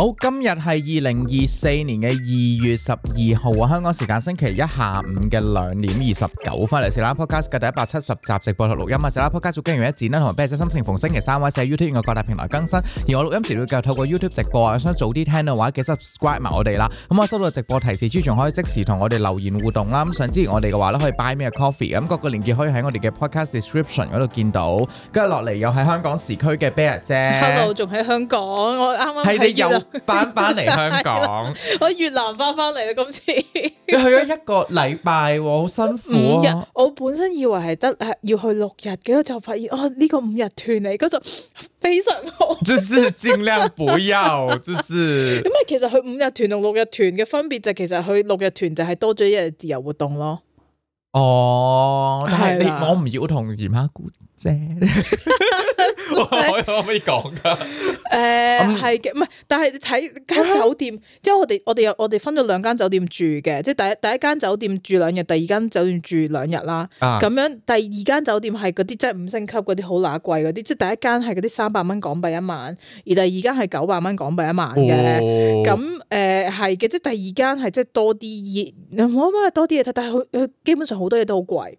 好，今日係二零二四年嘅二月十二號啊，香港時間星期一下午嘅兩點二十九分嚟。是啦，Podcast 嘅第一百七十集直播同錄音啊，是啦，Podcast 做經營一字啦，同埋啤牙姐心情逢星，星，星期三或者 YouTube 嘅各大平台更新。而我錄音時會透過 YouTube 直播啊，想早啲聽嘅話，記得 subscribe 埋我哋啦。咁我收到直播提示之外，仲可以即時同我哋留言互動啦。咁想知我哋嘅話咧，可以 buy 咩 coffee？咁各個連結可以喺我哋嘅 Podcast description 嗰度見到。跟住落嚟又喺香港時區嘅啤牙姐。Hello，仲喺香港，我啱啱睇見翻翻嚟香港，我越南翻翻嚟啦今次。 去咗一個禮拜，哦，好辛苦，哦。五日，我本身以為係得要去六日嘅，就發現哦呢、呢個五日團嚟，咁就非常好。 就是盡量不要，就是。咁啊，其實去五日團同六日團嘅分別就是、其實去六日團就係多咗一日自由活動咯。哦，但係你了我唔要同姨媽姑姐.。 可可 可以講噶？誒係嘅，唔係，但係睇間酒店，啊、即係我哋我哋有我哋分咗兩間酒店住嘅，即係第一第一間酒店住兩日，第二間酒店住兩日啦。咁、啊、樣第二間酒店係嗰啲即係五星級嗰啲好乸貴嗰啲，即係第一間係嗰啲三百蚊港幣一晚，而第二間係九百蚊港幣一晚嘅。咁誒係嘅，即係第二間係即係多啲嘢，我覺得多啲嘢睇，但係佢基本上好多嘢都好貴。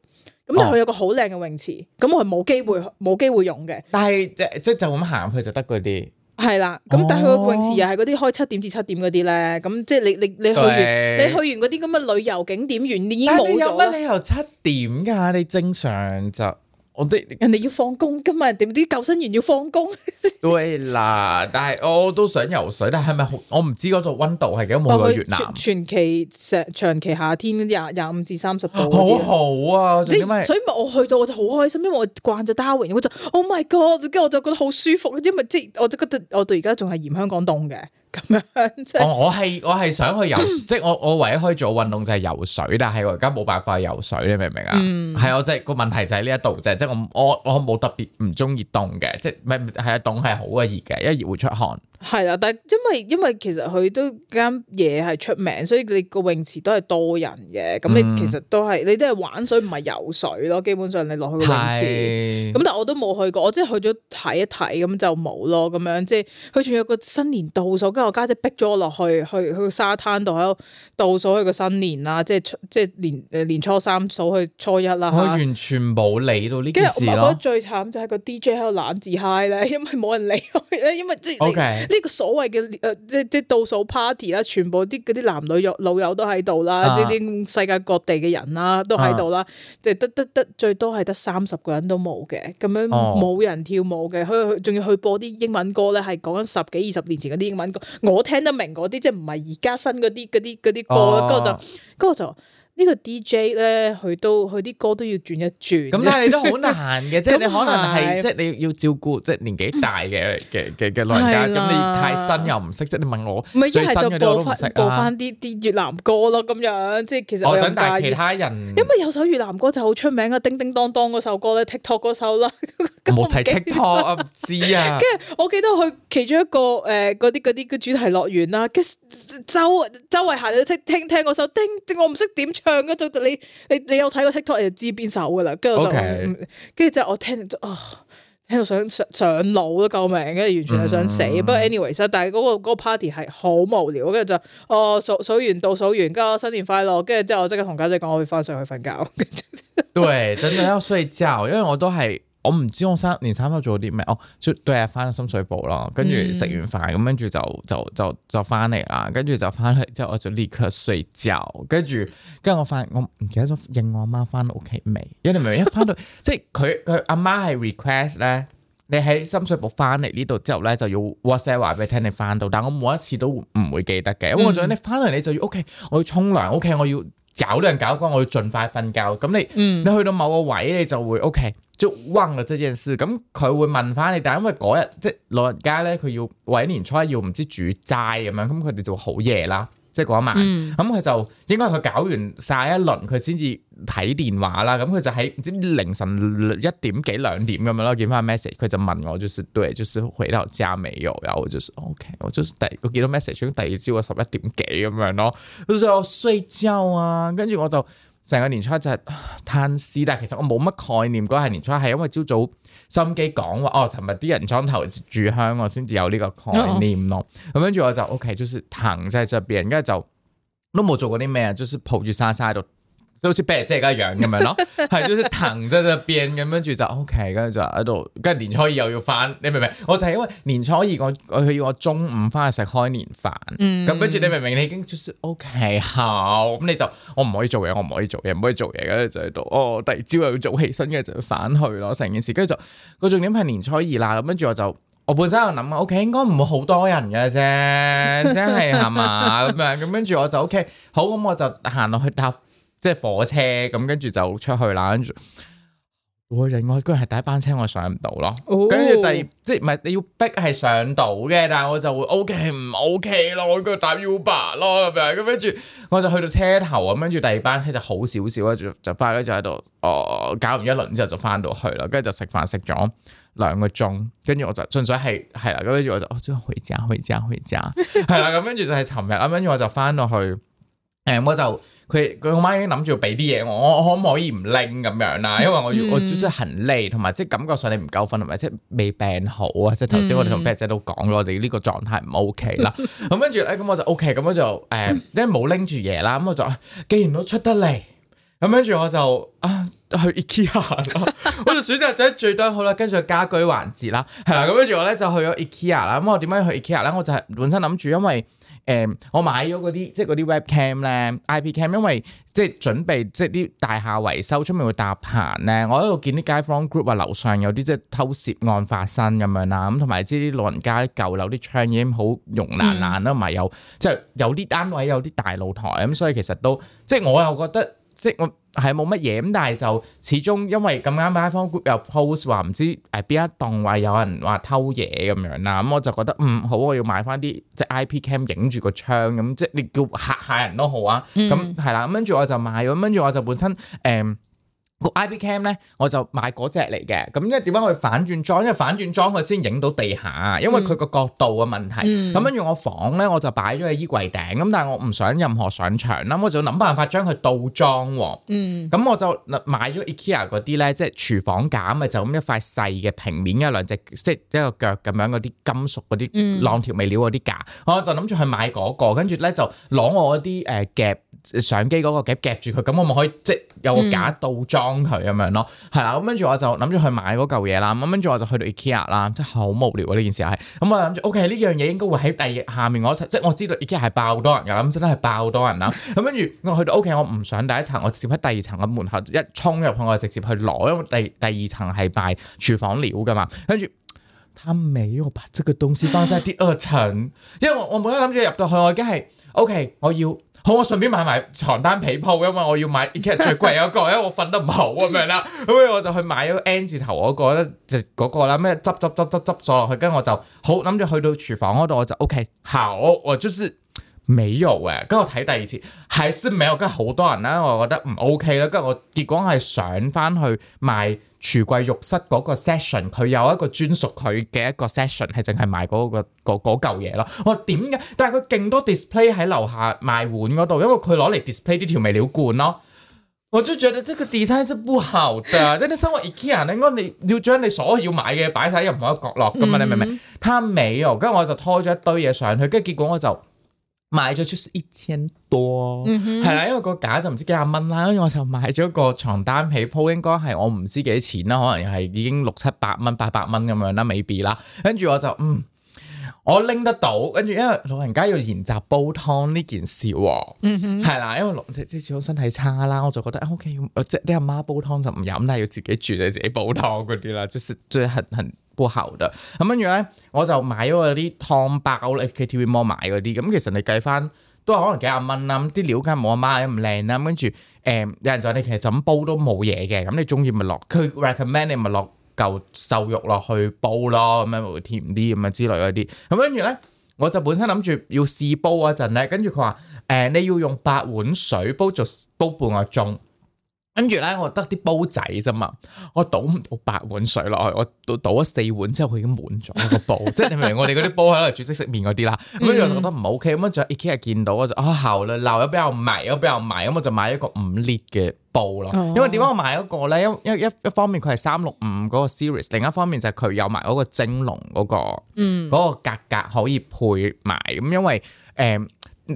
咁就佢有一個好靚嘅泳池，咁、哦、我係冇機會冇但機會用嘅。但係即即就咁行去就得嗰啲，係啦。咁但係佢個泳池又係嗰啲開七點至七點嗰啲咧。咁、哦、即係你你你去完對你去完嗰啲咁嘅旅遊景點完，你已經冇咗啦。有乜理由七點㗎？你正常就？我啲人哋要放工今日人哋啲救生員要放工。 喂嗱，但係我都想游水，但係咪我唔知嗰度温度係幾咁温暖。全期全期越南長期夏天廿廿五至三十度，好好啊！即所以我去到我就好開心，因為我慣咗 Darwin 我就 oh my god，跟住我就覺得好舒服，因為即係我就覺得我到而家仲係嫌香港凍嘅。咁這樣、 哦、我係我係想去游， 即係我我唯一可以做運動就係游水，但係我而家冇辦法去游水，你明唔明啊？係啊、嗯，即係個問題就係呢一度啫，即、就、係、是、我我我冇特別唔中意凍嘅，即係唔係啊凍係好過熱嘅，因為熱會出汗。係啦，但係因為因為其實佢都間嘢係出名，所以你個泳池都係多人嘅。咁你、嗯、其實都係你都係玩水唔係游水咯。基本上你落去泳池，咁是的 但我都冇去過，我即係去咗睇一睇，咁就冇咯。咁樣即係佢仲有個新年倒數，跟住我家姐，姐逼咗我落去去去個沙灘度喺度倒數佢個新年啦，即係即係年誒年初三數去初一啦。佢完全冇理到呢件事，我覺得最慘就係個 DJ 喺度懶自嗨 i 咧，因為冇人理佢咧，因為即係。Okay. 呢個所謂嘅誒即即倒數 party 啦，全部啲嗰啲男女老友都喺度啦，啊、即啲世界各地嘅人啦都喺度啦，就、啊、得得得最多係得三十個人都冇嘅，咁樣冇人跳舞嘅，佢仲、哦、要去播啲英文歌咧，係講緊十幾二十年前嗰啲英文歌，我聽得明嗰啲，即係唔係而家新嗰啲嗰啲啲歌咧，跟住就跟住就。呢個 DJ 咧，佢都佢啲歌都要轉一轉。咁但係你都好難嘅，即係你可能係即係你要照顧即係年紀大嘅嘅嘅老人家，咁你太新又唔識，即係你問我。唔係一係就播翻播翻啲啲越南歌咯，咁樣即係其實我想帶其他人。因為有首越南歌就好出名啊，叮叮當當嗰首歌咧，TikTok 嗰首啦。冇睇 TikTok 啊，唔知啊。跟住我記得佢其中一個誒嗰啲嗰啲嘅主題樂園啦，跟住周周圍行咗聽聽聽嗰首叮，我唔識點唱。唱，你你你有睇過 TikTok 你就知邊首嘅啦，跟住就，跟住之後我聽，啊，聽到想上上腦咯，救命！跟住完全係想死。Mm hmm. 不過 anyway，但係嗰個個 party 係好無聊，跟住就哦數數完倒數完，跟住新年快樂，跟住之後我即刻同家姐講，我要翻上去瞓覺。 對，真的要睡覺，因為我都係。我唔知我三年三黑做咗啲咩，哦，就第日翻咗深水埗啦，跟住食完飯，咁跟住就就就就翻嚟啦，跟住就翻嚟之後我就立刻睡覺，跟住，跟住我翻我唔記得咗應我阿媽翻到屋企未，因為你明唔明？一翻到即係佢佢阿媽係 request 咧，你喺深水埗翻嚟呢度之後咧就要 WhatsApp 話俾佢聽你翻到，但我每一次都唔會記得嘅，咁為、嗯、我想你翻嚟你就要 O、OK, K，我要沖涼 O K，我要。搞都人搞光，我要盡快瞓覺。咁你，嗯、你去到某個位，你就會 OK，就暈啦。即係件事，咁佢會問翻你，但係因為嗰日即係老人家咧，佢要為年初一要唔知煮齋咁樣，咁佢哋就會好夜啦。即係嗰一晚，咁佢、嗯嗯、就應該佢搞完晒一輪，佢先至睇電話啦。咁、嗯、佢就喺唔知凌晨一點幾兩點咁樣咯，見翻 message，佢就問我，就是對，就是回到家未有？然後我就是 OK，我就是第我見到 message，第二朝我十一點幾咁樣咯，都喺度睡覺啊。跟住我就成個年初一就係嘆氣，但係其實我冇乜概念嗰係年初一，係因為朝早。心機講話，哦，尋日啲人裝頭住香，我先至有呢個概念咯。咁跟住我就 OK，就是騰喺側邊，跟住就都冇做過啲咩啊，就是抱住沙沙喺度。就好似啤即係咁樣樣咁樣咯，係、嗯、 就好似疼即係變咁，跟住就 OK，跟住就喺度，跟住年初二又要翻，你明唔明？我就係因為年初二我佢要我中午翻去食開年飯，咁跟住你明唔明？你已經 just OK 好，咁你就我唔可以做嘢，我唔可以做嘢，唔可以做嘢，跟住就喺度，哦，第二朝又要早起身，跟住就要翻去咯。成件事跟住就個重點係年初二啦，咁跟住我就我本身又諗 OK 應該唔會好多人嘅啫，真係係嘛咁樣，咁跟住我就 OK 好，咁我就行落去搭。即係火車咁，跟住就出去啦。跟住我另外居然係第一班車，我上唔到咯。跟住、oh. 第二，即係唔係你要逼係上到嘅，但係我就會 O K 唔 O K 咯。我嗰日打 Uber 咯，咁跟住我就去到車頭，咁跟住第二班車就好少少，跟住就快咗就喺度。我、哦、搞完一輪之後就翻到去啦。跟住就食飯食咗兩個鐘，跟住我就純粹係係啦。跟住我就哦，真係回家，回家，回家。係啦， 咁跟住就係尋日啊。跟住我就翻到去。誒、嗯，我就佢佢我媽已經諗住要俾啲嘢我，我可唔可以唔拎咁樣啦、啊？因為我要、嗯、我即係很累，同埋即係感覺上你唔夠瞓，同埋即係未病好啊！即係頭先我哋同啤牙姐都講咗，我哋、嗯、呢個狀態唔 OK 啦。咁跟住咧，咁我就 OK，咁我就誒，即係冇拎住嘢啦。咁 我就既然都出得嚟，咁跟住我就啊去 IKEA 啦。 我就選擇咗最多好啦，跟住家居環節啦，係啦。咁跟住我咧就去咗 IKEA 啦。咁我點解去 IKEA 咧？我就係本身諗住因為。誒、嗯，我買咗嗰啲即係嗰啲 web cam 咧，IP cam，因為即係準備即係啲大廈維修出面會搭棚咧，我喺度見啲街坊 group 話樓上有啲即係偷竊案發生咁樣啦，咁同埋知啲老人家啲舊樓啲窗已經好容爛爛啦，同埋、嗯、有即係有啲單位有啲大露台咁，所以其實都即係我又覺得。即我係冇乜嘢咁，但係就始終因為咁啱，iPhone 又 post 話唔知誒邊一棟話有人話偷嘢咁樣啦，咁我就覺得，嗯，好，我要買翻啲即 IP cam 影住個窗咁，即你叫嚇下人都好啊，咁係啦，跟住我就買，咁跟住我就本身誒。呃個 I B Cam 咧，我就買嗰隻嚟嘅。咁因為點解我反轉裝？因為反轉裝佢先影到地下，因為佢個角度嘅問題。咁跟住我房咧，我就擺咗喺衣櫃頂。咁但係我唔想任何上牆啦，我就諗辦法將佢倒裝。嗯。咁我就買咗 IKEA 嗰啲咧，即係廚房架啊就咁、是、一塊細嘅平面，一兩隻，即係一個腳咁樣嗰啲金屬嗰啲晾調味料嗰啲架。我就諗住去買嗰、嗰個，跟住咧就攞我啲誒夾相機嗰個夾夾住佢，咁我咪可以即有個假倒裝佢咁樣咯，係啦，咁跟住我就諗住去買嗰嚿嘢啦，咁跟住我就去到 IKEA 啦，真係好無聊啊呢件事係，咁我諗住，OK 呢樣嘢應該會喺第下面，我即係我知道 IKEA 係爆多人噶，咁真係爆多人啦，咁跟住我去到 OK，我唔想第一層，我直接喺第二層嘅門口一衝入去，我就直接去攞，因為第第二層係擺廚房料噶嘛，跟住他沒有把這個東西放在第二層，因為我我冇諗住入到去，我梗係 OK 我要。好，我順便買埋床單被鋪啊嘛，我要買其實最貴嗰個，因為我瞓 得唔好咁樣啦，明唔明啊？咁我就去買咗 N 字頭嗰、嗰個咧，就嗰、是嗰個啦，咩執執執執執咗落去，跟住我就好諗住去到廚房嗰度，我就 OK，好我就是。美容嘅，跟住、啊、我睇第二次，喺新美容跟住好多人啦、啊，我覺得唔 OK 啦。跟住我結果我係上翻去賣廚櫃浴室嗰個 session，佢有一個專屬佢嘅一個 session，係淨係賣嗰、那個嗰嚿嘢咯。我點嘅？但係佢勁多 display 喺樓下賣碗嗰度，因為佢攞嚟 display 啲調味料罐咯。我就覺得呢、這個 design 不好的， 即係你生活 IKEA，你要將你所有要買嘅擺曬任何一個角落咁嘛。嗯、你明唔明？貪美容，跟住我就拖咗一堆嘢上去，跟住結果我就。買咗出一千多，係啦、嗯哼，因為個架就唔知幾十蚊啦，跟住我就買咗個床單被鋪，應該係我唔知幾錢啦，可能係已經六七百蚊、八百蚊咁樣啦，未必啦，跟住我就嗯。我拎得到，跟住因為老人家要研習煲湯呢件事喎，係啦、嗯哼，因為即即始終身體差啦，我就覺得、啊、OK 即你阿媽煲湯就唔飲，但係要自己煮就自，自己煲湯嗰啲啦，即係即係很很不好的。咁跟住咧，我就買咗嗰啲湯包咧，k TVB Mall 買嗰啲。咁其實你計翻都係可能幾廿蚊啦，啲料梗冇阿媽咁靚啦。跟住誒，有人就話你其實就咁煲都冇嘢嘅，咁你中意咪落。佢 recommend 你咪落。嚿瘦肉落去煲咯，咁樣會甜啲咁啊之類嗰啲。咁跟住咧，我就本身諗住要試煲嗰陣咧，跟住佢話：誒、呃、你要用八碗水煲做煲半個鐘。跟住咧，我得啲煲仔啫嘛，我倒唔到八碗水落去，我倒倒咗四碗之後，佢已經滿咗個煲，即係你明我哋嗰啲煲喺度煮即食麵嗰啲啦。咁跟住我就覺得唔 OK，咁啊，再而且 IKEA 見到我就啊，後嚟漏咗比較密，咗比較密，咁我就買一個五 lit 嘅煲咯。因為點解我買一個咧？一一一方面佢係三六五嗰個 series，另一方面就係佢有埋嗰個蒸籠嗰個，嗰個格格可以配埋。咁因為誒。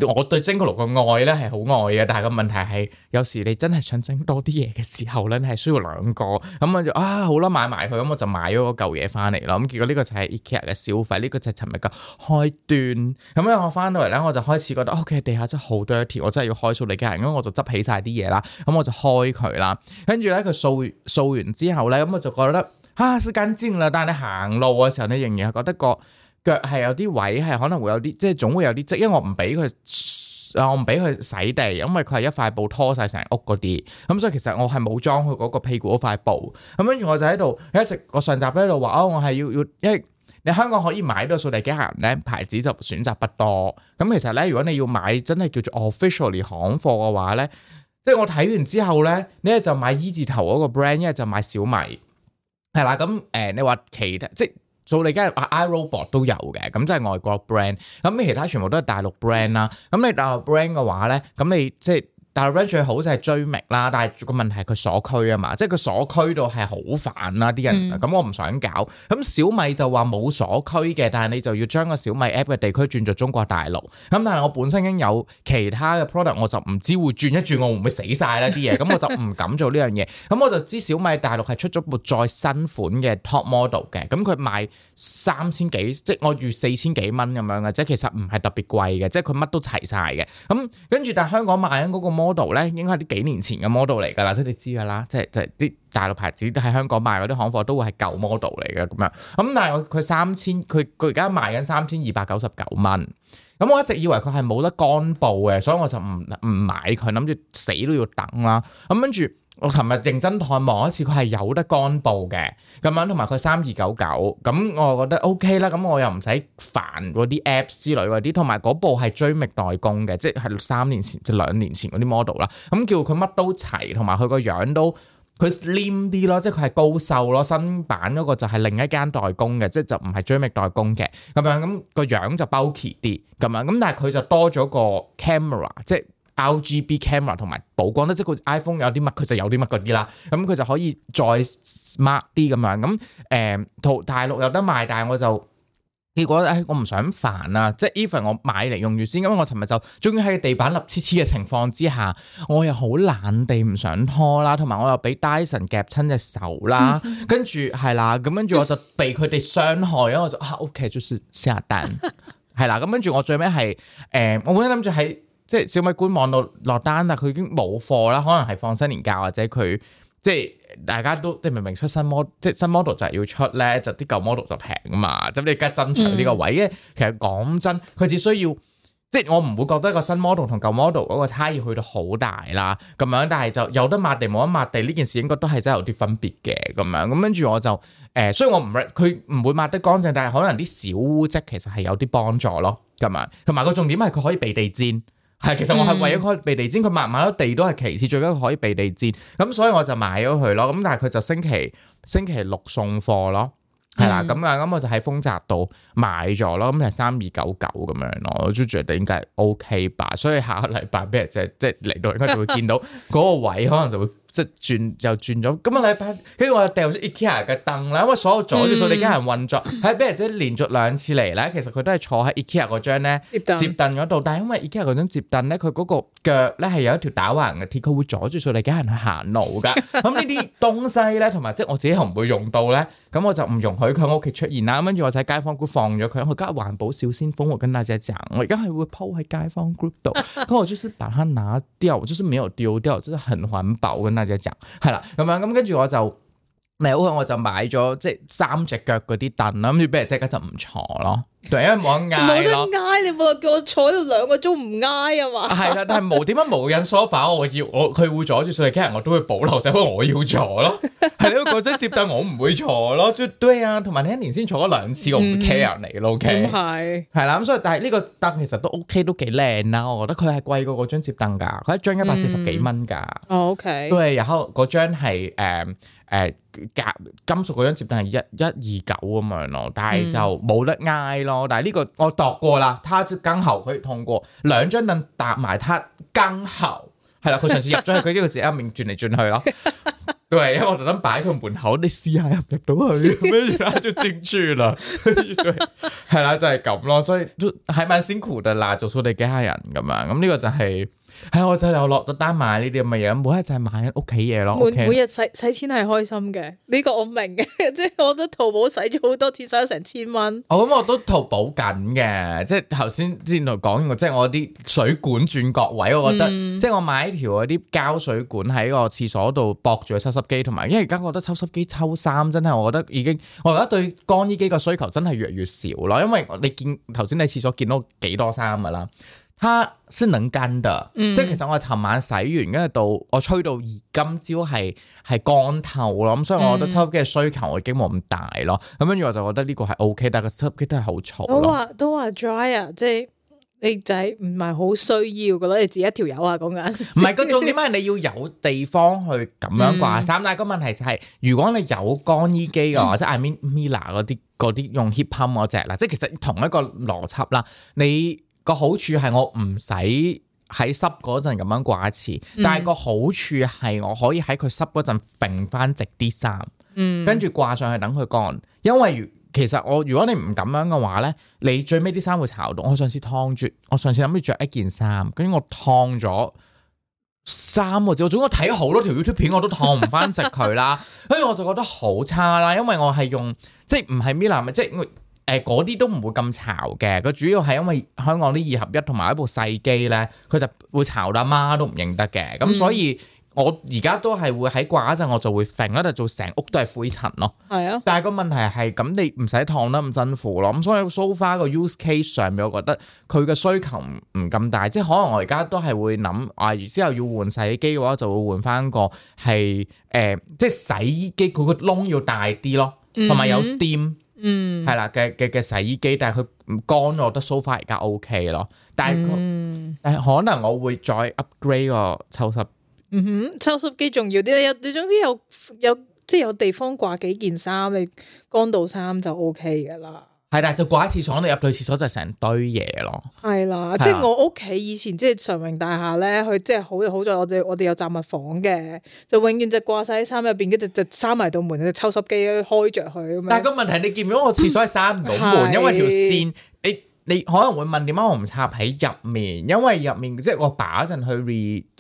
我對蒸焗爐嘅愛咧係好愛嘅，但係個問題係有時你真係想整多啲嘢嘅時候咧，係需要兩個咁、嗯、我就啊好啦買埋佢，咁、嗯、我就買咗個舊嘢翻嚟啦。咁、嗯、結果呢個就係 IKEA 嘅消費，呢、呢個就係尋日嘅開端。咁、嗯、咧我翻到嚟咧，我就開始覺得 OK，地下真係好多一啲，我真係要開掃你嘅。人。」咁我就執起晒啲嘢啦，咁、嗯、我就開佢啦。跟住咧佢掃掃完之後咧，咁、嗯、我就覺得啊，收緊啲啦。但你行路嘅時候咧，你仍然係覺得個。腳係有啲位係可能會有啲，即係總會有啲積，因為我唔俾佢，我唔俾佢洗地，因為佢係一塊布拖晒成屋嗰啲，咁、嗯、所以其實我係冇裝佢嗰個屁股嗰塊布。咁跟住我就喺度一直，我上集喺度話，哦，我係要要，因為你香港可以買到數第幾行咧，牌子就選擇不多。咁、嗯、其實咧，如果你要買真係叫做 officially 行貨嘅話咧，即係我睇完之後咧，你就買 E 字頭嗰個 brand，一係就買小米。係啦，咁、嗯、誒，你話其他即做你而家 iRobot 都有嘅，咁即係外國 brand，咁你其他全部都係大陸 brand 啦。咁你大陸 brand 嘅話咧，咁你即係。但 range 好就係追覓啦，但係個問題係佢鎖區啊嘛，即係佢鎖區度係好煩啦，啲人咁、嗯、我唔想搞。咁小米就話冇鎖區嘅，但係你就要將個小米 app 嘅地區轉做中國大陸，咁但係我本身已經有其他嘅 product，我就唔知會轉一轉我會唔會死晒啦啲嘢。咁我就唔敢做呢樣嘢。咁 我就知小米大陸係出咗部再新款嘅 top model 嘅，咁佢賣三千幾即係我預四千幾蚊咁樣嘅，即係其實唔係特別貴嘅，即係佢乜都齊晒嘅。咁跟住但係香港賣緊嗰個 model 咧，應該係啲幾年前嘅 model 嚟㗎啦，即係你知㗎啦，即係即係啲大陸牌子喺香港賣嗰啲行貨都會係舊 model 嚟嘅咁樣。咁但係佢三千，佢佢而家賣緊三千二百九十九蚊。咁、嗯、我一直以為佢係冇得乾布嘅，所以我就唔唔買佢，諗住死都要等啦。咁跟住。我琴日認真探望一次，佢係有得乾布嘅咁樣，同埋佢三二九九，咁我覺得 OK 啦。咁我又唔使煩嗰啲 apps 之類嗰啲，同埋嗰部係追密代工嘅，即係三年前即係兩年前嗰啲 model 啦。咁叫佢乜都齊，同埋佢個樣都佢 slim 啲咯，即係佢係高瘦咯。新版嗰個就係另一間代工嘅，即係就唔係追密代工嘅。咁樣咁個樣就 bulky 啲咁樣，咁但係佢就多咗個 camera，即係。RGB camera 同埋曝光咧，即係佢 iPhone 有啲乜，佢就有啲乜嗰啲啦。咁佢就可以再 smart 啲咁樣。咁、嗯、誒，淘大陸有得賣，但係我就結果咧，我唔想煩啊。即係 even 我買嚟用住先。咁我尋日就終於喺地板濕黐黐嘅情況之下，我又好懶地唔想拖啦，同埋我又俾 Dyson 夾親隻手啦。跟住係啦，咁 跟住我就被佢哋傷害咗。我就啊，OK，就是下單係啦。咁跟住我最尾係誒，我本身諗住喺。即係小米官網度落單啦，佢已經冇貨啦，可能係放新年假或者佢即係大家都即明明出新 model，即係新 model 就係要出咧，就啲舊 model 就平㗎嘛。咁你而家爭取呢個位，因、嗯、其實講真，佢只需要即係我唔會覺得個新 model 同舊 model 嗰個差異去到好大啦，咁樣。但係就有得抹地冇得抹地呢件事，應該都係真係有啲分別嘅咁樣。咁跟住我就誒，雖、呃、然我唔佢唔會抹得乾淨，但係可能啲小污漬其實係有啲幫助咯，咁啊。同埋個重點係佢可以避地氈。係，其實我係為咗佢避地氈，佢、嗯、買埋咗地都係其次，最緊要可以避地氈，咁所以我就買咗佢咯。咁但係佢就星期星期六送貨咯，係啦，咁啊、嗯，咁我就喺豐澤度買咗咯，咁係三二九九咁樣咯，我都覺得應該係 OK 吧。所以下個禮拜咩即係即係嚟到應該就會見到嗰 個位，可能就會。即係轉又轉咗，咁啊！你喺跟住我掉咗 IKEA 嘅凳啦，因為所有阻住咗掃地機械人運作。喺邊啊？即係連續兩次嚟咧，其實佢都係坐喺 IKEA 嗰張咧接凳嗰度，但係因為 IKEA 嗰張接凳咧，佢嗰個腳咧係有一條打橫嘅鐵，佢會阻住咗掃地機械人去行路㗎。咁呢啲東西咧，同埋即係我自己又唔會用到咧，咁我就唔容許佢喺屋企出現啦。咁跟住我喺街坊 group 放咗佢，我加環保小先鋒喎，跟住阿姐贊我，我而家係會 po 喺街坊 group 度。咁我就是把它拿掉，我就是沒有丟掉，就是很環保。我跟。就講係啦，咁樣咁跟住我就。咪好，我就買咗即係三隻腳嗰啲凳啦，諗住俾人即刻就唔坐咯，因為冇得嗌。冇得嗌，你冇叫我坐咗兩個鐘唔嗌啊嘛？係啦， 但係無點樣無印 sofa，我要我佢會阻住，所以客我都會保留，就因為我要坐咯。係啦， 嗰張折凳我唔會坐咯，絕對啊。同埋你一年先坐咗兩次，我唔 care 你咯。O K，係係啦，咁 okay?、嗯、所以但係呢個凳其實都 O、OK, K，都幾靚啦。我覺得佢係貴過嗰張折凳噶，佢一張一百四十幾蚊噶。O K，都係然後嗰張係誒。嗯誒，夾、uh, 金屬嗰張凳係一一二九咁樣咯，嗯、但係就冇得挨咯。但係呢個我度過啦，他只更喉佢痛過，兩張凳搭埋他更喉，係啦， 佢上次入咗去，佢知佢自己一面轉嚟轉去咯。 因為我就咁擺喺佢門口，你試下入到去，咩就進住了，係啦， 就係咁咯，所以就係蠻辛苦嘅啦，做掃地機器人咁啊，咁呢個就係、是，喺、哎、我就又落咗單買呢啲咁嘅嘢，每日就係買屋企嘢咯。每，裡每日使使錢係開心嘅，呢、這個我明嘅，即係我覺得淘寶使咗好多次，使咗成千蚊。我咁、哦嗯、我都淘寶緊嘅，即係頭先之前同講過，即係我啲水管轉角位，我覺得，嗯、即係我買條嗰啲膠水管喺個廁所度駁住，塞塞。機同埋，因為而家我覺得抽濕機抽衫真係，我覺得已經，我覺得對乾衣機嘅需求真係越嚟越少咯。因為你見頭先喺厠所見到幾多衫噶啦，它先能斤的，嗯、即係其實我尋晚洗完跟住到我吹到而今朝係係乾透咯。咁所以我覺得抽濕機嘅需求我已經冇咁大咯。咁跟住我就覺得呢個係 OK，但係個抽濕機都係好嘈。都話都話 dry 啊，即係。你、欸、仔唔係好需要嘅咯？你自己一條友啊，講緊是。唔係，個重點係你要有地方去咁樣掛衫。但係個問題就係，如果你有乾衣機啊，嗯、或者 Air Mini、Mila 嗰啲、啲用 heat pump 嗰隻啦，即係其實同一個邏輯啦。你個好處係我唔使喺濕嗰陣咁樣掛一次，嗯、但係個好處係我可以喺佢濕嗰陣揈翻直啲衫，跟住、嗯、掛上去等佢乾，因為。其實我如果你唔咁樣嘅話呢，你最尾啲衫會潮到。我上次燙住，我上次諗住着一件衫，跟住我燙咗衫三個字，我總共睇好多條 YouTube 片，我都燙唔翻直佢啦。 所以我就覺得好差啦，因為我係用即係唔係 Mila 咪即係誒嗰啲都唔會咁潮嘅。佢主要係因為香港啲二合一同埋一部細機呢，佢就會潮到阿媽，媽都唔認得嘅。咁所以。嗯我而家都係會喺掛一陣，我就會揈一笪，做成屋都係灰塵咯。係啊、哎喲，但係個問題係咁，你唔使燙得咁辛苦咯。咁所以 so far 個 use case 上面，我覺得佢嘅需求唔咁大，即係可能我而家都係會諗啊，之後要換洗、呃、洗衣機嘅話，就會換翻個係誒，即係洗衣機佢個窿要大啲咯，同埋有 steam，嗯，係啦嘅嘅嘅洗衣機，但係佢唔乾，我覺得、so、far okay, so far 而家 O K 咯。但係但係可能我會再 upgrade 個抽濕。嗯哼，抽濕機重要啲啦，有你總之有有，有即係有地方掛幾件衫，你乾到衫就 O K 嘅啦。係啦，就掛喺廁所，你入到去廁所就成堆嘢咯。係啦的的，即係我屋企以前即係常榮大廈咧，佢即係好好在我哋我哋有雜物房嘅，就永遠就掛晒啲衫入邊，跟住就閂埋度門，就抽濕機開着佢。但係個問題，嗯、你見唔見我廁所係閂唔到門，的因為條線你。你可能會問點解我唔插喺入面？因為入面即係我爸嗰陣去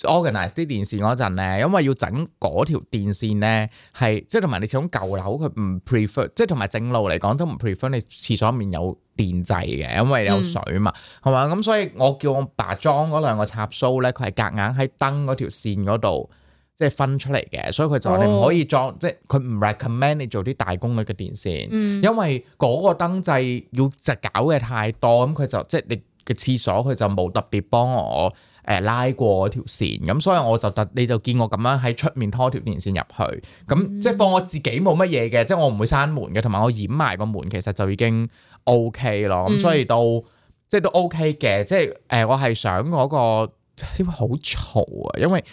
reorganize 啲電線嗰陣咧，因為要整嗰條電線咧，係即係同埋你始終舊樓佢唔 prefer，即係同埋正路嚟講都唔 prefer 你廁所入面有電掣嘅，因為有水嘛，係嘛、嗯？咁所以我叫我爸裝嗰兩個插蘇咧，佢係夾硬喺燈嗰條線嗰度。即係分出嚟嘅，所以佢就話你唔可以裝，即係佢唔 recommend 你做啲大功率嘅電線，嗯、因為嗰個燈掣要實搞嘅太多，咁佢就即係、就是、你嘅廁所佢就冇特別幫我誒、呃、拉過條線，咁所以我就特你就見我咁樣喺出面拖條電線入去，咁即係放我自己冇乜嘢嘅，即、就、係、是、我唔會閂門嘅，同埋我掩埋個門其實就已經 O K 咯，咁、嗯、所以到、就是、都即係都 O K 嘅，即係誒我係想嗰個，因為好嘈啊，因為。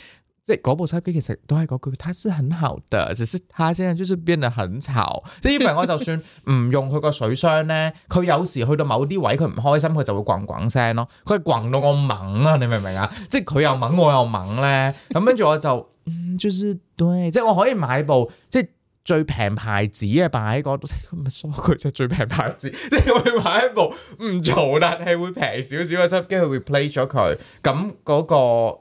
即係嗰部手機其實都係嗰句，它是很好的，只是它現在就是變得很吵。即係因為我就算唔用佢個水箱咧，佢 有時去到某啲位佢唔開心，佢就會滾滾聲咯。佢滾到我猛啊，你明唔明啊？即係佢又猛我又猛咧，咁跟住我就、嗯，就是對，即係我可以買部即係。最平牌子啊！擺個唔係蘇格就最平牌子，即係我要買一部唔嘈但係會平少少嘅吸機佢會 replay 咗佢，咁嗰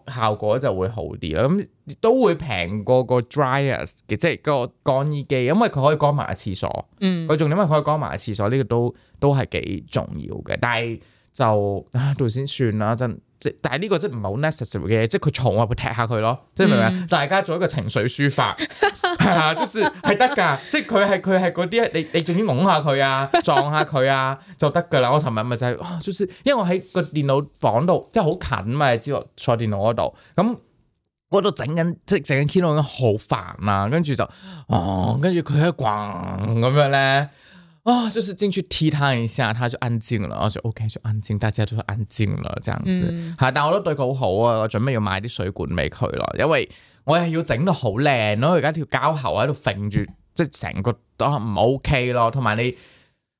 個效果就會好啲啦。咁都會平過個 dryers 嘅，即係個乾衣機，因為佢可以乾埋廁所。嗯，佢重點係佢可以乾埋廁所，呢個都都係幾重要嘅。但係就啊，到先算啦，真。但係呢個即係唔係好 necessary 嘅，即係佢吵我會踢下佢咯，即係明唔明？大家做一個情緒抒發，係啊，Jossie 係得㗎，即係佢係佢係嗰啲，你你仲要懵下佢啊，撞下佢啊，就得㗎啦。我尋日咪就係，Jossie，因為我喺個電腦房度，即係好近嘛，你知喎，坐電腦嗰度，咁嗰度整緊，即係整緊 keylock，好煩啊，跟住就，哦，跟住佢一逛，咁樣咧。啊、哦！就是進去踢佢一下，佢就安靜啦，我就 OK 就安靜，大家都安靜了，這樣子。係、嗯，但係我都對佢好好啊，我準備要買啲水管俾佢咯，因為我又要整到好靚咯。而家條膠喉喺度揈住，即係成個都唔 OK 咯。同埋你，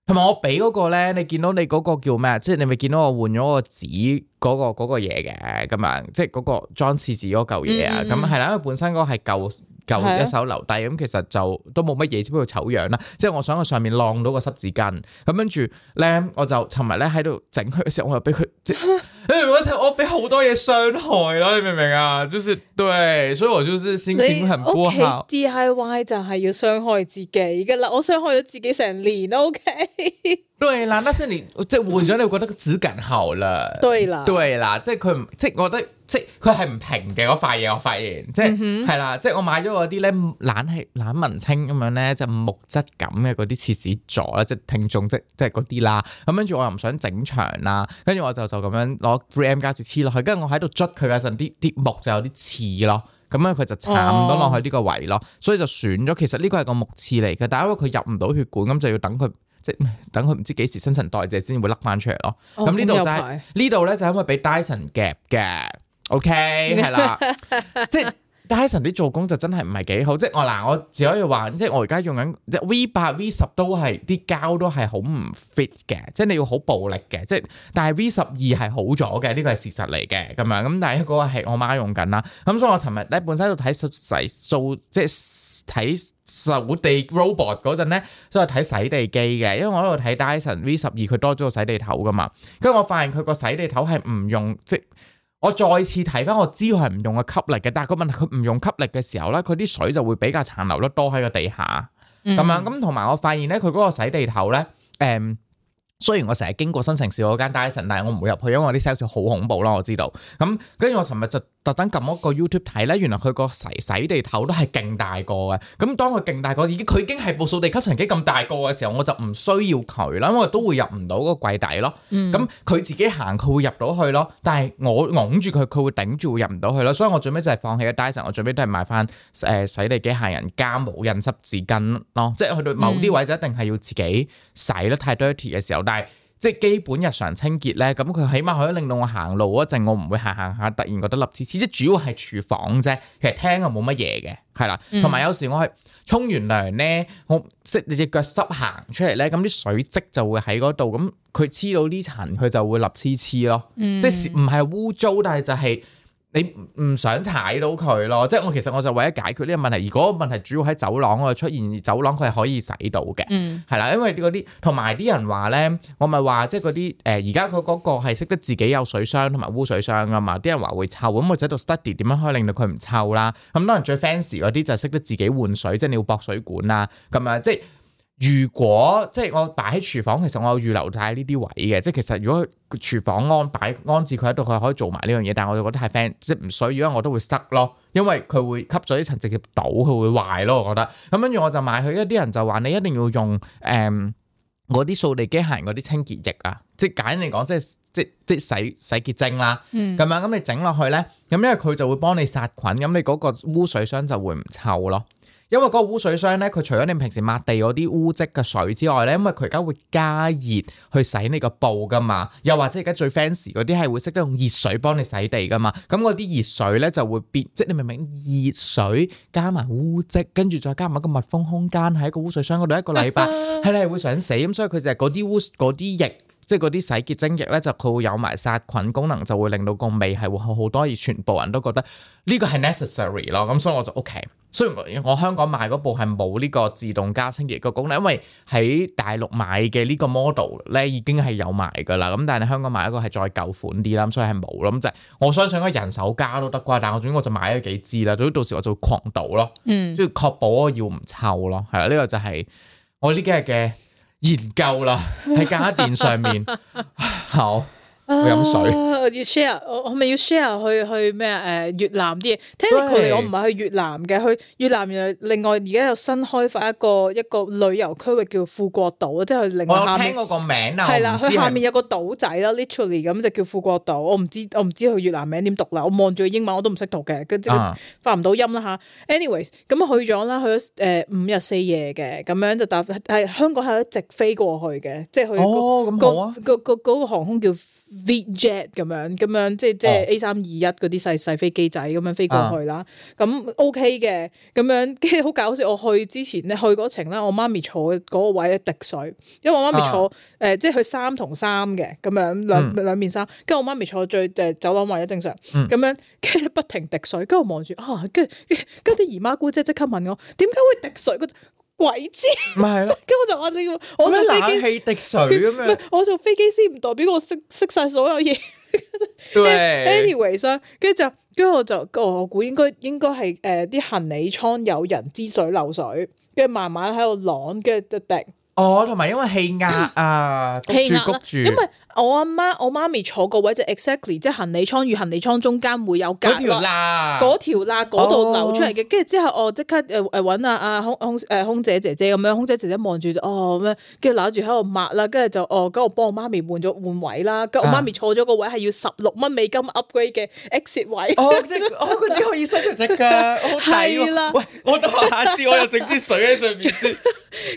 同埋我俾嗰個咧，你見到你嗰個叫咩？即係你咪見到我換咗個紙嗰、嗰個、嗰個嘢嘅咁樣，即係嗰個裝廁紙嗰嚿嘢啊。咁係啦，嗯、因為本身嗰個係舊。夠一手留低，咁、啊、其實就都冇乜嘢，只不過醜樣啦。即係我想喺上面晾到個濕紙巾，咁跟住咧，我就尋日咧喺度整佢，嘅時候，我又俾佢，誒、 哎，我成我俾好多嘢傷害咯，你明唔明啊？就是對，所以我就是心情很不好。D I Y 就係要傷害自己嘅啦，我傷害咗自己成年，O K。Okay? 對啦，那是 你即係換咗你，覺得質感好 了。對啦，對啦，即係佢，即係我覺得，即佢係唔平嘅嗰塊嘢。我發現，我發現，即係係啦，即係我買咗嗰啲咧，懶係懶文青咁樣咧，就木質感嘅嗰啲廁紙座啦，即係聽眾即即係嗰啲啦。咁跟住我又唔想整牆啦，跟住我就就咁樣攞 three M 膠紙黐落去，跟住我喺度捽佢嗰陣，啲啲木就有啲刺咯，咁樣佢就慘到落去呢個位咯，哦、所以就損咗。其實呢個係個木刺嚟嘅，但係因為佢入唔到血管，咁就要等佢。等佢唔知幾時新陳代謝先會甩翻出嚟咯，咁呢度就係呢度咧，就可以俾戴森夾嘅，OK 係啦，即係。Dyson 啲做工就真係唔係幾好，即係我嗱，我只可以話，即係我而家用緊即係 V 八、V 十都係啲膠都係好唔 fit 嘅，即係你要好暴力嘅，即係但係 V 十二係好咗嘅，呢個係事實嚟嘅咁樣咁。但係嗰個係我媽用緊啦，咁、嗯、所以我尋日咧本身喺度睇洗掃，即係睇掃地 robot 嗰陣咧，所以睇洗地機嘅，因為我喺度睇 Dyson V 十二佢多咗個洗地頭噶嘛，跟住我發現佢個洗地頭係唔用即我再次提翻，我知佢係唔用個吸力嘅，但係個問題佢唔用吸力嘅時候咧，佢啲水就會比較殘留得多喺個地下，咁、嗯、樣咁同埋我發現咧，佢嗰個洗地頭咧，誒、嗯。雖然我成日經過新城市嗰間 Dyson，但係我唔會入去，因為啲 sales 好恐怖啦。我知道。咁跟住我尋日就特登撳一個 YouTube 睇咧，原來佢個洗洗地頭都係勁大個嘅。咁當佢勁大個，已經佢已經係部掃地吸塵機咁大個嘅時候，我就唔需要佢啦，因為都會入唔到個櫃底咯。咁佢、嗯、自己行，佢會入到去咯。但係我擁住佢，佢會頂住會入唔到去咯。所以我最尾就係放棄 Dyson，我最尾都係買翻誒洗地機、械、呃、人加無印濕紙巾咯、咯。即係去到某啲位就一定係要自己洗得太 dirty 嘅時候。但係即係基本日常清潔咧，咁佢起碼可以令到我行路嗰陣，我唔會行行下突然覺得立黐黐。即係主要係廚房啫，其實廳啊冇乜嘢嘅，係啦。同埋、嗯、有時我係沖完涼咧，我即你隻腳濕行出嚟咧，咁啲水漬就會喺嗰度，咁佢黐到呢層，佢就會立黐黐咯。嗯、即係唔係污糟，但係就係、是。你唔想踩到佢咯？即係我其實我就為咗解決呢個問題。如果問題主要喺走廊度出現，而走廊佢係可以洗到嘅，係啦、嗯。因為嗰啲同埋啲人話咧，我咪話即係嗰啲誒，而家佢嗰個係識得自己有水箱同埋污水箱㗎嘛。啲人話會臭，咁我喺度 study 點樣可以令到佢唔臭啦。咁當然最 fancy 嗰啲就識得自己換水，即係你要駁水管啦，咁啊即係。如果即係我擺喺廚房，其實我有預留曬呢啲位嘅，即係其實如果廚房安擺安置佢喺度，佢可以做埋呢樣嘢。但係我就覺得太煩，即係唔需要咧，我都會塞咯，因為佢會吸咗啲塵直接倒，佢會壞咯。我覺得咁，跟住我就賣佢。一啲人就話你一定要用誒啲掃地機械人嗰啲清潔液啊，即係簡單嚟講，即係即即係洗洗潔精啦，咁、嗯、樣咁你整落去咧，咁、嗯嗯嗯嗯嗯嗯嗯、因為佢就會幫你殺菌，咁、嗯嗯、你嗰個污水箱就會唔臭咯。因為嗰個污水箱咧，佢除咗你平時抹地嗰啲污漬嘅水之外咧，因為佢而家會加熱去洗你個布噶嘛，又或者而家最 fancy 嗰啲係會識得用熱水幫你洗地噶嘛，咁嗰啲熱水咧就會變，即你明唔明？熱水加埋污漬，跟住再加埋一個密封空間喺個污水箱嗰度一個禮拜，係你係會想死咁，所以佢就係嗰啲污嗰啲液。即係嗰啲洗潔精液咧，就佢會有埋殺菌功能，就會令到個味係會好好多，而全部人都覺得呢個係 necessary 咯、嗯。咁所以我就 OK。雖然我香港買嗰部係冇呢個自動加清潔個功能，因為喺大陸買嘅呢個 model 咧已經係有埋噶啦。咁但係香港買一個係再舊款啲啦，咁所以係冇咯。咁就係我相信個人手加都得啩。但係我總之我就買咗幾支啦。總之到時我就狂倒咯，嗯，即係確保我要唔臭咯。係、嗯、啦，呢、嗯個就係我呢幾日嘅。研究啦，喺家電上面 好。啊、去飲水？要 share 我我咪要 share 去去咩啊、呃？越南啲嘢，聽啲佢我唔係去越南嘅，去越南原來另外而家有新開發一個一個旅遊區域叫富國島，即、就、係、是、另外下面。我有聽過個名啊，係啦，佢下面有個島仔啦 ，literally 咁就叫富國島。我唔知我唔知佢越南名點讀啦。我望住英文我都唔識讀嘅，跟住、嗯、發唔到音啦吓。Anyways，咁去咗啦，去誒、呃、五日四夜嘅，咁樣就搭係香港係一直飛過去嘅，即係去。哦，咁好個個個航空叫。去 Vjet 咁樣咁樣即係即係 A 321嗰啲細細飛機仔咁樣飛過去啦，咁 OK 嘅咁樣，跟住好搞笑。我去之前咧，去嗰程咧，我媽咪坐嗰個位咧滴水，因為我媽咪坐誒、啊呃、即係佢三同三嘅咁樣兩、嗯、兩面三，跟住我媽咪坐最誒、呃、走廊位咧正常咁樣，跟住不停滴水，跟住我望住啊，跟住跟啲姨媽姑姐即刻問我點解會滴水？鬼知，咪係咯，跟 我就話你，我做飛機滴水咁樣，我做飛機師唔代表我識識晒所有嘢。 對 anyway 啦，跟住就跟住我就我估應該應該係誒啲行李倉有人滋水漏水，跟住慢慢喺度攣，跟住就滴。哦，同埋因為氣壓啊，焗 住，谷住因為。我阿媽我媽咪坐個位就 exactly 即係行李艙與行李艙中間會有隔嗰條罅嗰條罅嗰度流出嚟嘅，跟住之後我即刻誒誒揾啊啊空空誒空姐姐姐咁樣，空姐姐姐望住就哦咁樣，跟住攞住喺度抹啦，跟住就哦咁我幫我媽咪換咗換位啦，跟住我媽咪坐咗個位係要十六蚊美金 upgrade 嘅 exit 位，哦即係哦可以伸出隻腳，係啦，喂我下次我又整支水喺上面，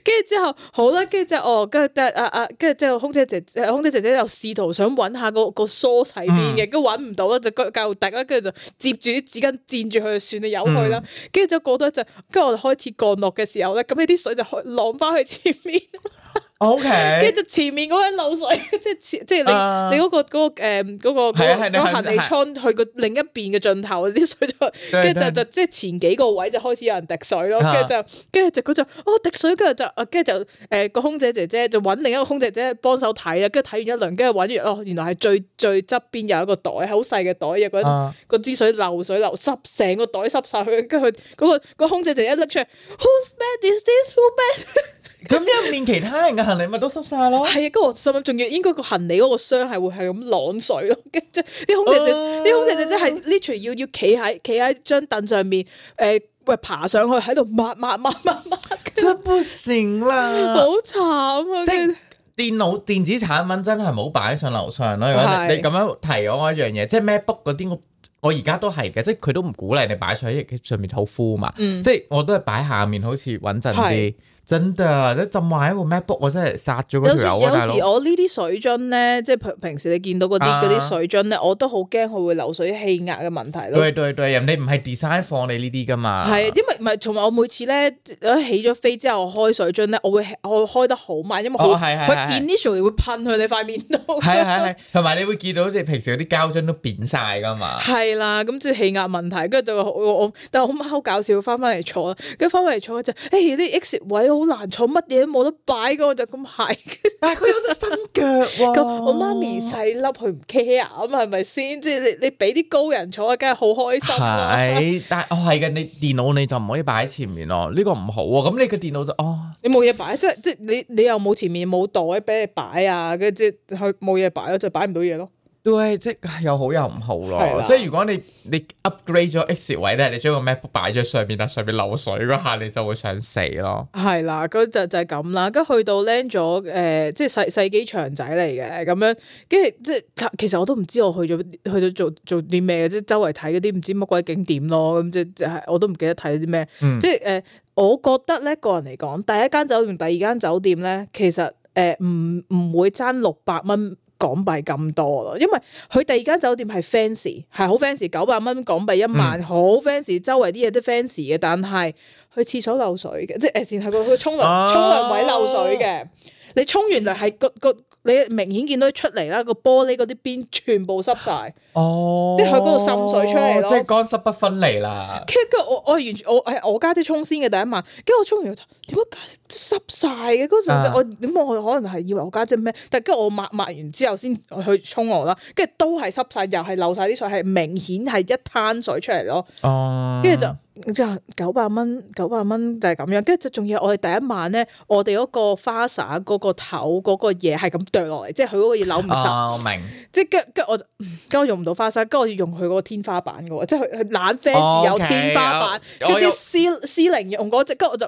跟住之後好啦，跟住就哦跟住但係阿阿跟住之後空姐姐空姐姐姐、哦、就。哦 就試圖想揾下個個梳洗邊嘅，都揾唔到啦，就教大啦，跟住就接住啲紙巾墊住佢，就算你由去啦。跟住就過多一陣，跟住我就開始降落嘅時候咧，咁呢啲水就浪翻去前面。 O K，跟住就前面嗰位漏水，即係即係你、uh, 你嗰、那個嗰、呃那個誒、uh, 個行李倉去個另一邊嘅盡頭啲水就，跟住就就即係前幾個位就開始有人滴水咯，跟住、uh, 就跟住就佢就哦滴水，跟住就跟住就誒個空姐姐姐就揾另一個空姐姐姐幫手睇啦，跟住睇完一輪，跟住揾完哦原來係最最側邊有一個袋，好細嘅袋，又、那個個支、uh, 水漏水流濕成個袋濕晒。佢，跟住嗰個個空姐姐姐一拎出嚟，Whose bag is this? Whose bag? 咁一面其他人嘅行李咪都濕晒咯，係啊，跟住濕，仲要應該個行李嗰個箱係會係咁晾水咯，即係啲空姐就啲空姐就真係呢條要要企喺企喺張凳上面，誒喂爬上去喺度抹抹抹抹抹，真不行啦，好慘啊！即係電腦電子產品真係冇擺上樓上咯，你你咁樣提我一樣嘢，即係 MacBook 嗰啲我我而家都係嘅，即係佢都唔鼓勵你擺上喺上面好 full 啊嘛，即係我都係擺下面好似穩陣啲。真的，即係浸壞一部 MacBook，我真係殺咗個頭。有時我呢啲水樽咧，即係平平時你見到嗰啲嗰啲水樽咧，我都好驚佢會流水氣壓嘅問題咯。對對對，人哋唔係 design 放你呢啲噶嘛。係，因為唔係，同埋我每次咧，起咗飛之後我開水樽咧，我會我會開得好慢，因為好，哦、是是是是會 initial 會噴去你塊面度。係係係，同埋你會見到即係平時嗰啲膠樽都扁晒噶嘛。係啦，咁即係氣壓問題，跟住就我，我但係我好搞笑，翻翻嚟坐，跟住翻翻嚟坐嗰陣，誒啲 X 位。好難坐，乜嘢都冇得擺，嗰我就咁行。 但係佢有隻新腳，咁我媽咪細粒，佢唔 care 咁係咪先？即係你你俾啲高人坐啊，梗係好開心。係，但係哦係嘅，你電腦你就唔可以擺喺前面咯，呢個唔好啊。咁你個電腦就哦，你冇嘢擺，即係即係你你又冇前面冇袋俾你擺啊，跟住佢冇嘢擺咯，就擺唔到嘢咯。對，也也啊、即係有好有唔好咯。即係如果你你 upgrade 咗 X 位咧，你將個 MacBook 擺咗上邊啊，上邊漏水嗰下，你就會想死咯。係啦、啊，咁就就係咁啦。咁去到 land 咗誒，即係世世機場仔嚟嘅咁樣，跟住即係其實我都唔知我去咗去咗做做啲咩，即係周圍睇嗰啲唔知乜鬼景點咯。咁即係我都唔記得睇啲咩。嗯、即係誒，我覺得咧個人嚟講，第一間酒店第二間酒店咧，其實誒唔唔會爭六百蚊，港幣咁多咯，因為佢第二間酒店係 fancy，係好 fancy，九百蚊港幣一晚，好，嗯、fancy，周圍啲嘢都 fancy 嘅。但係去廁所漏水嘅，即係誒，然後佢佢沖涼沖涼位漏水嘅。哦，你沖完涼係個個你明顯見到出嚟啦，個玻璃嗰啲邊全部濕晒，哦，即係佢嗰度滲水出嚟，即係乾濕不分離啦。跟住我我完全我係我家姐沖先嘅第一晚，跟住我沖完點解濕晒嘅嗰陣，我點我可能係以為我家姐咩？但係跟住我抹抹完之後先去沖我啦，跟住都係濕晒，又係漏晒啲水，係明顯係一灘水出嚟咯。哦，跟住就就九百蚊，九百蚊就係咁樣。跟住就仲要我哋第一晚咧，我哋嗰個花灑嗰個頭嗰個嘢係咁掉落嚟，即係佢嗰個嘢扭唔實。我明。即係跟跟，我就跟住用唔到花灑，跟住我用佢嗰個天花板嗰個即係佢冷啡有天花板，一啲 C C 零用嗰隻，跟我就。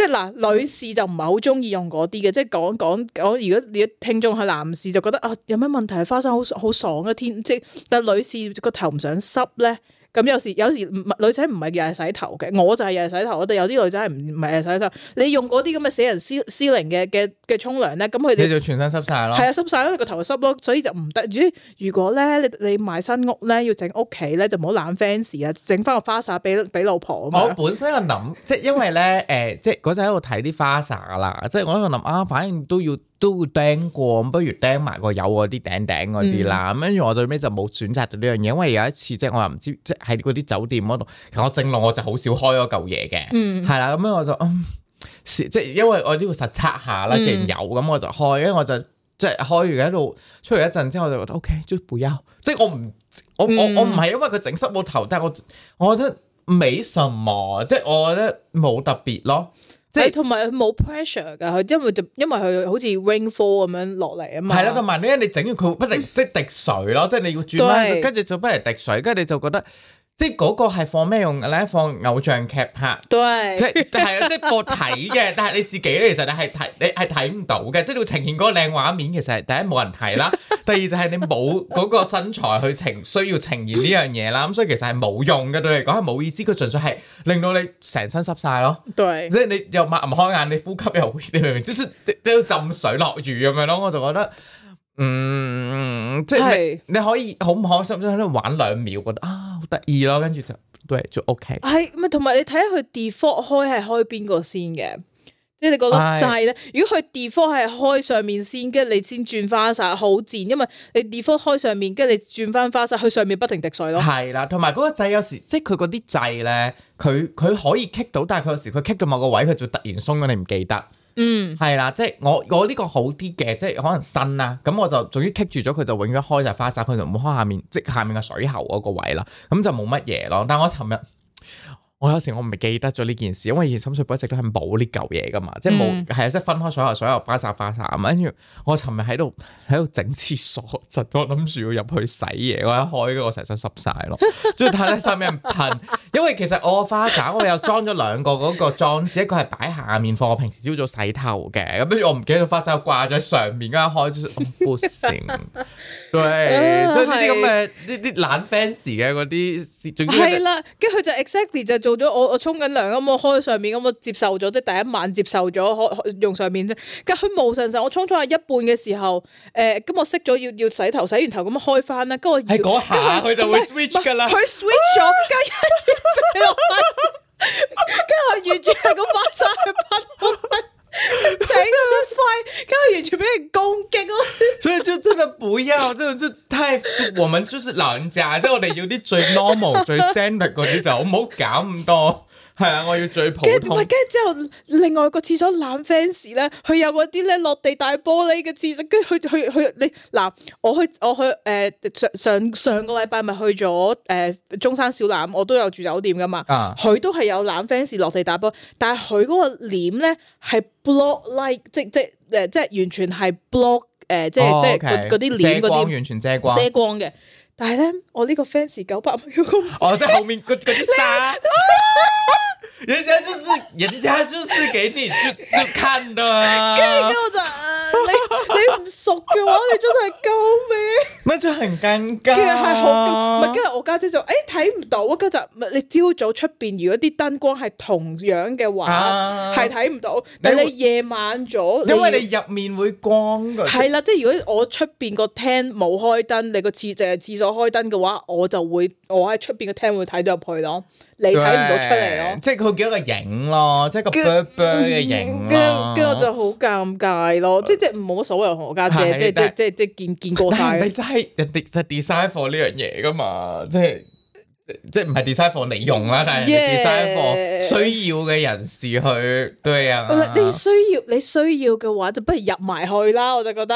即係嗱，女士就唔係好中意用嗰啲嘅，即係講講講。如果你嘅聽眾係男士，就覺得啊，有咩問題係花生好好爽嘅、啊、天，即係但係女士個頭唔想濕咧。咁、嗯、有時有時女仔唔係日日洗頭嘅，我就係日日洗頭。我哋有啲女仔係唔唔係日日洗頭。你用嗰啲咁嘅死人司司靈嘅嘅嘅沖涼咧，咁佢哋就全身濕晒咯，係啊濕曬咯，個頭濕咯，所以就唔得。如果咧你你買新屋咧要整屋企咧，就唔好懶 fans 啊，整翻個花灑俾俾老婆嘛。我本身有諗、 呃，即係因為咧誒，即係嗰陣喺度睇啲花灑啦，即係我喺度諗啊，反正都要。都釘過，不如釘埋個有嗰啲頂頂嗰啲啦。咁跟住我最尾就冇選擇到呢樣嘢，因為有一次即係、就是、我話唔知即係嗰啲酒店嗰度，其實我正路我就好少開嗰嚿嘢嘅，係啦、嗯。咁樣我就即係、嗯嗯、因為我都要實測下啦。既然有咁我就開，因為我就即係開完一度出嚟一陣之後我就覺得 OK，後就、嗯、不要。即係我唔我我我唔係因為佢整濕我頭，但係我我覺得冇什麼，即係我覺得冇特別咯。即係同埋佢冇 pressure 噶，佢因為就因為佢好似 rainfall 咁樣落嚟啊嘛。係啦，同埋咧你整完佢不停即係滴水咯， 即係你要轉啦，跟住對就不停滴水，跟住你就覺得。即係嗰個係放咩用嘅咧？放偶像劇拍對，即係係啊！即係播睇嘅，但係你自己咧，其實你係睇你係睇唔到嘅。即係你要呈現嗰個靚畫面，其實係第一冇人睇啦，第二就係你冇嗰個身材去呈需要呈現呢樣嘢啦。咁所以其實係冇用嘅，對你嚟講係冇意思。佢純粹係令到你成身濕晒咯。對 即係你又擘唔開眼，你呼吸又你明唔明？即係即要浸水落雨咁樣咯。我就覺得。嗯，即係你可以好唔開心，即係喺度玩兩秒，覺得啊好得意咯，跟住就對，就 OK。係咪同埋你睇下佢 default 開係開邊個先嘅？是即係你覺得掣咧？如果佢 default 係開上面先，跟住你先轉翻花晒，好賤，因為你 default 開上面，跟住你轉翻花晒，佢上面不停滴水咯。係啦，同埋嗰個掣有時即係佢嗰啲掣咧，佢佢可以棘到，但係佢有時佢棘到某個位，佢就突然鬆咗，你唔記得。嗯，係啦，即係我我呢個好啲嘅，即係可能新啦、啊，咁我就終於棘住咗佢就永遠開花灑就花灑，佢就唔開下面，即係下面嘅水喉嗰個位啦，咁就冇乜嘢咯。但我尋日。我有時我唔係記得咗呢件事，因為以前深水埗一直都係冇呢嚿嘢噶嘛，即係冇係啊，即係、嗯、分開所有所有花灑花灑啊嘛。跟住我尋日喺度喺度整廁所陣，我諗住要入去洗嘢，我一開嘅我成身濕晒咯。最尾睇到上面噴，因為其實我花灑我又裝咗兩個嗰個裝置，一個係擺下面放我平時朝早洗頭嘅，咁跟住我唔記得咗花灑掛咗上面，一開，哇！成、嗯、對， 所以呢啲咁嘅啲啲懶 fans 嘅啲，係啦、就是，跟佢 就 exactly、是、就 到咗我我沖緊涼，咁我開上面，咁我接受咗，即係第一晚接受咗開用上面咧，但佢冇神神，我沖冲下一半嘅時候，誒、呃、咁我熄咗要要洗頭，洗完頭咁開翻啦。跟住係嗰下佢就會 switch 噶啦，佢 switch 咗，跟住跟住我完全係個花灑去噴。整個快，佢完全俾人攻擊咯，所以就真係不要，就就太，我們就是老人家，即係我哋要啲最 normal、最 standard 嗰啲就，唔好搞咁多。係啊，我要最普通。跟住，之後，另外個廁所冷 fans 咧，佢有嗰啲咧落地大玻璃嘅廁所。跟住佢佢佢，你嗱，我去我去誒、呃、上上上個禮拜咪去咗誒、呃、中山小欖，我都有住酒店噶嘛。佢、啊、都係有冷 fans 落地大玻璃，但係佢嗰個簾咧係 block light 即即誒、呃、即完全係 block 誒、呃，即即嗰啲簾嗰啲遮光完全遮光嘅。但係咧，我呢個 fans 九百蚊。哦，即係後面嗰嗰啲沙。人家就是，人家就是，給你就就看到。跟住我就，你你唔熟嘅話，你真係救命。咪就係很尷尬。其實係好，唔係，跟住我家姐就誒睇唔到，跟住咪你朝早出面，如果啲燈光係同樣嘅話，係睇唔到。但係你夜晚咗，因為你入面會光㗎。係啦，即係如果我出面個廳冇開燈，你個廁淨係廁所。開燈嘅話，我就會我喺出邊嘅廳會睇到入去咯，你睇唔到出嚟咯。即係佢幾個影咯，即係個 blur blur 嘅影跟跟。跟住跟住就好尷尬咯、嗯。即係、嗯、即係冇乜所謂，同我家姐即係即係即係見見過晒。但係就係人哋 design for 呢樣嘢噶嘛，即係即係唔係 design for 利用啦，但係 design for 需要嘅人士去對啊。你需要你需要嘅話，就不如入埋去啦。我就覺得。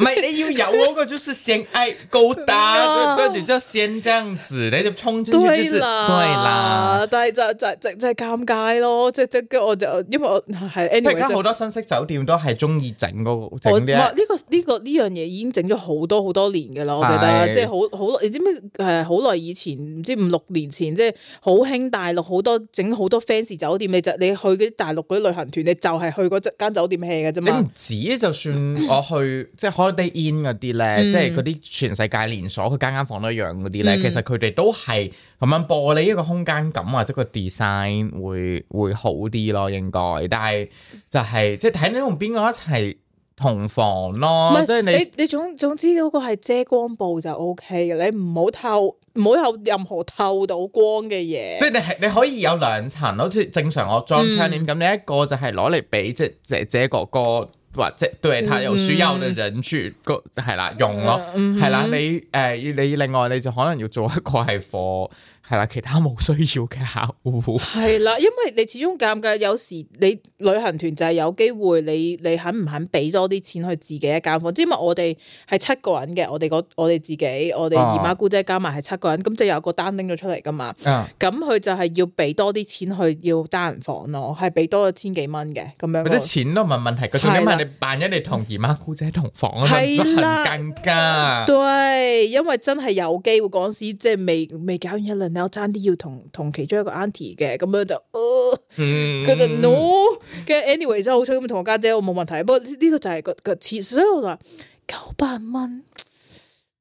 唔係 你要有嗰個，就是先愛高達，跟住之後 就先這樣子，你就衝出去就，就是啦。但係就就就就係尷尬咯，即係即跟我就因為我係好、anyway, 好多新式酒店都係中意整嗰整啲啊。呢、呢個呢、呢個呢樣嘢已經整咗好多好多年嘅啦，對我覺得。即係好好，你知唔知誒好耐以前，唔知五六年前，即係好興大陸好多整好多 fans 酒店。你就你去啲大陸嗰啲旅行團，你就係去嗰間酒店 hea 嘅啫嘛。你唔止就算我去，即係。可。 Day in 嗰啲咧，嗯、即係嗰啲全世界連鎖，佢間間房都一樣嗰啲咧。嗯、其實佢哋都係咁樣播，你一個空間感或者個 design 會會好啲咯，應該。但係就係、是、即係睇你同邊個一齊同房咯。嗯、即係你你，你總總之嗰個係遮光布就 O K 嘅，你唔好透，唔好有任何透到光嘅嘢。即係你係你可以有兩層，好似正常我裝窗簾咁。嗯、你一個就係攞嚟俾即姐姐哥哥。或者對他有需要嘅人去個係啦，嗯嗯嗯、用咯係啦、嗯，你誒、呃、你另外，你就可能要做一個係貨。係啦，其他冇需要嘅客戶。係啦，因為你始終尷尬，有時你旅行團就係有機會你，你你肯唔肯俾多啲錢去自己一間房間？因為我哋係七個人嘅，我哋我哋自己，我哋姨媽姑姐加埋係七個人，咁、哦、就有個單拎咗出嚟噶嘛。咁佢、嗯、就係要俾多啲錢去要單人房咯，係俾多咗千幾蚊嘅咁樣，嗰個。嗰啲錢都唔係問題，佢重點係你，萬一你同姨媽姑姐同房，係啦的，更加對，因為真係有機會，嗰時即係未未，未搞完一輪我差啲要同同其中一個 aunty 嘅，咁樣就，佢、呃 mm hmm. 就 no，anyway, 跟 anyway 真係好彩咁同我家姐，姐，我冇問題。不過呢個就係個個刺，所以我話九百蚊。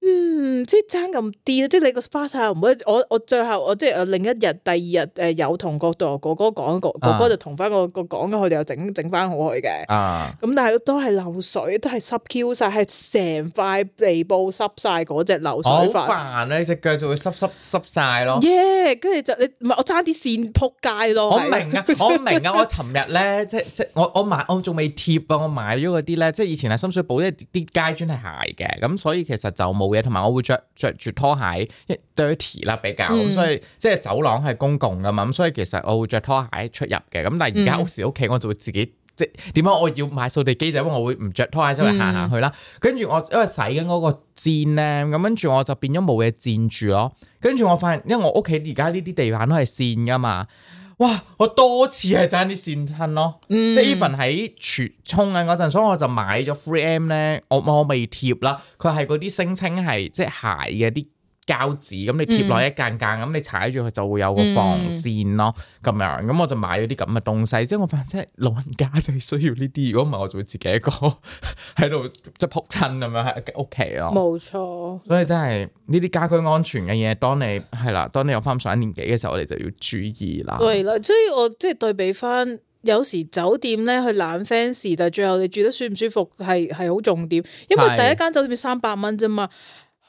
嗯，即係爭咁啲咯，即係你個花灑唔會，我我最後我即係另一日第二日誒，有同個度哥哥講，哥哥就同翻個個講嘅，佢哋又整整翻好去嘅。咁、嗯、但係都係漏水，都係濕 Q 晒，係成塊地布濕晒，嗰隻流水好煩咧，隻腳就會濕濕濕晒咯。跟住，yeah, 就你唔係我爭啲線撲街咯。我，我明，啊， 我明啊，我明啊，我尋日咧即即我我買我仲未貼啊，我買咗嗰啲咧，即係以前係深水埗啲啲階磚係鞋嘅，咁所以其實就冇。嘢同埋，我會着著住拖鞋，dirty 啦比較，嗯、所以即係走廊係公共噶嘛，咁所以其實我會着拖鞋出入嘅。咁但係而、嗯、家屋時屋企，我就會自己即係點解？我要買掃地機就，因為我會唔着拖鞋周圍行行去啦。嗯、跟住我因為洗緊嗰個氈咧，咁跟住我就變咗冇嘢氈住咯。跟住我發現，因為我屋企而家呢啲地板都係線噶嘛。哇！我多次係差啲線親咯，嗯、即係 Even 喺全充緊嗰陣，所以我就買咗 3M 咧。我我未貼啦，佢係嗰啲聲稱係即係鞋嘅啲。膠紙咁你貼落一間間咁你踩住佢就會有個防線咯咁、嗯嗯、樣咁我就買咗啲咁嘅東西，即係我發現老人家就係需要呢啲，如果唔係我就會自己一個喺度即係仆親咁樣喺屋企咯，冇 錯。Opposite, 所以真係呢啲家居安全嘅嘢，當你係啦，當你有翻上一年紀嘅時候，我哋就要注意啦。係啦，所以我即係對比翻，有時酒店咧去冷 fans，但係最後你住得舒唔舒服係係好重點，因為第一間酒店三百蚊啫嘛。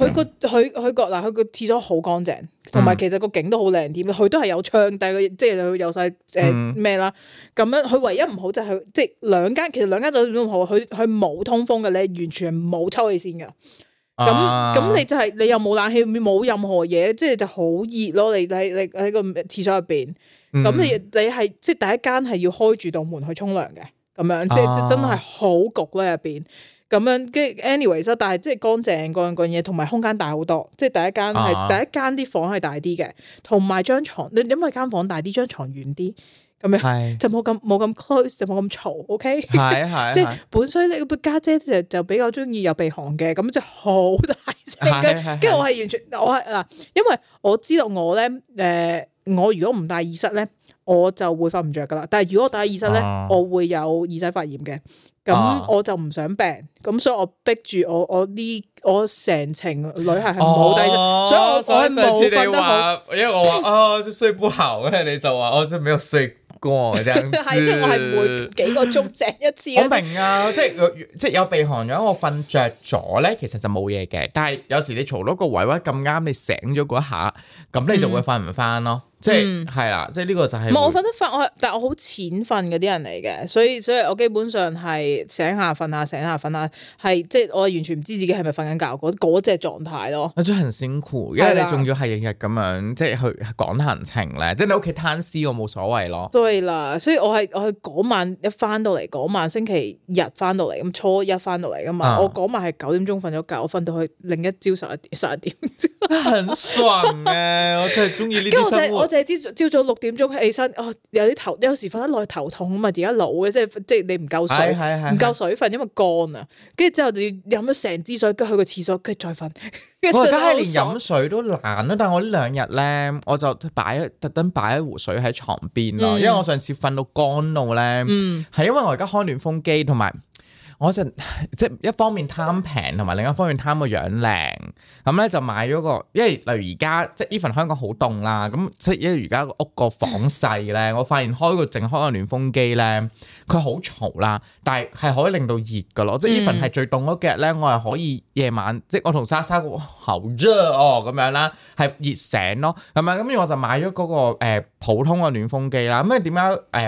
佢個佢佢個嗱，佢個廁所好乾淨，同埋其實個景都好靚啲。佢都係有窗，但係佢即係有晒誒咩啦咁樣。佢、嗯、唯一唔好就係即係兩間，其實兩間酒店都唔好。佢佢冇通風嘅、啊就係，你完全冇抽氣扇嘅。咁咁你就係你又冇冷氣，冇任何嘢，即係就好、是、熱咯。你你喺個廁所入邊，咁、嗯、你你係即係第一間係要開住道門去沖涼嘅，咁樣、啊、即係真係好焗咯入邊。咁樣，跟住 anyways，但係即係乾淨嗰樣嗰嘢，同埋空間大好多。即係第一間係、啊、第一間啲房係大啲嘅，同埋張床。你因為間房大啲，張床遠啲，咁是 樣就冇咁冇咁 close，就冇咁嘈。OK，即係是 本身呢個家姐就就比較中意有鼻鼾嘅，咁就好大聲。跟住是我係完全是是我係嗱，因為我知道我咧，誒、呃，我如果唔戴耳塞咧，我就會瞓唔着噶啦。但係如果我戴耳塞咧，嗯、我會有耳仔發炎嘅。咁我就唔想病，咁、哦、所以我逼住我我呢我成程旅行係好低薪，哦、所以我冇瞓得好。因為我話哦， 睡不好，咁你就話我真係未有睡過，咁係即係我係每幾個鐘醒一次。我明啊， 即係即係有鼻鼾咗。我瞓着咗咧，其實就冇嘢嘅。但係有時你嘈到個位位咁啱，你醒咗嗰下，咁你就會瞓唔翻咯。嗯即係係啦，嗯、即係呢個就係。唔，我瞓得瞓，但我但係我好淺瞓嗰啲人嚟嘅，所以所以我基本上係醒下瞓下醒下瞓下，係即係我完全唔知自己係咪瞓緊覺嗰嗰隻狀態咯。我真係辛苦，因為你仲要係日日咁樣的即係去趕行程咧，即係你屋企攤屍我冇所謂咯。對啦，所以我係我係嗰晚一翻到嚟，嗰晚星期日翻到嚟，咁初一翻到嚟噶嘛，啊、我嗰晚係九點鐘瞓咗覺，我瞓到去另一朝十一十一點。佢好爽嘅、啊， 我真係中意呢啲生活。即係朝朝早六點鐘起身，哦，有啲頭，有時瞓得耐頭痛啊嘛，而家腦嘅即係即係你唔夠水，唔夠、哎哎、水分，因為乾啊，跟住之後就要飲咗成支水，跟去個廁所，跟住再瞓。我而家係連飲水都難啊！但我呢兩日咧，我就擺特登擺一壺水喺床邊咯，嗯、因為我上次瞓到乾到咧，係、嗯、因為我而家開暖風機，同埋我成即係一方面貪平，同埋另一方面貪個樣靚。咁咧就買咗個，因為例如而家即係依份香港好凍啦，咁即係而家個屋個房細咧，我發現開個淨開個暖風機咧，佢好嘈啦，但係係可以令到熱㗎咯，即係依份係最凍嗰幾日咧，嗯、我係可以夜晚即係我同莎莎個好熱哦咁樣啦，係熱醒咯，係咪？咁住我就買咗嗰、那個、呃、普通嘅暖風機啦。咁點解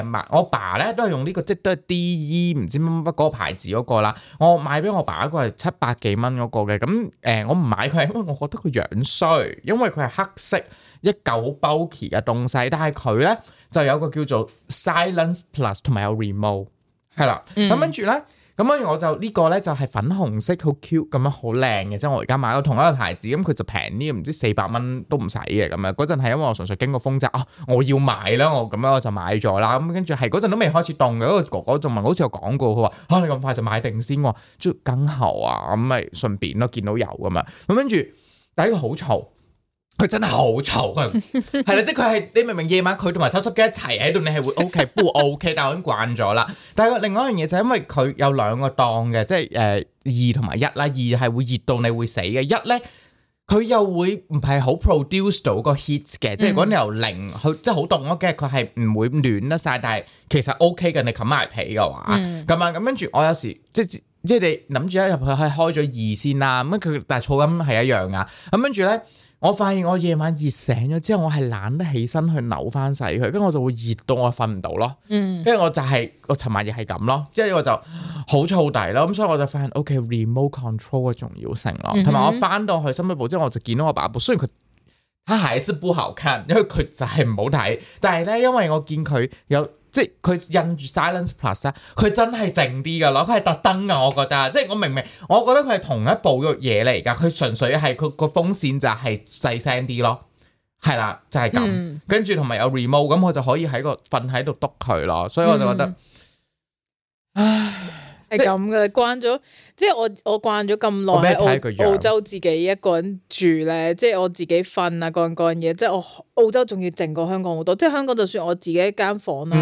誒？我爸咧都係用呢、這個即得 DE 唔知乜乜嗰個牌子嗰、那個啦。我買俾我爸嗰個係七百幾蚊嗰個嘅，咁誒、呃、我唔買。係佢係因為我覺得佢樣衰，因為佢係黑色一嚿 bulky 嘅東西，但係佢咧就有個叫做 Silence Plus 同埋有 remote 係啦，咁跟住咧。咁跟住我就呢、呢個咧就係粉紅色，好 cute 咁樣好靚嘅，即係我而家買咗同一個牌子，咁佢就平啲，唔知四百蚊都唔使嘅咁啊！嗰陣係因為我純粹經過豐澤啊，我要買啦，我咁樣我就買咗啦。咁跟住係嗰陣都未開始凍嘅，嗰個哥哥仲問，好似有廣告，佢話吓你咁快就買定先喎，跟後啊咁咪順便咯，見到有咁啊，咁跟住第一個好嘈。佢真係好嘈，佢係啦，即係佢係你明唔明？夜晚佢同埋抽濕機一齊喺度，你係會 O、OK、K 不 O、OK, K，但我已經慣咗啦。但係另外一樣嘢就係因為佢有兩個檔嘅，即係誒二同埋一啦。二、呃、係會熱到你會死嘅，一咧佢又會唔係好 produce 到個 heat 嘅。即係如果你由零去，即係好凍咯，跟住佢係唔會暖得晒。但係其實 O K 嘅，你冚埋被嘅話，咁、嗯、啊咁跟住我有時即係即係你諗住一入去開開咗二先啦、啊。咁佢但係噪音係一樣噶。咁跟住咧，我發現我夜晚熱醒咗之後，我係懶得起身去扭翻曬佢，跟住我就會熱到我瞓唔到咯。嗯，跟住我就係、是、我尋晚夜係咁咯，即係我就好燥底咯。咁所以我就發現、嗯、哼 OK remote control 嘅重要性咯。同埋我翻到去深屋部之後，我就見到我爸爸。雖然佢，佢係是不好看，因為佢就係唔好睇。但係咧，因為我見佢有。即係佢印住 Silence Plus 佢真係靜啲噶咯，佢係特登噶！我覺得，即係我明明，我覺得佢係同一部嘅嘢嚟噶，佢純粹係佢個風扇就係細聲啲咯，係啦，就係、是、咁。跟住同埋有，有 remote，咁我就可以喺個瞓喺度督佢咯，所以我就覺得，嗯、唉。係咁嘅，關咗即係我我關咗咁耐喺澳洲自己一個人住咧，即係我自己瞓啊，嗰樣嗰樣嘢，即係我澳洲仲要靜過香港好多。即係香港就算我自己一間房啦，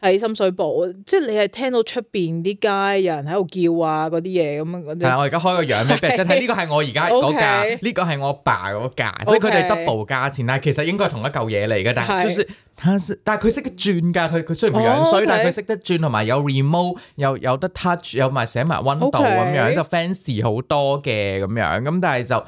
喺、嗯、深水埗，即係你係聽到出邊啲街有人喺度叫啊嗰啲嘢咁樣。係我而家開個樣咩？即係呢個係我而家嗰價，呢個係我爸嗰價，所以佢哋 double 價錢，但其實應該係同一嚿嘢嚟嘅，但係、就是。是但係佢識得轉㗎。佢佢雖然唔樣衰，哦 okay. 但係佢識得轉，同埋有 remote，又有，有得 touch，有埋寫埋溫度咁 Okay. 樣，就 fancy 好多嘅咁樣。咁但係就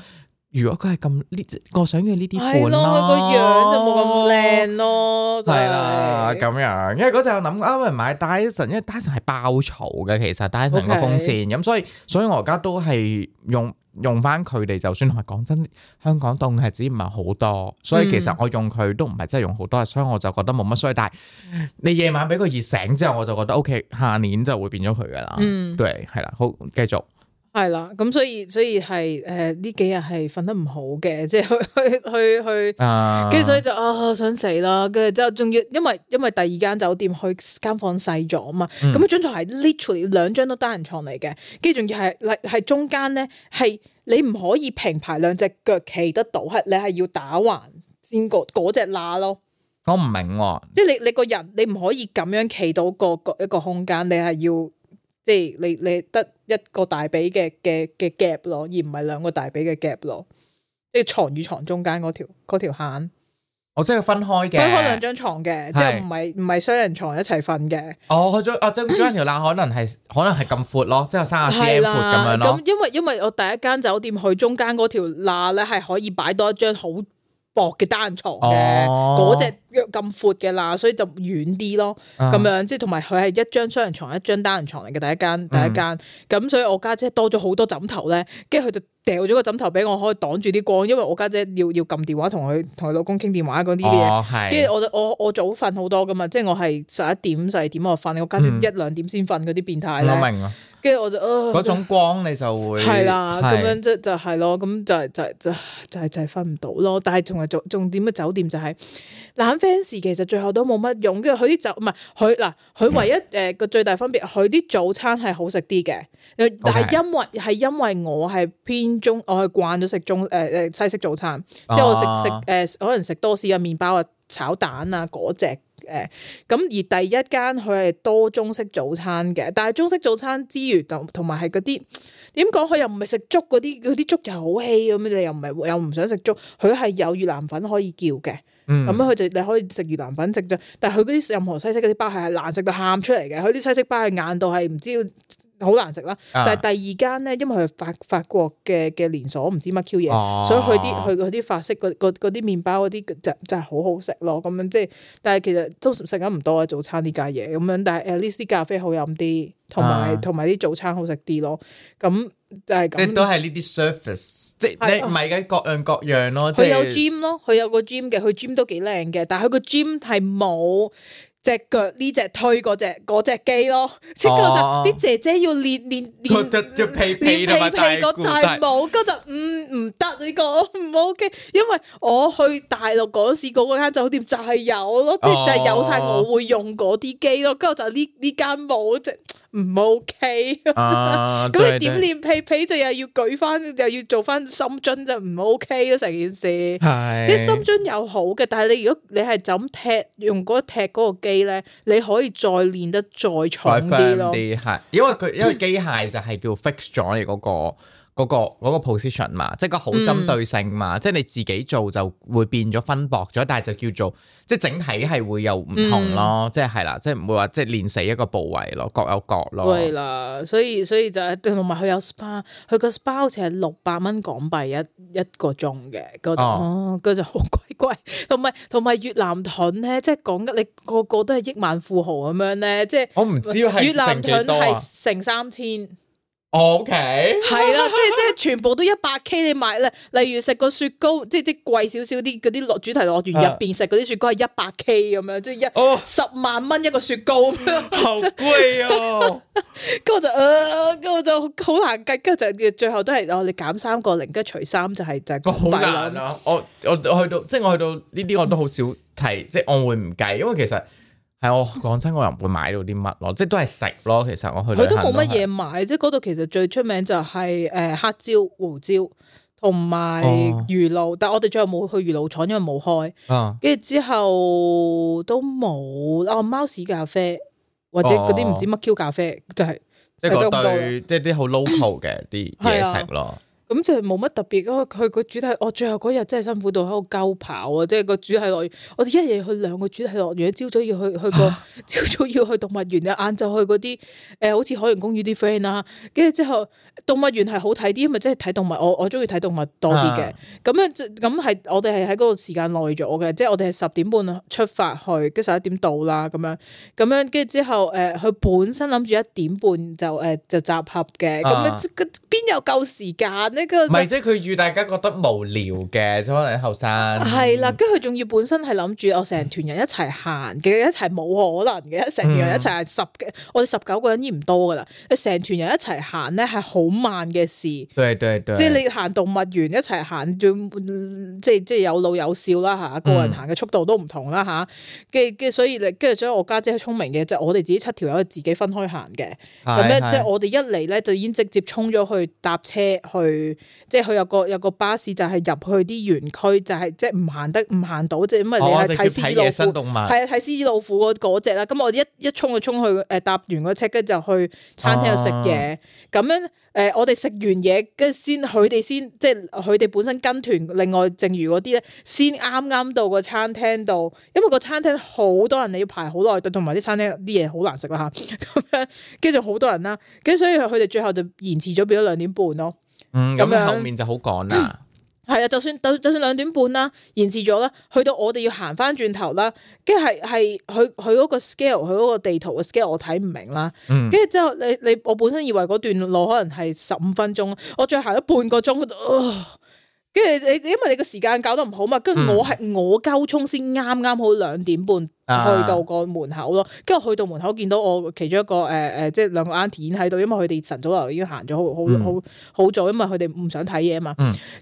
如果佢係咁呢，我想要呢啲款啦。個樣就冇咁靚咯，係啦咁樣。因為嗰陣我諗啱啱買 Dyson，因為 Dyson 係爆嘈嘅，其實 Dyson 個風扇。咁 Okay. 所以所以我而家都係用。用翻佢哋，就算同佢講真，香港凍嘅日子唔係好多，所以其實我用佢都唔係真係用好多，所以我就覺得冇乜所謂。但係你夜晚俾佢熱醒之後，我就覺得 OK，下年就會變咗佢噶啦。嗯，對，係啦，好繼續。係啦，咁所以所以係誒，呢幾日係瞓得唔好嘅，即係去去去去，跟住、uh, 所以就啊想死啦，跟住之後仲要因為因為第二間酒店去間房細咗啊嘛，咁張、嗯、床係 literally 兩張都單人床嚟嘅，跟住仲要係係中間咧係你唔可以平排兩隻腳企得到，係你係要打橫先過嗰隻乸咯。我唔明、啊，即係你你個人你唔可以咁樣企到一個一個空間，你係要。即係你你得一個大髀嘅嘅嘅 gap 咯，而唔係兩個大髀嘅 gap 咯，即係床與床中間嗰條嗰條閘。哦，即係佢分開嘅，分開兩張床嘅，即係唔係唔係雙人床一齊瞓嘅。哦，佢將啊，即係將條罅可能係 可能係咁闊咯，即係三十 CM 咁樣咯。咁因為因為我第一間酒店去中間嗰條罅咧係可以擺多一張好薄嘅單床嘅嗰、哦咁闊嘅啦，所以就遠啲咯，咁樣即係同埋佢係一張雙人床，一張單人床嚟嘅第一間，第一間咁，第一間嗯、所以我家姐，姐多咗好多枕頭咧，跟住佢就掉咗個枕頭俾我，可以擋住啲光，因為我家姐，姐要要撳電話同佢同佢老公傾電話嗰啲嘢，跟住、哦、我我我早瞓好多噶嘛，即係我係十一點十二點我瞓，我家姐一兩、嗯、點先瞓嗰啲變態咯，跟住、嗯嗯、我，我就嗰、呃、種光你就會係啦，咁樣即就係、是、咯、就是，咁就係就係就就係就係瞓唔到咯，但係仲係重重點嘅酒店就係、是。懶 fans 其實最後都冇乜用，跟住佢啲就唔係佢嗱佢唯一誒個、呃、最大分別，佢啲早餐係好食啲嘅。Okay. 但係因為係因為我係偏中，我係慣咗食中誒誒、呃、西式早餐，即係我食食誒可能食多士啊、麪包啊、炒蛋啊、果汁咁。而第一間佢係多中式早餐嘅，但係中式早餐之餘同同埋係嗰啲點講，佢又唔係食粥嗰啲，嗰啲粥又好稀咁。你又唔係又唔想食粥，佢係有越南粉可以叫嘅。咁樣佢就你可以食越南粉食啫，但係佢嗰啲任何西式嗰啲包係係難食到喊出嚟嘅，佢啲西式包係硬到係唔知好難食啦。啊、但係第二間咧，因為佢係法法國嘅嘅連鎖，唔知乜 Q 嘢，啊、所以佢啲佢啲法式嗰啲麵包嗰啲就就係好好食咯。咁樣即係，但係其實都食得唔多啊早餐呢家嘢咁樣，但係 at least 啲咖啡好飲啲，同埋同埋啲早餐好食啲咯，咁。啊嗯就係咁，都係呢啲 surface，即、就、係、是、你唔係噶，啊、各樣各樣咯。佢、就是、有 gym 咯，佢有個 gym 嘅，佢 gym 都幾靚嘅。但係佢個 gym 係冇隻腳呢隻推嗰隻嗰隻機咯。之後、哦、就啲、是、姐姐要練練練練練屁屁嗰晒冇。跟住唔唔得你講唔 OK。因為我去大陸嗰時嗰間酒店就係有咯，即係就係、是、有晒、哦、我會用嗰啲機咯。跟住就呢呢間冇隻。唔 OK，咁、啊、 你點練屁屁，就又要舉翻，啊、又要做翻深蹲，就唔 OK 咯成件事。係是即係深蹲有好嘅，但係你如果你係咁踢用嗰踢嗰個機咧，你可以再練得再重啲咯。係因為佢因為機械就係叫 fix 咗你嗰個。嗰、嗰個嗰個 position 嘛，即係個好針對性嘛，嗯、即係你自己做就會變咗分薄咗，但係就叫做即係整體係會有唔同咯，嗯、即係係啦，即係唔會話即係練死一個部位咯，各有各咯。係啦，所以所以就係同埋佢有，有 spa，佢個 spa 好似係六百蚊港幣一一個鐘嘅嗰度。哦，嗰、哦、就好鬼貴，貴，同埋同埋越南盾咧，即係講緊你個個都係億萬富豪咁樣咧，即係我唔知越南盾係成三千。O K，係啦，即係即係全部都一百 K，你買咧，例如食個雪糕，即係啲貴少少啲，嗰啲落主題樂園入邊食嗰啲雪糕係一百 K 咁樣，啊，即係一十萬蚊一個雪糕，咁、哦、是好貴，跟住我就，跟、呃、住我就好難計，跟就最後都係我哋減三個零，跟住除三就係、是、就高底啦。我我我去到，即係我去到呢啲，我都好少提，即係我會唔計，因為其實。但係我講真，我又唔會買到啲乜咯，即係都係食咯。其實我去佢都冇乜嘢買，即係嗰度其實最出名就係誒黑椒胡椒同埋魚露，哦、但係我哋最後冇去魚露廠，因為冇開。跟住、哦、之後都冇啊貓屎咖啡或者嗰啲唔知乜 Q 咖啡，就係即係對即係啲好 local 嘅啲嘢食咯。 咁就冇乜特別，因為佢個主題，我最後嗰日真係辛苦到喺度鳩跑啊！即係個主題樂園，我哋一日去兩個主題樂園，朝早要去去個，朝 早要去動物園啊，晏晝去嗰啲誒，好似海洋公園啲 friend 啦。跟住之後動物園係好睇啲，因為即係睇動物，我我中意睇動物多啲嘅。咁、啊、樣咁係我哋係喺嗰個時間耐咗嘅，即係我哋係十點半出發去，跟住十一點到啦咁樣，咁樣跟住之後誒，佢、呃、本身諗住一點半就誒、呃、就集合嘅，咁樣。嗯嗯邊有夠時間呢個？咪即佢預大家覺得無聊嘅，即可能啲後生。係啦，跟住佢仲要本身係諗住我成團人一齊行嘅，一齊冇可能嘅，一成團人一齊行十我哋十九個人已經唔多噶啦。成團人一齊行咧，係好慢嘅事。即係你行動物園一齊行，仲即係即係有老有少啦吓，個人行嘅速度都唔同啦吓。嘅嘅、嗯啊，所以嚟跟住咗我家姐係聰明嘅，即係我哋自己七條友自己分開行嘅。咁咧，即係我哋一嚟咧就已經直接衝咗去。去搭車去，即係佢有個有個巴士就係入去啲園區，就係即係唔行得唔行到，即係因為你係睇獅子老虎，係啊睇獅子老虎嗰嗰隻啦。咁我一一衝就衝去誒、呃、搭完個車，跟住就去餐廳度食嘢，咁、哦、樣。誒、呃，我哋食完嘢，跟住先，佢哋先，即係佢哋本身跟團，另外正如嗰啲咧，先啱啱到餐個餐廳度，因為個餐廳好多人，你要排好耐隊，同埋啲餐廳啲嘢好難食啦嚇，咁樣跟住好多人啦，跟所以佢哋最後就延遲咗，變咗兩點半咯。嗯，咁、嗯、後面就好趕啦。嗯係啊， 就算就就算兩點半啦，延遲咗啦，去到我哋要行翻轉頭啦，跟住係係佢佢嗰個 scale，佢嗰個地圖嘅 scale 我睇唔明啦，跟住之後你你我本身以為嗰段路可能係十五分鐘，我再行咗半個鐘，跟、呃、住你因為你個時間搞得唔好嘛，跟住我係、嗯、我交通先啱啱好兩點半。去到個門口咯，跟住去到門口見到我其中一個誒誒、呃，即係兩個阿姨喺度，因為佢哋晨早流已經行咗、嗯、好好好好早，因為佢哋唔想睇嘢啊嘛。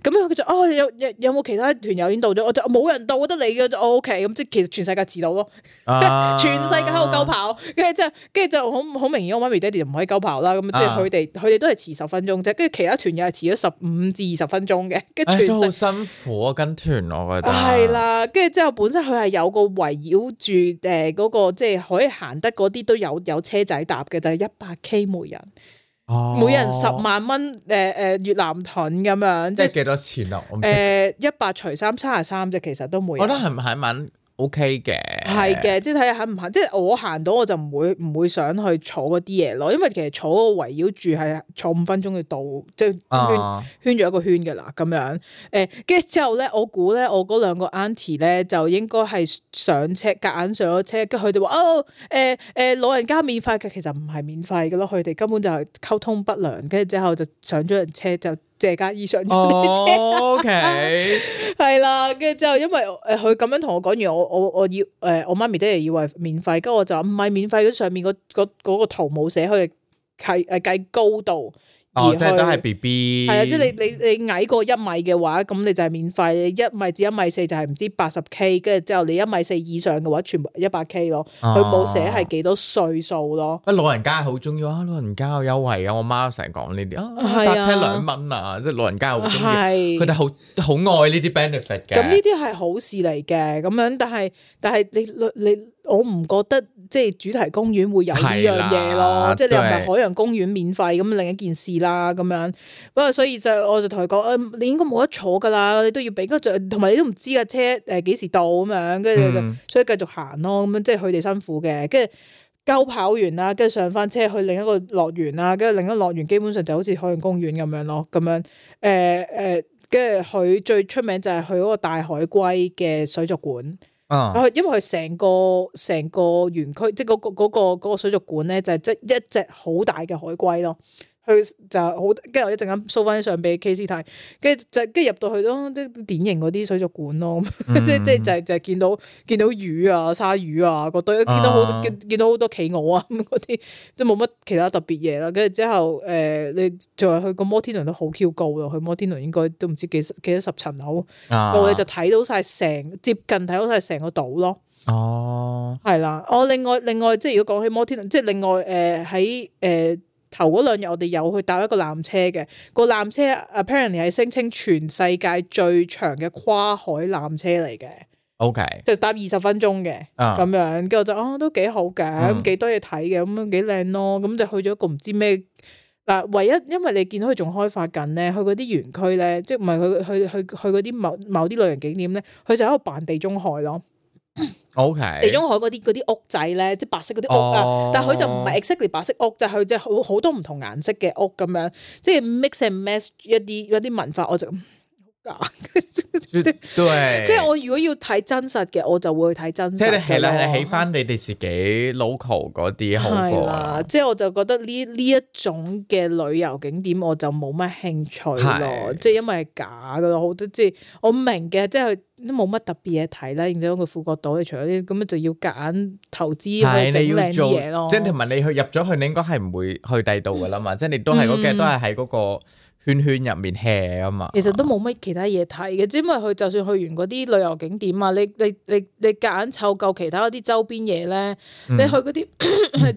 咁佢、嗯、就啊、哦、有有冇其他團友已經到咗？我就冇人到我得你嘅，我 OK。咁即係其實全世界遲到咯，啊、全世界喺度鳩跑。跟住之後，跟住就好好明顯，我媽咪爹哋就唔可以鳩跑啦。咁即係佢哋佢哋都係遲十分鐘啫。跟住其他團友係遲咗十五至二十分鐘嘅。跟住好辛苦啊，跟團我覺得。係啦，跟住之後本身佢係有個圍繞住。住誒嗰個即係可以行得嗰啲都有有車仔搭嘅，就係一百 K 每人，哦、每人十萬蚊誒誒越南盾咁樣，即係幾多錢啊？誒一百除三三十三啫，其實都每人我覺得係唔係一晚。O K 嘅，係嘅、okay，即係睇下行唔行，即、就、係、是就是、我行到我就唔會唔會想去坐嗰啲嘢咯，因為其實坐圍繞住係坐五分鐘嘅度，即係、啊、圈圈咗一個圈嘅啦，咁樣，誒，跟住之後咧，我估咧我嗰兩個 aunty 咧就應該係上車，夾硬上咗車，跟佢哋話哦，誒、呃、誒、呃，老人家免費嘅，其實唔係免費嘅咯，佢哋根本就係溝通不良，跟住之後就上咗人車就。借架衣裳嗰啲車、oh, okay. 係啦，跟住之後，因為誒佢咁樣同我講完，我我我要誒我媽咪都以為免費，跟我就唔係免費，佢上面個個嗰個圖冇寫，佢係誒計高度。哦，去即係都係 B B，係啊，即係你你你矮過一米嘅話，咁你就係免費；一米至一米四就係唔知八十 K，跟住之後你一米四以上嘅話，全部一百 K 咯。佢冇、啊、寫係幾多歲數咯。老人家好中意啊，老人家有優惠啊，我媽成日講呢啲啊，搭車兩蚊啊，即係、啊、老人家好中意，佢哋好好愛呢啲 benefit 嘅。咁呢啲係好事嚟嘅，咁樣但係但係你你,你我唔覺得。即係主題公園會有呢樣嘢咯，的即係你又唔係海洋公園免費咁對另一件事啦咁樣。不過所以就我就同佢講，你應該冇得坐㗎啦，你都要俾個，同埋你都唔知架車誒幾時到咁樣，跟住就，所以繼續行咯咁樣，即係佢哋辛苦嘅。跟住夠跑完啦，跟住上翻車去另一個樂園啦，跟住另一個樂園基本上就好似海洋公園咁樣咯，咁樣誒誒，跟住佢最出名就係去嗰個大海龜嘅水族館。因為佢成個成個園區，即係嗰個嗰個嗰個水族館咧，就係即一隻好大嘅海龜咯。佢就係好，跟住我一陣間掃翻啲相俾 Case 睇，跟住就跟入到去咯，即典型嗰啲水族館咯，即即就係就係見到見到魚啊、鯊魚啊嗰堆， 見到好見到好多企鵝啊咁嗰啲，都冇乜其他特別嘢啦。跟住之後誒、呃，你仲有去個摩天輪都好 Q 高咯，去摩天輪應該都唔知幾多幾多十層樓，我哋就睇到晒成接近睇到晒成個島咯。哦，哦，係啦，我另外另外即係如果講起摩天輪，即係另外誒喺誒。呃頭嗰兩日，我哋有去搭一個纜車嘅個纜車，apparently 係聲稱全世界最長嘅跨海纜車嚟嘅。OK，就搭二十分鐘嘅咁樣，uh，我，跟住就啊都幾好嘅，咁幾多嘢睇嘅，咁樣幾靚咯。咁就去咗一個唔知咩嗱，唯一因為你見到佢仲開發緊咧，去嗰啲園區咧，即係唔係去去去去嗰啲某某啲旅遊景點咧，佢就喺度扮地中海咯。O K，地中海嗰啲啲屋仔咧，即係白色嗰啲屋啊，oh. 但係佢就唔係 exactly 白色屋，就係佢即係好好多唔同顏色嘅屋咁樣，即係 mix and match 一啲一啲文化，我就。 即係我如果要睇真實嘅，我就會去睇真實嘅。 即係你起翻你哋自己 local 嗰啲好。係啦，即係我就覺得呢呢一種嘅旅遊景點我的，我就冇乜興趣咯。即係因為係假噶咯，好多即係我明嘅，即係都冇乜特別嘢睇啦。然之後個富國島，你除咗啲咁樣，就要夾硬投資你做做好多靚嘢咯。即係同埋你去入咗去，你應該係唔會去第二度噶啦嘛。嗯、即係你都係嗰、那個，都係喺嗰個。圈圈入面 hea 啊嘛，其實都冇乜其他嘢睇嘅，因為佢就算去完嗰啲旅遊景點啊，你你你你夾硬湊夠其他嗰啲周邊嘢咧，你去嗰啲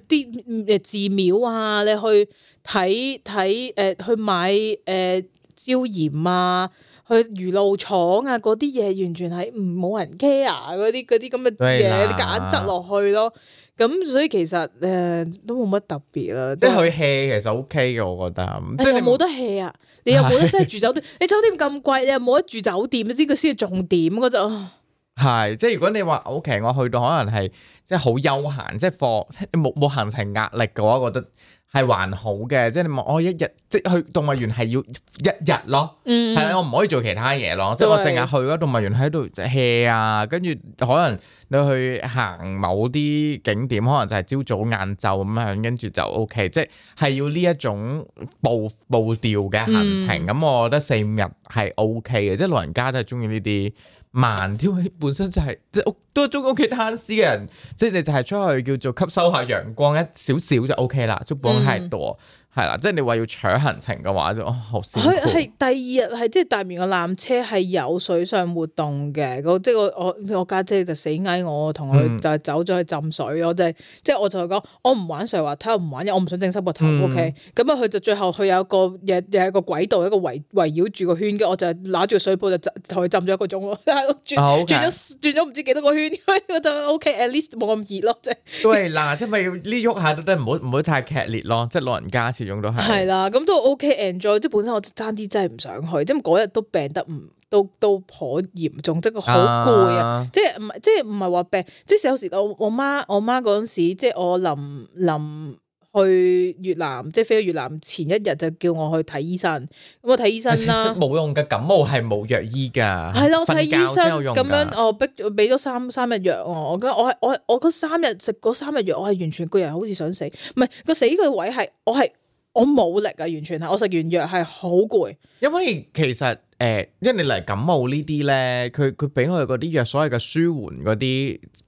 啲誒寺廟啊，你去睇睇誒去買誒、呃、椒鹽啊，去魚露廠啊，嗰啲嘢完全係唔冇人 care 嗰啲嗰啲咁嘅嘢，你夾硬執落去咯。咁所以其實誒、呃、都冇乜特別啦，即係佢 hea 其實 OK 嘅我覺得，哎、即係你冇得 hea 啊，是你又冇得即係住酒店， 你酒店咁貴，你又冇得住酒店，你知佢先係重點，我就係即係如果你話 OK，我去到可能係即係好悠閒，即係放冇冇行程壓力嘅話，我覺得。係還好嘅，即係你望我、哦、一日即係去動物園係要一日咯。係啦、嗯，我唔可以做其他嘢咯，對即係我淨係去個動物園喺度 hea 啊，跟住可能你去行某啲景點，可能就係朝早晏晝咁樣，跟住就 O、OK、K，即係要呢一種步步調嘅行程，咁、嗯、我覺得四五日係 O K 嘅，即係老人家都係中意呢啲。慢啲，本身就係即係都係租屋企攤屍嘅人，即係你就係出去叫做吸收下陽光一少少就 OK 啦，都唔好太多。係啦，即係、 就是、你話要搶行程嘅話就我好佢係第二日係即係大面個纜車係有水上活動嘅，個即係我我家姐就死嗌我同佢就走咗去浸水咯，即係即係我同佢講我唔玩水話睇下唔玩嘢，我唔、就是、想整濕個頭，O K。咁啊佢就最後佢有一個嘢又係個軌道一個圍圍繞住個圈嘅，我就係攞住個水泡就同佢浸咗一個鐘咯 轉、oh, okay.，轉轉咗轉咗唔知幾多個圈咁 就 O、okay, K，at least 冇咁熱咯即係。對，嗱即係咪呢喐下都得，唔好唔好太劇烈咯，即、就、係、是、老人家。係啦，咁都，啊、都 OK，enjoy。即係本身我爭啲真係唔想去，即係嗰日都病得唔，都都頗嚴重，即係好攰啊，啊即係唔係，即係唔係話病，即係有時我我媽我媽嗰陣時，即係我臨臨去越南，即係飛去越南前一日就叫我去睇醫生，咁我睇醫生啦，冇用嘅，感冒係冇藥醫噶，係啦、啊，我睇醫生咁樣，我逼俾咗三三日藥我，我我我嗰三日食嗰三日藥，我係完全個人好似想死，唔係個死個位係我係。我我冇力啊，完全係我食完藥係好攰。因為其實誒，因為你嚟感冒呢啲咧，佢佢俾我哋嗰啲藥，所謂嘅舒緩嗰啲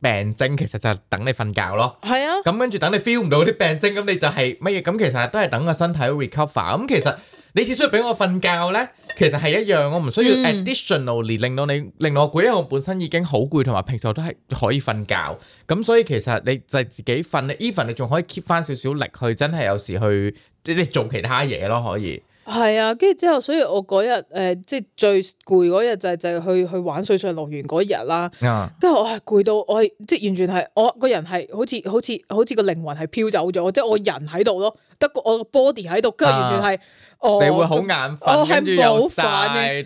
病徵，其實就係等你瞓覺咯。係啊，咁跟住等你 feel 唔到嗰啲病徵，咁你就係乜嘢？咁其實都係等個身體 recover。咁其實你只需要俾我瞓覺咧，其實係一樣。我唔需要 additionally 令到你令到我攰，因為我本身已經好攰，同埋平時我都係可以瞓覺。咁所以其實你就係自己瞓咧，even 你仲可以 keep 翻少少力去，真係有時去。即係做其他嘢咯，可以係啊，跟住之後，所以我嗰日誒，即、呃、係最攰嗰日就就去去玩水上樂園嗰日啦。跟住我係攰到我係，即係完全係我個人係好似好似好似個靈魂係飄走咗，即係我人喺度咯，得個我 body 喺度，跟住、啊、完全係。哦、你會好眼瞓，我跟住又晒，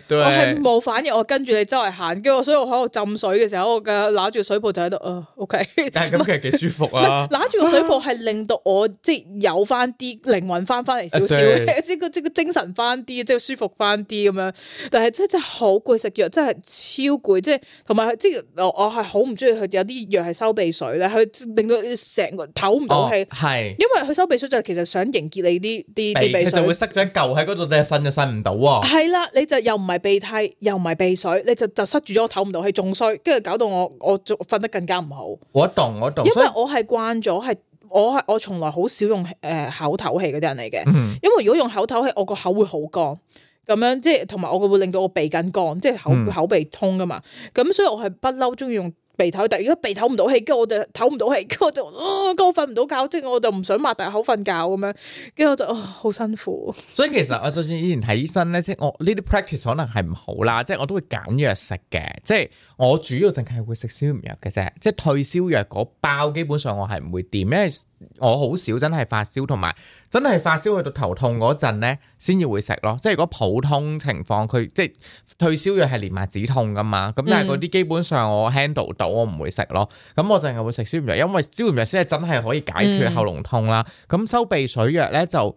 我係冇反應。我跟住你周圍行，跟住所以我喺度浸水嘅時候，我嘅攞住水泡就喺度。哦、o、okay、k 但係咁其實幾舒服啊。攞住個水泡係令到我即係有翻啲靈魂翻翻嚟少少，即個即、啊、 精神翻啲，即係舒服翻啲咁樣。但係真真好攰，食藥真係超攰，即係同埋即我我係好唔中意佢有啲藥係收鼻水咧，佢令到成個唞唔到氣。哦、因為佢收鼻水就其實想凝結你啲啲鼻水，鼻就會塞咗喺嗰度你呻就呻唔到啊！係啦，你就又唔係鼻涕，又唔係鼻水，你就就塞住咗，我唞唔到氣，仲衰，跟住搞到我我瞓得更加唔好。我動，我動。因為我係慣咗，係我係我從來好少用誒口唞氣嗰啲人嚟嘅。嗯、哼因為如果用口唞氣，我個口會好乾，咁樣即係同埋我個會令到我鼻梗乾，即係口、嗯、口鼻通噶嘛。咁所以我係不嬲，中意用。鼻頭，但如果鼻頭唔到氣，跟住我就唞唔到氣，跟住我就啊，跟住我瞓唔到覺，即係我就唔想擘大口瞓覺咁樣，跟住我就啊好辛苦。所以其實我就算以前睇醫生咧，即係我呢啲 practice 可能係唔好啦，即係我都會揀藥食嘅，即係我主要淨係會食消炎藥嘅啫，即係退燒藥嗰包基本上我係唔會掂，因為我好少真係發燒同埋。真係發燒去到頭痛嗰陣咧，先至會食咯。即係如果普通情況，佢即係退燒藥係連埋止痛噶嘛。咁、嗯、但係嗰啲基本上我 handle 到，我唔會食咯。咁我淨係會食消炎藥，因為消炎藥先係真係可以解決喉嚨痛啦。咁、嗯、收鼻水藥咧就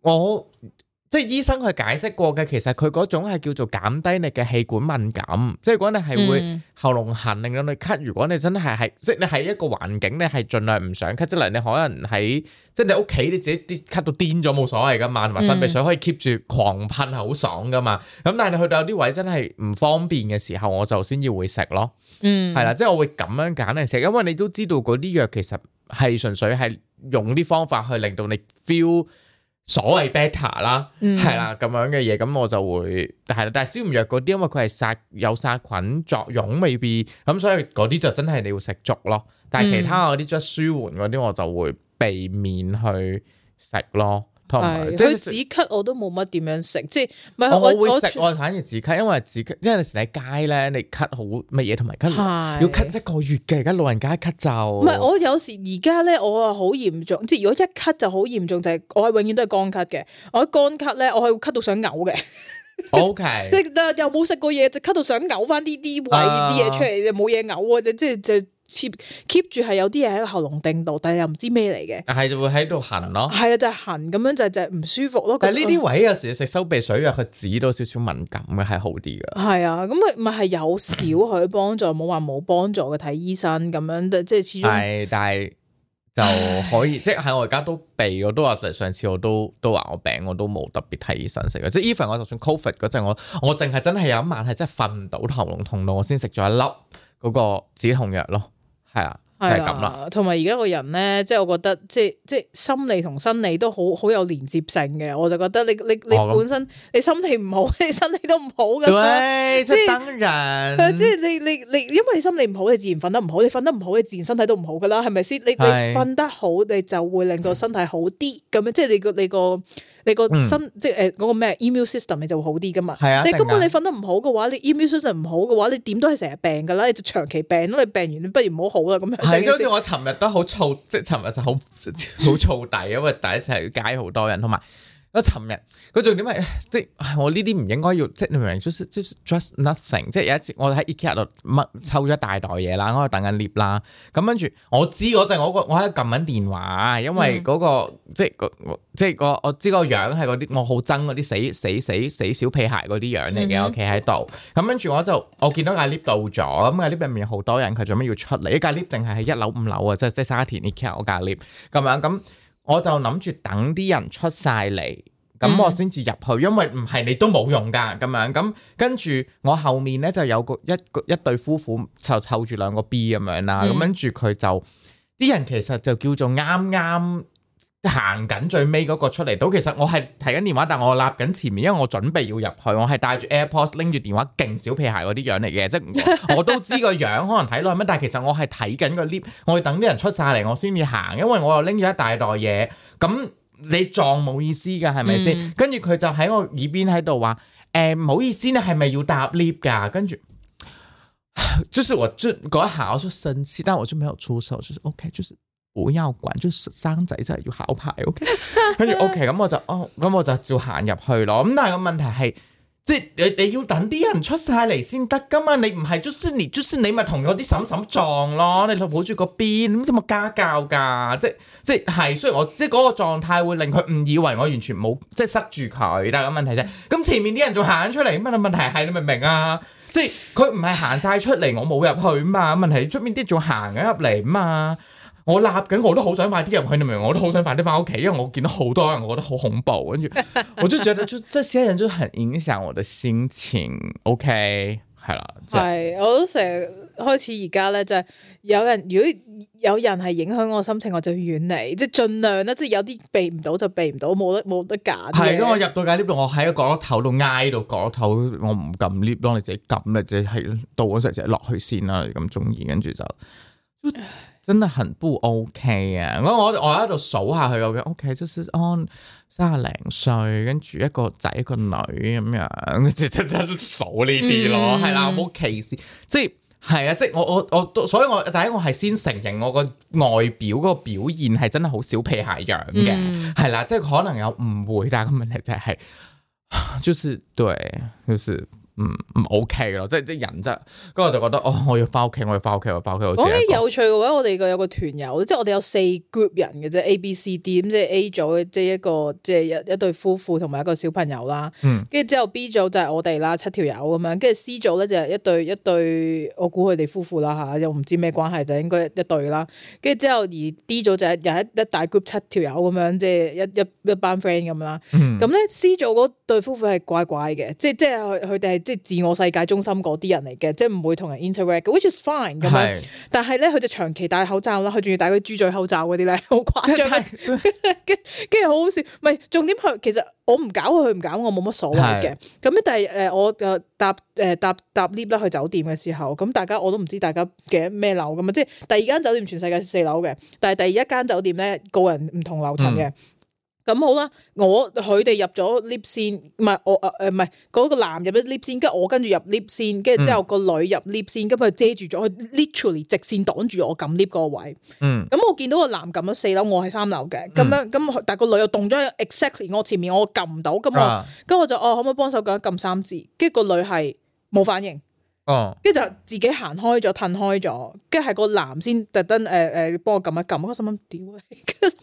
我。即係醫生佢解釋過嘅，其實佢嗰種係叫做減低你嘅氣管敏感。即係如果你係會喉嚨痕，令到你咳。如果你真係係，即係你喺一個環境，你係盡量唔想咳。即係你可能喺，即係你屋企你自己啲咳到癲咗冇所謂噶嘛，同埋擤鼻水可以 keep 住狂噴係好爽噶嘛。咁但係你去到有啲位真係唔方便嘅時候，我就先至會食咯。嗯，係啦，即係我會咁樣揀嚟食，因為你都知道嗰啲藥其實係純粹係用啲方法去令到你 feel。所謂 better 啦、嗯，係啦咁樣嘅嘢，咁我就會，但係啦，但係消炎藥嗰啲，因為佢係殺有殺菌作用，未必，咁所以嗰啲就真係你要食足咯。但係其他嗰啲即係舒緩嗰啲，我就會避免去食咯。係，佢、哎、止咳我都冇乜點樣食，即係唔係我我食我反而止咳，因為止咳，因為有時喺街咧，你咳好乜嘢同埋咳，要咳一個月嘅，而家老人家一咳,咳就唔係我有時而家咧，我係好嚴重，即係如果一咳就好嚴重，就係、是、我係永遠都係乾咳嘅，我一乾咳咧，我係會咳到想嘔嘅，OK，即係又冇食過嘢，就咳到想嘔翻呢啲胃啲嘢出嚟，又冇嘢嘔啊，即係就。就就就就 keep keep 住係有啲嘢喺個喉嚨定度，但係又唔知咩嚟嘅。係就會喺度痕咯。係啊，就係痕咁樣，就就唔舒服咯。那個、但呢啲位有時食收鼻水藥，佢止到少少敏感嘅係好啲嘅。係啊，咁咪咪係有少許幫助，冇話冇幫助嘅睇醫生咁樣，即係始終係，但係就可以，唉即係我而家都備，我都話上次我都都話我病，我都冇特別睇醫生食嘅，即係 even 我就算 COVID 嗰陣，我我淨係真係有一晚係真係瞓唔到，喉嚨痛到我先食咗一粒嗰個止痛藥咯。係啦，係咁啦，同埋而家個人咧，即係我覺得，即係即係心理同生理都好好有連接性嘅。我就覺得你你、哦、你本身你心理唔好，你身體都唔好嘅。即係當然，即係你你你，因為你心理唔好，好，你自然瞓得唔好，你瞓得唔好，你自然身體都唔好噶啦，係咪先？你對你瞓得好，你就會令到身體好啲咁對樣，即係你個你個。你個你新、嗯呃那個身即係誒嗰個咩 immune system 你就會好啲噶嘛？啊、你根本你瞓得唔好嘅話，話，你 immune system 唔好嘅話，你點都係成日病噶啦，你就長期病，你病完你不如唔好好啦咁樣。係的，好似我尋日都好燥， 即係尋日就好好燥底，因為第一就係去街好多人，同埋。我尋日佢重點係即係我呢啲唔應該要即係你明 just,，just just nothing 即。即係有一次我喺 IKEA 度乜抽咗一大袋嘢啦，我度等緊 lift 啦。咁跟住我知嗰陣我個我喺度撳緊電話，因為嗰、那個、嗯、即係個即係個我知個樣係嗰啲我好憎嗰啲死死死死小屁孩嗰啲樣嚟嘅，我企喺度。咁跟住我就我見到個 lift 到咗，咁個 lift 入面好多人，佢做咩要出嚟？個 lift 淨係喺一樓五樓啊、就是？即係即係沙田 IKEA 個 lift 咁樣咁。我就諗住等啲人出晒嚟，咁我先至入去，因為唔係你都冇用噶咁樣。咁跟住我後面呢就有個一個一對夫婦就湊住兩個 B 咁樣啦。咁跟住佢就啲、嗯、人其實就叫做啱啱。行緊最尾嗰個出嚟到，其實我係睇緊電話，但我立緊前面，因為我準備要入去，我係戴住 AirPods 拎住電話，勁小屁孩嗰啲樣嚟嘅，即係我，我都知個樣可能睇落乜。 但係其實我係睇緊個 lift，我等啲人出晒嚟，我先至行，因為我又拎咗一大袋嘢，咁你撞冇意思噶，係咪先？嗯、跟住佢就喺我耳邊喺度話，誒、欸，唔好意思，你係咪要搭 lift 噶？跟住，即係我嗰下我好，就生、是、氣，但係我就沒有出手，就是，OK，就是我又管住生仔真係要考牌，OK，跟住 OK，咁我就哦，咁我就照行入去咯。咁但係個問題係，即係你你要等啲人出晒嚟先得噶嘛？你唔係 Jenny，Jenny，你咪同嗰啲嬸嬸撞咯。你攞住個 B，你有冇家教噶？即係即係，雖然我即係嗰、嗰個狀態會令佢誤以為我完全冇即係塞住佢，但係個問題啫。咁前面啲人仲行出嚟，咁啊問題係你明唔明啊？即係佢唔係行晒出嚟，我冇入去嘛？問題出面啲仲行緊入嚟嘛？我立緊，咁我都好想快啲入去你明？我都好想快啲翻屋企，因為我見到好多人，我覺得好恐怖，跟住 我就覺得就這些人就很影響我的心情。OK，係啦，係、就是、我都成日開始而家咧，就係、是、有人如果有人係影響我心情，我就遠離，即係盡量咧，即、就、係、是、有啲避唔到就避唔到，冇得冇得揀。係咯，我入到界 lift 度，我喺個角落頭度挨到角落頭，我唔撳 lift，當你自己撳咧，即係到嗰時就落去先啦，你咁中意，跟住就。 真係很不 OK 啊！我我我喺度數下佢個 OK 就是三十零歲，跟住一個仔一個女咁樣，即即即數呢啲咯，係啦、嗯，我冇歧視。即係係啊，即係我我我，所以我第一我係先承認我個外表個表現係真係好小屁孩樣嘅，係啦、嗯，即係可能有誤會啦，但個問題就係、是，就是對，就是。嗯，唔 OK 咯，即係即係人質，咁我就覺得哦，我要翻屋企，我要翻屋企，我翻屋企。我覺得有趣嘅，或者我哋個有個團友，即係我哋有四 group 人嘅啫，A、B、C、D，即係 A 組即係一個即係一一對夫婦同埋一個小朋友啦。跟住之後 B 組就係我哋啦，七條友咁樣。跟住 C 組咧就係一對一對，我估佢哋夫婦啦吓，又唔知咩關係就應該一對啦。跟住之後而 D 組就係又一,一大 group 七條友咁樣，即係一一一班 friend 咁啦。咁咧 C 組嗰對夫婦係怪怪嘅，即係即係佢佢哋係。即係自我世界中心嗰啲人嚟嘅，即係唔會同人 interact，which is fine 咁樣是。但係咧，佢就長期戴口罩啦，佢仲要戴嗰啲豬嘴口罩嗰啲咧，好誇張。跟跟住好好笑，唔係重點，佢其實我唔搞佢，佢唔搞我冇乜所謂嘅。咁咧是，但係誒、呃，我搭誒、呃、搭搭 lift 啦去酒店嘅時候，咁大家我都唔知大家嘅咩樓咁啊，即係第二間酒店全世界係四樓嘅，但係第一間酒店咧個人唔同樓層嘅。嗯咁好啦，我佢哋入咗 lift 先，唔係我誒誒，唔係嗰個男入咗 lift 先，跟住我跟住入 lift 先，跟住、嗯、之後個女入 lift 先，咁佢遮住咗，佢 literally 直線擋住我撳 lift 個位。嗯，咁我見到個男撳咗四樓，我喺三樓嘅，咁、嗯、樣咁，但係個女又動咗，exactly 我前面，我撳唔到，咁我，咁我就哦、啊、可唔可以幫手咁撳三字，跟住個女係冇反應。跟住就自己行開咗，褪開咗，跟住係個男先特登誒誒幫我撳一撳，我心諗屌你，跟住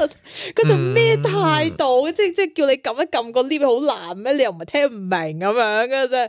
跟住咩態度？即係即係叫你撳一撳個 lift 好難咩？你又唔係聽唔明咁樣，跟住即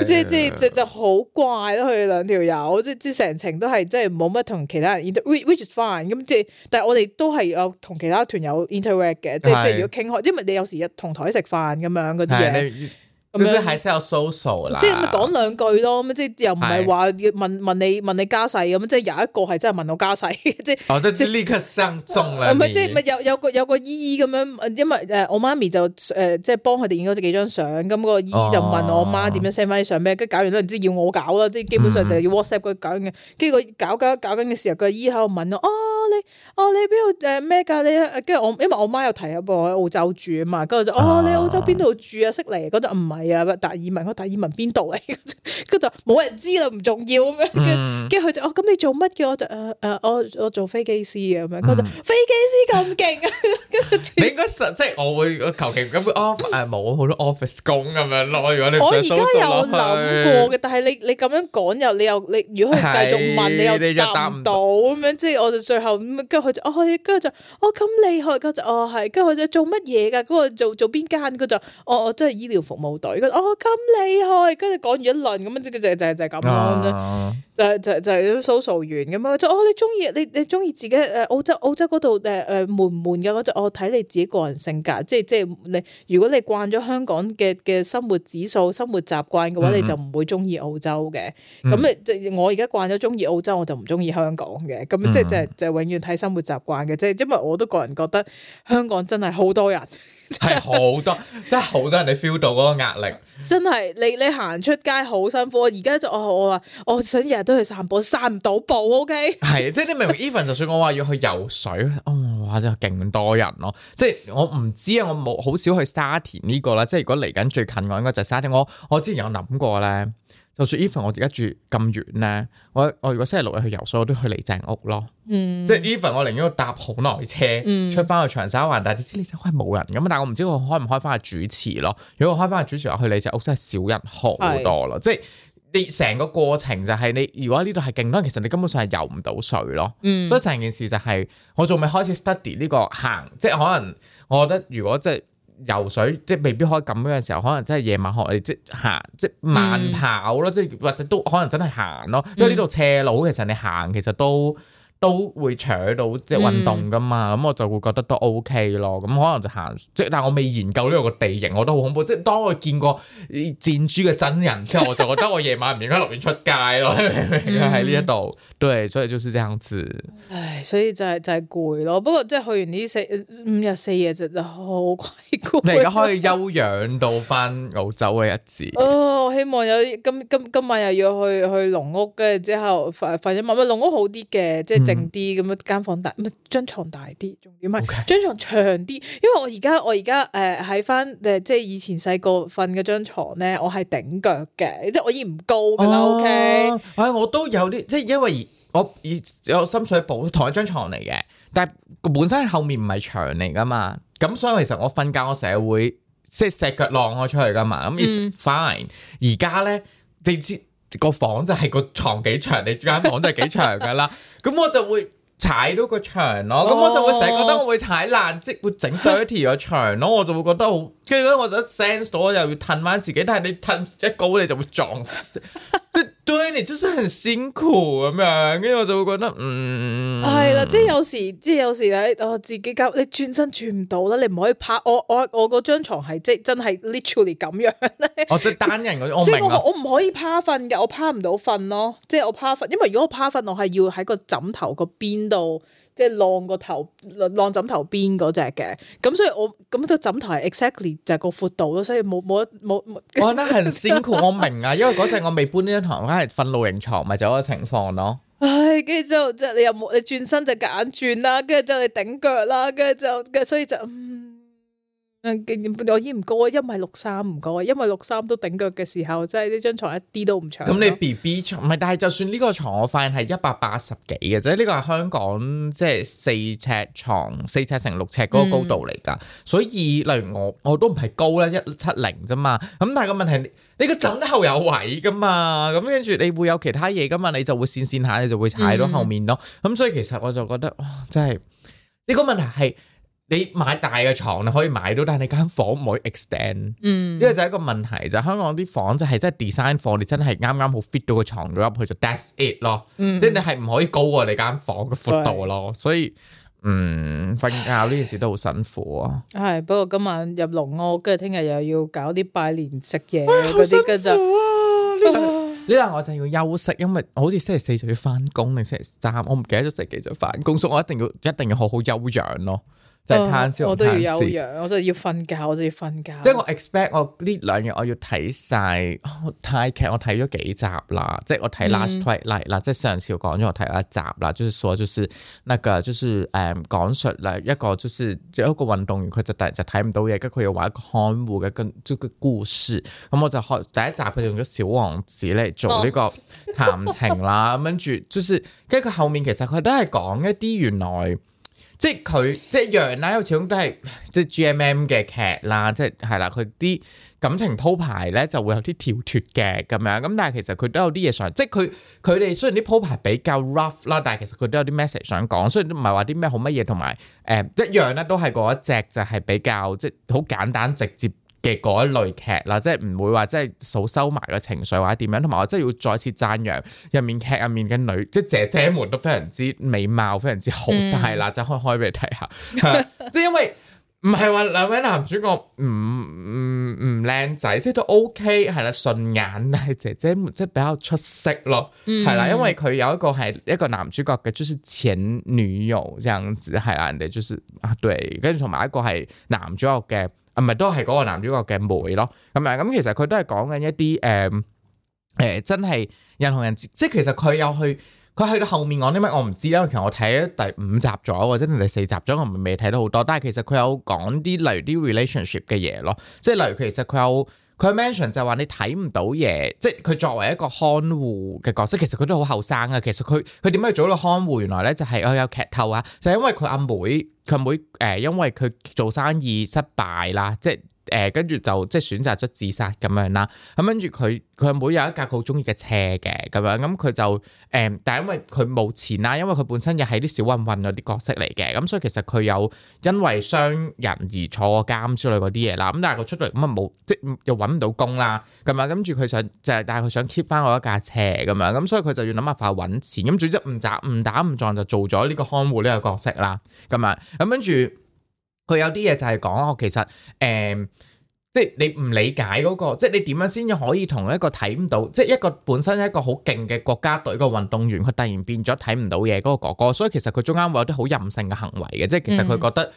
係即係即係就好怪咯。佢兩條友即即係成程都係即係冇乜同其他人 interact，which is fine。咁即係但係我哋都係有同其他團友 interact 嘅，即係即係是如果傾開，因為你有時日同台食飯咁樣嗰啲嘢。咁有 s o 是，是要收手啦，即係講兩句咯，即係又唔係話問問你問你家世咁，即係是有一個係真係問我家世 即、哦，即係即係立刻生終啦。唔係即係有有個有個姨咁樣，因為誒我媽咪就誒、呃、即係幫佢哋影咗幾張相，咁個姨就問我媽點樣 send 翻啲相咩，跟住搞完都唔知要我搞啦，即係基本上就要 WhatsApp 佢搞緊嘅。跟住佢搞搞搞緊嘅時候，個姨喺度問我：哦你哦你邊度誒咩㗎？你跟住我因為我媽有提啊噃喺澳洲住啊嘛，跟住就哦你澳洲邊度住啊？悉尼嗰度唔係。 係啊，我達爾文，我達爾文邊度嚟？跟 住就冇人知啦，唔重要咁樣。跟住佢就哦，咁你做乜嘅？我就誒誒、呃，我我做飛機師啊咁樣。佢就、嗯、飛機師咁勁啊！跟住 應該實即係我會求其咁冇好多 office 工咁樣咯。如果你我而家有諗過嘅，但係你你咁樣講又你又你，如果佢繼續問、哎、你又答唔到咁樣，即係 我哋最後跟住佢就哦，跟住就哦咁厲害，佢就哦係，跟住佢就做乜嘢㗎？嗰個做做邊間？佢就哦，我、嗯嗯嗯哦哦哦、真係醫療服務哦，咁厲害！跟住講完一輪咁樣，即就就係就係咁樣。就就就係啲 social 員咁樣，就哦，你中意你你中意自己誒澳洲澳洲嗰度誒誒悶唔悶嘅嗰，就我睇你自己個人性格，即係即係你如果你慣咗香港嘅嘅生活指數、生活習慣嘅話，你就唔會中意澳洲嘅。咁誒，我而家慣咗中意澳洲，我就唔中意香港嘅。咁即係即係即係永遠睇生活習慣嘅，即係因為我都個人覺得香港真係好多人係好多即係好多人你 feel 到嗰個壓力，真係你你行出街好辛苦。而家就我我話我想日日都去散步，散唔到步。O K，係即係你明唔明，even 就算我話要去游水，哦，真係勁多人咯。即係我唔知啊，我冇好少去沙田呢個啦。即係如果嚟緊最近我應該就沙田。我我之前有諗過咧，就算 even 我而家住咁遠咧，我我如果星期六日去游水，我都去李鄭屋咯。嗯，即係 even 我寧願要搭好耐車出翻去長沙灣，但係你知你走係冇人咁。但係我唔知我開唔開翻去主池咯。如果我開翻去主池，我去李鄭屋真係少人好多咯。即係。是 你成個過程就係你，如果呢度係勁多，其實你根本上係游唔到水咯。嗯，所以成件事就係我仲未開始 study 呢、這個行，即係可能我覺得如果即係游水，即係未必可以咁樣嘅時候，可能真係夜晚學你即行，即係慢跑咯，即係、嗯、或者都可能真係行咯。因為呢度斜路，其實你行其實都。都會搶到即係運動㗎嘛，咁、嗯嗯、我就會覺得都 O、OK、K 咯。咁、嗯、可能就行即但係我未研究呢個地形，我都好恐怖。即係當我見過箭豬嘅真人之後，我就覺得我夜晚唔應該落邊出街咯。喺呢一度，對，所以就是這樣子。唉，所以就係、是、攰、就是、咯。不過即係去完呢四五日四夜就就好攰。你而家可以休養到返澳洲嘅日子？啊、哦，我希望有今今今晚又要去去農屋，跟住之後瞓一晚，咪。農屋好啲嘅，即係。即定啲咁啊，間、嗯、房大唔係張床大啲，仲要唔係張床長啲？因為我而家我而家誒喺翻誒，即係以前細個瞓嗰張床咧，我係頂腳嘅，即係我已經唔高噶啦。OK，係我都有啲，即係因為我而有心水補同一張床嚟嘅，但係個本身係後面唔係牆嚟噶嘛，咁所以其實我瞓覺我成日會即係隻腳晾我出去噶嘛，咁係 fine。而家咧直接。個房就係個床幾長， 你間房間就係幾長噶啦。咁我就會踩到個牆咯，咁 我就會成日覺得我會踩爛，即、就、係、是、會整 dirty 條牆咯。我就會覺得好，跟住咧我就 sense 到又要褪翻自己，但係你褪一高你就會撞即 對你就是很辛苦咁樣，跟住我就會覺得，嗯，係啦，即係有時，即係有時喺我自己教，你轉身轉唔到啦，你唔可以趴，我我我嗰張床係即係真係 literally 咁樣咧，哦 即係單人嗰種，即係我我唔可以趴瞓嘅，我趴唔到瞓咯，即係我趴瞓，因為如果我趴瞓，我係要喺個枕頭個邊度。即係晾個頭，晾枕頭邊嗰隻嘅，咁所以我咁個枕頭係 exactly 就係個闊度咯，所以冇冇冇冇。我覺得係辛苦，我明啊， 因為嗰陣我未搬呢張床，梗係瞓露營床咪就嗰個情況咯。唉，跟住之後即係你又冇，你轉身就夾硬轉啦，跟住之後你頂腳啦，跟住就跟，所以就嗯。嗯、我已經唔高啊，因為六三唔高啊，因為六三都頂腳嘅時候，即係呢張床一啲都唔長。咁你 B B 床唔係，但係就算呢個床，我發現係一百八十幾嘅啫。呢個係香港即係四尺床，四尺乘六尺嗰個高度嚟噶。嗯、所以，例如我我都唔係高啦，一七零啫嘛。咁但係個問題，你個枕頭有位噶嘛？咁跟住你會有其他嘢噶嘛？你就會扇扇下，你就會踩到後面咯。咁、嗯、所以其實我就覺得哇，真係呢、這個問題係。你買大嘅床你可以買到，但係你間房唔可以 extend。嗯，呢個就係一個問題啫。就係、香港啲房就係真係 design 房，你真係啱啱好 fit 到個床咗入去就 that's it 咯。即係、嗯、你係唔可以高過你間房嘅闊度咯。是所以，嗯，瞓覺呢件事都好辛苦啊。係，不過今晚入龍屋，跟住聽日又要搞啲拜年食嘢嗰啲，跟住就呢輪我就要休息，因為好似星期四就要翻工定星期三，3，我唔記得咗星期幾就翻工，宿我一定要一定要好好休養咯。即係貪笑同笑，我都要有氧， 我就要瞓覺，我就要瞓覺。即係 我 expect 我呢兩日我要睇晒泰劇，我睇咗幾集啦。即係我睇 Last Twilight 啦，嗯、即係上次講咗我睇咗一集啦。就是說，就是那個，就是誒，講、嗯、述啦一個，就是一運就有一個運動員，佢就突然就睇唔到嘢，跟住佢又話一個看護嘅跟即係故事。咁、嗯、我就開第一集，佢用咗小王子嚟做呢個談情啦，跟住、哦、 就是跟佢後、就是、後，後面其實佢都係講一啲原來。即係佢即係一樣啦，因為始終都係即係 GMM 嘅劇啦，即係係啦，佢啲感情鋪排咧就會有啲跳脱嘅咁樣，咁但係其實佢都有啲嘢想，即係佢佢哋雖然啲鋪排比較 rough 啦，但係其實佢都有啲 message 想講，雖然唔係話啲咩好乜嘢，同埋誒一樣咧，都係嗰一隻就係比較即係好簡單直接。嘅嗰一類劇啦，即係唔會話即係數收埋個情緒或者點樣，同埋我真係要再次讚揚入面劇入面嘅女即係姐姐們都非常之美貌，非常之好睇啦，就、嗯、開開俾你睇下。即係因為唔係話兩位男主角唔唔唔靚仔，即係、就是、都 OK 係啦，順眼但係姐姐們即係比較出色咯，係啦，因為佢有一個係一個男主角嘅就是前女友，咁樣子係啦，人哋就是啊，對，跟住同埋一個係男主角嘅。啊，唔係、嗯、都係嗰個男主角嘅妹咯，咁、嗯、啊，咁、嗯、其實佢都係講緊一啲誒誒，真係任何人即係其實佢有去，佢去到後面講啲咩我唔知啦。其實我睇咗第五集咗，或者第四集咗，我未睇到好多。但係其實佢有講啲，例如啲 relationship 嘅嘢咯，即係例如其實佢有佢有 mention 就係話你睇唔到嘢，即係佢作為一個看護嘅角色，其實佢都好後生啊。其實佢佢點解做到看護？原來咧就係、是、佢有劇透啊，就係、是、因為佢阿妹。佢妹誒、呃，因為，佢做生意失敗啦，即係。誒跟住就即係選擇咗自殺咁樣啦，咁跟住佢佢每有一架佢好中意嘅車嘅咁樣，咁佢就誒，但係、嗯、因為佢冇錢啦，因為佢本身又係啲小混混嗰啲角色嚟嘅，咁所以其實佢有因為傷人而坐過監之類嗰啲嘢啦，咁但係佢出到嚟咁啊冇即又揾唔到工啦，咁啊，跟住佢想就係但係佢想 keep 翻我一架車咁樣，咁所以佢就要諗辦法揾錢，咁總之唔砸唔打唔撞就做咗呢個看護呢個角色啦，咁啊，咁跟住。佢有啲嘢就係講啊，其實誒、呃，即係你唔理解嗰、那個，即係你點樣先至可以同一個睇唔到，即係一個本身一個好勁嘅國家隊個運動員，佢突然變咗睇唔到嘢嗰個哥哥，所以其實佢中間會有啲好任性嘅行為嘅，即係其實佢覺得、嗯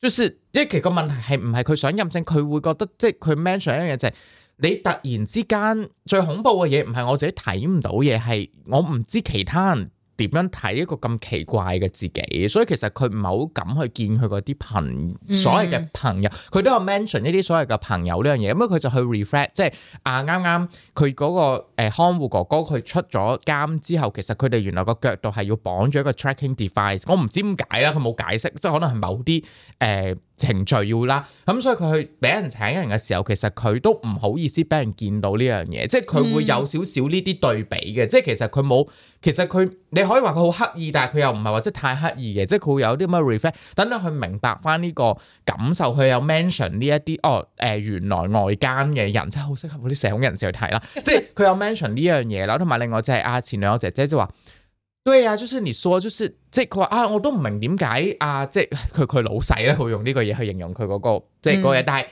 就是、即係其實個問題係唔係佢想任性，佢會覺得即係佢 mention 一樣嘢就係、是，你突然之間最恐怖嘅嘢唔係我自己睇唔到嘢，係我唔知其他人，」點樣睇一個咁奇怪嘅自己？所以其實佢唔係好敢去見佢嗰啲朋，所謂嘅朋友，佢、嗯、都有 mention 呢啲所謂嘅朋友呢樣嘢。咁佢就去 reflect，即係啊啱啱佢嗰個、呃、看護哥哥佢出咗監之後，其實佢哋原來個腳度係要綁咗一個 tracking device 我。我唔知點解啦，佢冇解釋，即係可能係某啲誒。呃程序要啦，咁所以佢去俾人請人嘅時候，其實佢都唔好意思俾人見到呢樣嘢，即係佢會有少少呢啲對比嘅，嗯、即係其實佢冇，其實佢你可以話佢好刻意，但係佢又唔係話即係太刻意嘅，即係佢會有啲乜 ref，等等去明白翻呢個感受，佢有 mention 呢一啲哦，誒、呃、原來外間嘅人真係好適合嗰啲社恐人士去睇啦，即係佢有 mention 呢樣嘢啦，同埋另外就係啊前兩個姐姐就話。對啊，啊，啊，就是你說，說，就是即係佢話啊，我都唔明點解啊，即係佢佢老細咧，會用呢個嘢去形容佢嗰個即係嗰嘢，但係誒誒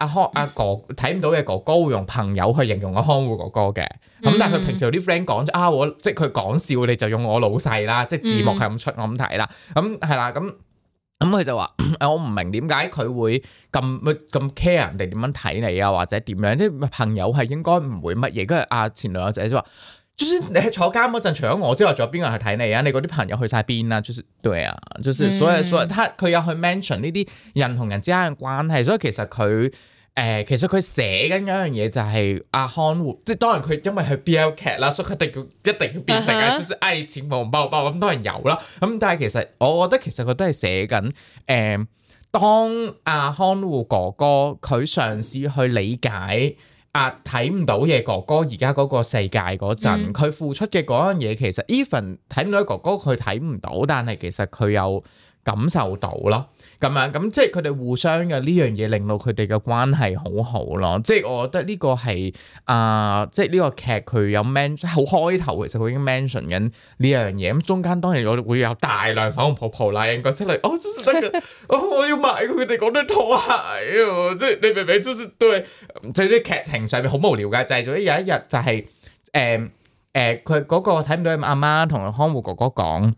阿康阿哥睇唔到嘅哥哥會用朋友去形容個康護哥哥嘅，咁、hmm. 但係佢平時有啲 friend 講就是、啊，我即係佢講笑，你就用我老細啦，即係字幕係咁出，我咁睇啦，咁係啦，咁咁佢就話我唔明點解佢會咁咁 care 人哋點樣睇你啊，或者點樣即係朋友係應該唔會乜嘢，跟住阿前女友仔就話。就是你喺坐監嗰陣，除咗我之外，仲有邊個人去睇你啊？你嗰啲朋友去晒邊啊？就是對啊，就是所以所以，他佢有去 mention 呢啲人同人之間嘅關係，所以其實佢誒、呃，其實佢寫緊一樣嘢就係阿康護，即係當然佢因為係 BL 劇啦，所以一定要一定要變成啊，就是愛情狂爆爆咁，當然有啦。咁、嗯、但係其實我覺得其實佢都係寫緊誒，當阿康護哥哥佢嘗試去理解。啊！睇唔到嘢，哥哥而家嗰個世界嗰陣，佢、嗯、付出嘅嗰樣嘢，其實 Even 睇唔到哥哥，佢睇唔到，但係其實佢又感受到咯。咁啊，咁即係佢哋互相嘅呢樣嘢，令到佢哋嘅關係好好咯。即係我覺得呢個係啊、呃，即係呢個劇佢有 mention，好開頭，其實佢已經 mention 緊呢樣嘢。咁中間當然我哋會有大量粉紅泡泡啦，應該出、就、嚟、是。哦，得、 哦、我要買佢哋嗰對拖鞋啊！即係你明明是都是？即是即係啲劇情上面好無聊嘅，就係、是、總有一日就係誒誒，佢、呃、嗰、呃、個睇唔到阿媽同康護哥哥講。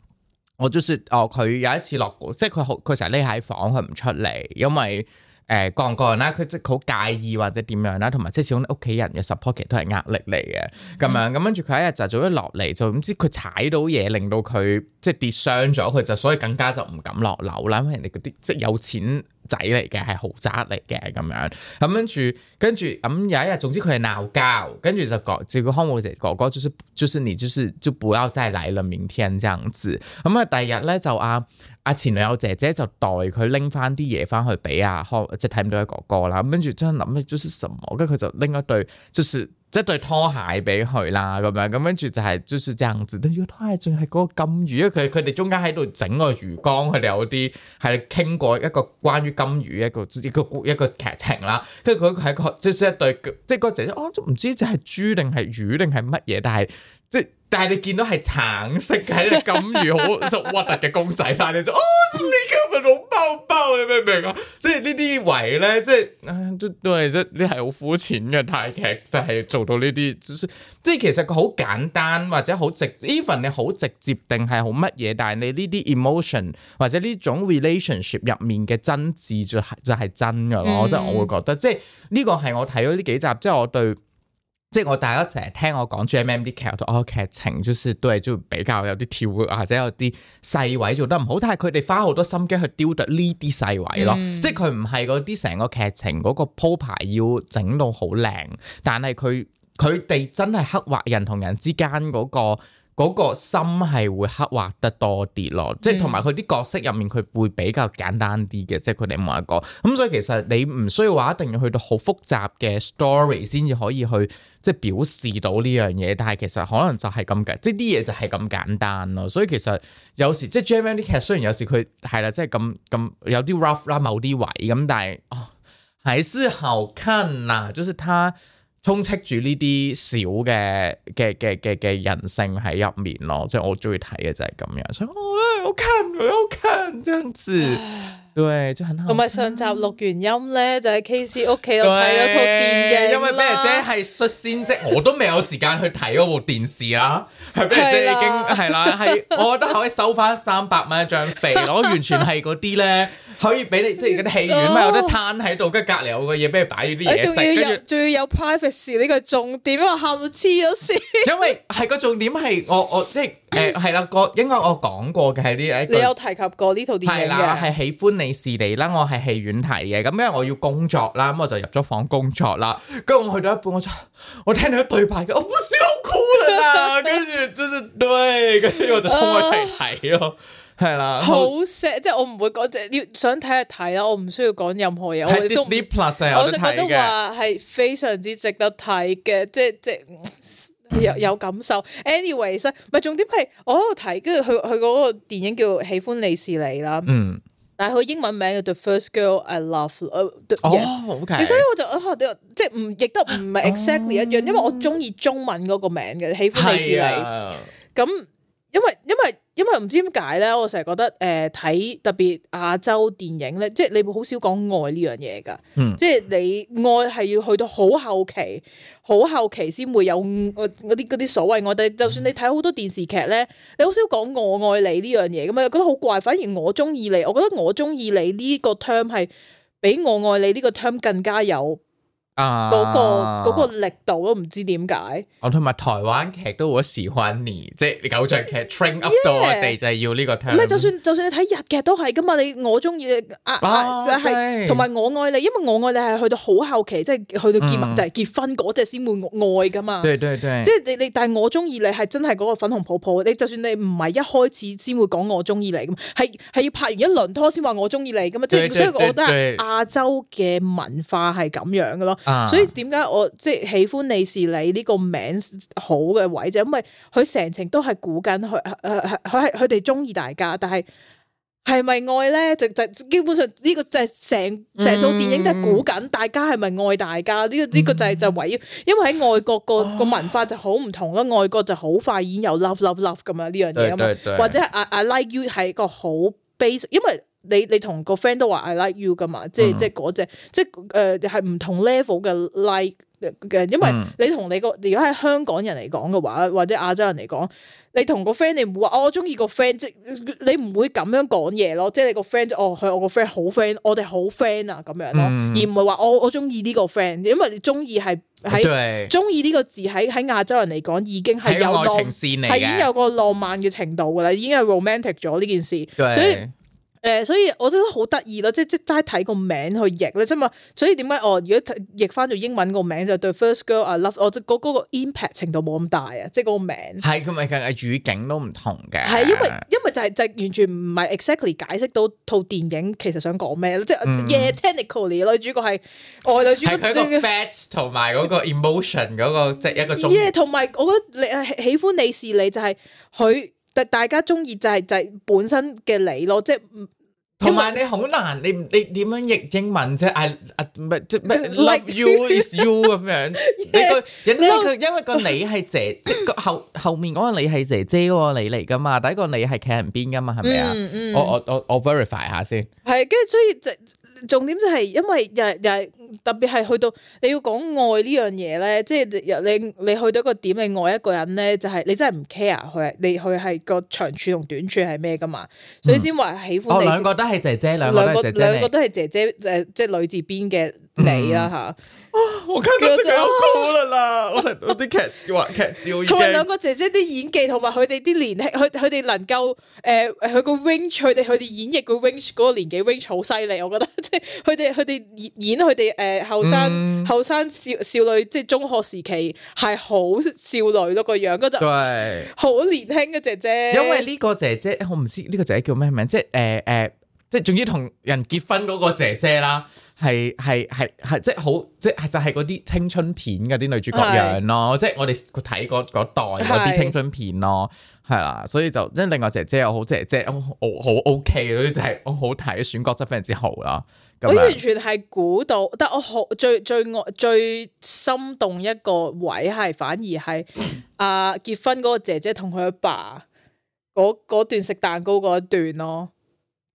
我就說、是，哦，佢有一次落，即係佢好，佢成日匿喺房，佢唔出嚟，因為。誒，個人個人啦，佢即係好介意或者點樣啦，同埋即係始終屋企人嘅 support 都係壓力嚟嘅咁樣。咁跟住佢一日就做咗落嚟，就唔知佢踩到嘢，令到佢即係跌傷咗。佢就所以更加就唔敢落樓啦，因為人哋嗰啲即係有錢仔嚟嘅，係豪宅嚟嘅咁樣。咁跟住跟住咁、嗯、有一日，總之佢係鬧交，跟住就講，這個項姐，哥哥就是就是你就是就不要再來了，明天這樣子。咁啊、嗯，第二日咧就啊。阿前女友姐姐就代佢拎翻啲嘢翻去俾阿康，即係睇唔到一個哥哥啦。咁跟住將諗起，就是什麼？跟住佢就拎一對，就是一對拖鞋俾佢啦。咁樣咁跟住就係就是這樣子。對，拖鞋仲係嗰個金魚，因為佢佢哋中間喺度整個魚缸，佢哋有啲係傾過一個關於金魚一個一個一個劇情啦。跟住佢佢係個即係一對，即係嗰姐姐啊，唔知就係豬定係魚定係乜嘢，但係即係。但係你見到係橙色嘅喺隻金魚好實核突嘅公仔， 但你就哦，做呢個咪攞包包，你明唔明啊？即係呢啲位咧，即係都都係即係，你係好膚淺嘅。泰劇就係做到呢啲，即係其實佢好簡單或者好直，even 你好直接定係好乜嘢，但係你呢啲 emotion 或者呢種 relationship 入面嘅真摯就真、嗯、就係真嘅咯。即係我會覺得，即係呢個係我睇咗呢幾集，即係我對。即係我大家成日聽我講 G M M 啲劇，我哦劇情就是都係，就比較有啲跳，或者有啲細位做得唔好。但係佢哋花好多心機去雕琢呢啲細位咯。嗯、即係佢唔係嗰啲成個劇情嗰個鋪排要整到好靚，但係佢佢哋真係刻畫人同人之間嗰、嗰個。嗰個心係會刻畫得多啲咯，即係同埋佢啲角色入面佢會比較簡單啲嘅，即係佢哋某一個咁，所以其實你唔需要話一定要去到好複雜嘅 story 先至可以去即係表示到呢樣嘢，但係其實可能就係咁嘅，即啲嘢就係咁簡單咯。所以其實有時即係 German 啲劇雖然有時佢係啦，即係咁咁有啲 rough 啦某啲位咁，但係哦係好睇啦，就是他。充斥住呢啲小嘅嘅嘅嘅嘅人性喺入面咯，即係我鍾意睇嘅就係咁樣，想我近，我近，咁樣子。 對，就很好。同埋上集錄完音咧，就喺、是、K C 屋企度睇咗套電影因為咩啫？係率先啫，我都未有時間去睇嗰部電視啊。係咩啫？已經係啦，係我覺得可以收翻三百蚊，一張飛我完全係嗰啲咧，可以俾你即係而家啲戲院咩、 oh, 有啲攤喺度，跟住隔籬有個嘢俾你擺啲嘢食，跟住仲要有 privacy 呢個重點，我笑到黐咗線。因為係個 重點係我我即係誒係啦，呃應該這個應該我講過嘅係呢一。你有提及過呢套電影嘅？係啦，係喜歡。士利是你啦，我係戲院睇嘅，咁因為我要工作啦，咁我就入咗房工作啦。跟住我去到一半，我就我聽到對白嘅，我唔想哭了。跟住 就是、對，跟住我就衝過去睇咯，係、uh, 啦。好 sad，即係我唔會講，即係要想睇就睇咯，我唔需要講任何嘢，看 我哋都唔。Disney Plus, 我就覺得話係非常之值得睇嘅，即係即係有有感受。Anyway，身咪重點係我喺度睇，跟住佢佢嗰個電影叫《喜歡你是你》啦， 嗯。 但係佢英文名叫 The First Girl I Love，哦，OK。所以我就啊，即係唔，亦都唔係 exactly 一樣，因為我中意中文嗰個名嘅，喜歡你是你。咁，因為因為。因為唔知點解咧，我成日覺得誒，睇、呃、特別亞洲電影咧，即係你會好少講愛呢樣嘢噶，嗯、即係你愛係要去到好後期，好後期先會有嗰啲啲所謂我哋」。就算你睇好多電視劇咧，你好少講我愛你呢樣嘢，咁咪覺得好怪。反而我中意你，我覺得我中意你呢個 term 係比我愛你呢個 term 更加有。嗰、uh, 那個、那個力度，都唔知點解。我同埋台灣劇都好喜歡你， 即係偶像劇 train up 到我哋就係要呢個。唔係就算就算你睇日劇都係噶嘛。你我中意啊，係同埋我愛你，因為我愛你係去到好後期，即、就、係、是、去到結盟、嗯、就係結婚嗰隻先會愛噶嘛。對對對，即係你你，但係我中意你係真係嗰個粉紅泡泡。你就算你唔係一開始先會講我中意你，係係要拍完一輪拖先話我中意你噶嘛。即、就、係、是、所以我覺得亞洲嘅文化係咁樣噶咯。啊、所以點解我即係喜歡你是你呢個名好嘅位就因為佢成程都係估緊佢佢佢佢佢哋中意大家，但係係咪愛咧？就就基本上呢個就係成成套電影就係估緊大家係咪愛大家？呢、這個呢、嗯、個就係就係圍繞，因為喺外國個個、哦、文化就好唔同啦。外國就好快已經有 love love love 咁樣呢樣嘢或者阿阿 Like You 係一個好 basic，因為。你你同個 friend 都話 I like you 噶嘛？嗯、即係即係嗰隻即係誒係唔同 level 嘅 like 嘅，因為你同你個、嗯、如果喺香港人嚟講嘅話，或者亞洲人嚟講，你同、哦、個 friend 你唔會話我中意個 friend，即係你唔會咁樣講嘢咯。即係你，即你、哦啊嗯、個 friend 哦係我個 friend 好 friend，我哋好 friend 啊咁樣咯，而唔係話我我中意呢個 friend，因為你中意係喺中意呢個字喺喺亞洲人嚟講已經係有情線嚟嘅，係已經有個浪漫嘅程度噶啦，已經係 romantic 咗呢件事，對 所以。誒，所以我真都好得意咯，即係即係齋睇個名去譯咧，即係嘛。所以點解我如果譯翻做英文個名就 The First Girl I Love，我嗰嗰個 impact 程度冇咁大啊，即係個名。係佢咪佢係語境,都唔同嘅。係因為因為就係就完全唔係 exactly 解釋到套電影其實想講咩咯，即係 technically 女主角係外女主角。係佢個 facts 同埋嗰個 emotion 嗰個即係一個且。耶、嗯，同埋、那個、我覺得你啊喜歡你是你就係佢。但大家中意就係就本身嘅你咯，即係同埋你好難，你你點樣譯英文啫？係啊，唔係即係 like you is you 咁樣。你個因為個你係姐，個 後後面嗰個你係姐姐個你嚟噶嘛？第一個你係企人邊噶嘛？係咪啊？我我我我 verify 下先。係跟住所以就。重點就係，因為又又係特別係去到你要講愛呢樣嘢咧，即係你你去到一個點，你愛一個人咧，就係你真係唔 care 佢，你佢係個長處同短處係咩噶嘛，所以先話喜歡。哦，兩個都係姐姐，兩個都係兩個都係姐姐誒，即係女字邊嘅。你啦吓，嗯啊、我睇、啊、到都睇到高啦啦，我我啲劇話劇照，佢哋兩個姐姐啲演技同埋佢哋啲年輕，佢佢哋能夠誒，佢個 range 佢哋佢哋演繹個 range 嗰個年紀 range 好犀利，我覺得即係佢哋佢哋演佢哋誒後生後生少少女，即係中學時期係好少女咯個樣，跟住好年輕嘅姐姐。因為呢個姐姐我唔知呢個姐姐叫咩名，即係誒誒，即係仲要同人結婚嗰個姐姐啦。係係係係即係好即係就係嗰啲青春片嗰啲女主角樣咯，是即係我哋睇嗰代嗰啲青春片咯，係啦是，所以就因為另外姐姐又好姐姐，我好，好，好 OK 嗰啲就係、是、我好睇，選角真係非常之好啦。我完全係估到，但我好最最愛最，最心動一個位係反而係阿、 啊、結婚嗰個姐姐同佢阿爸嗰段食蛋糕嗰一段咯。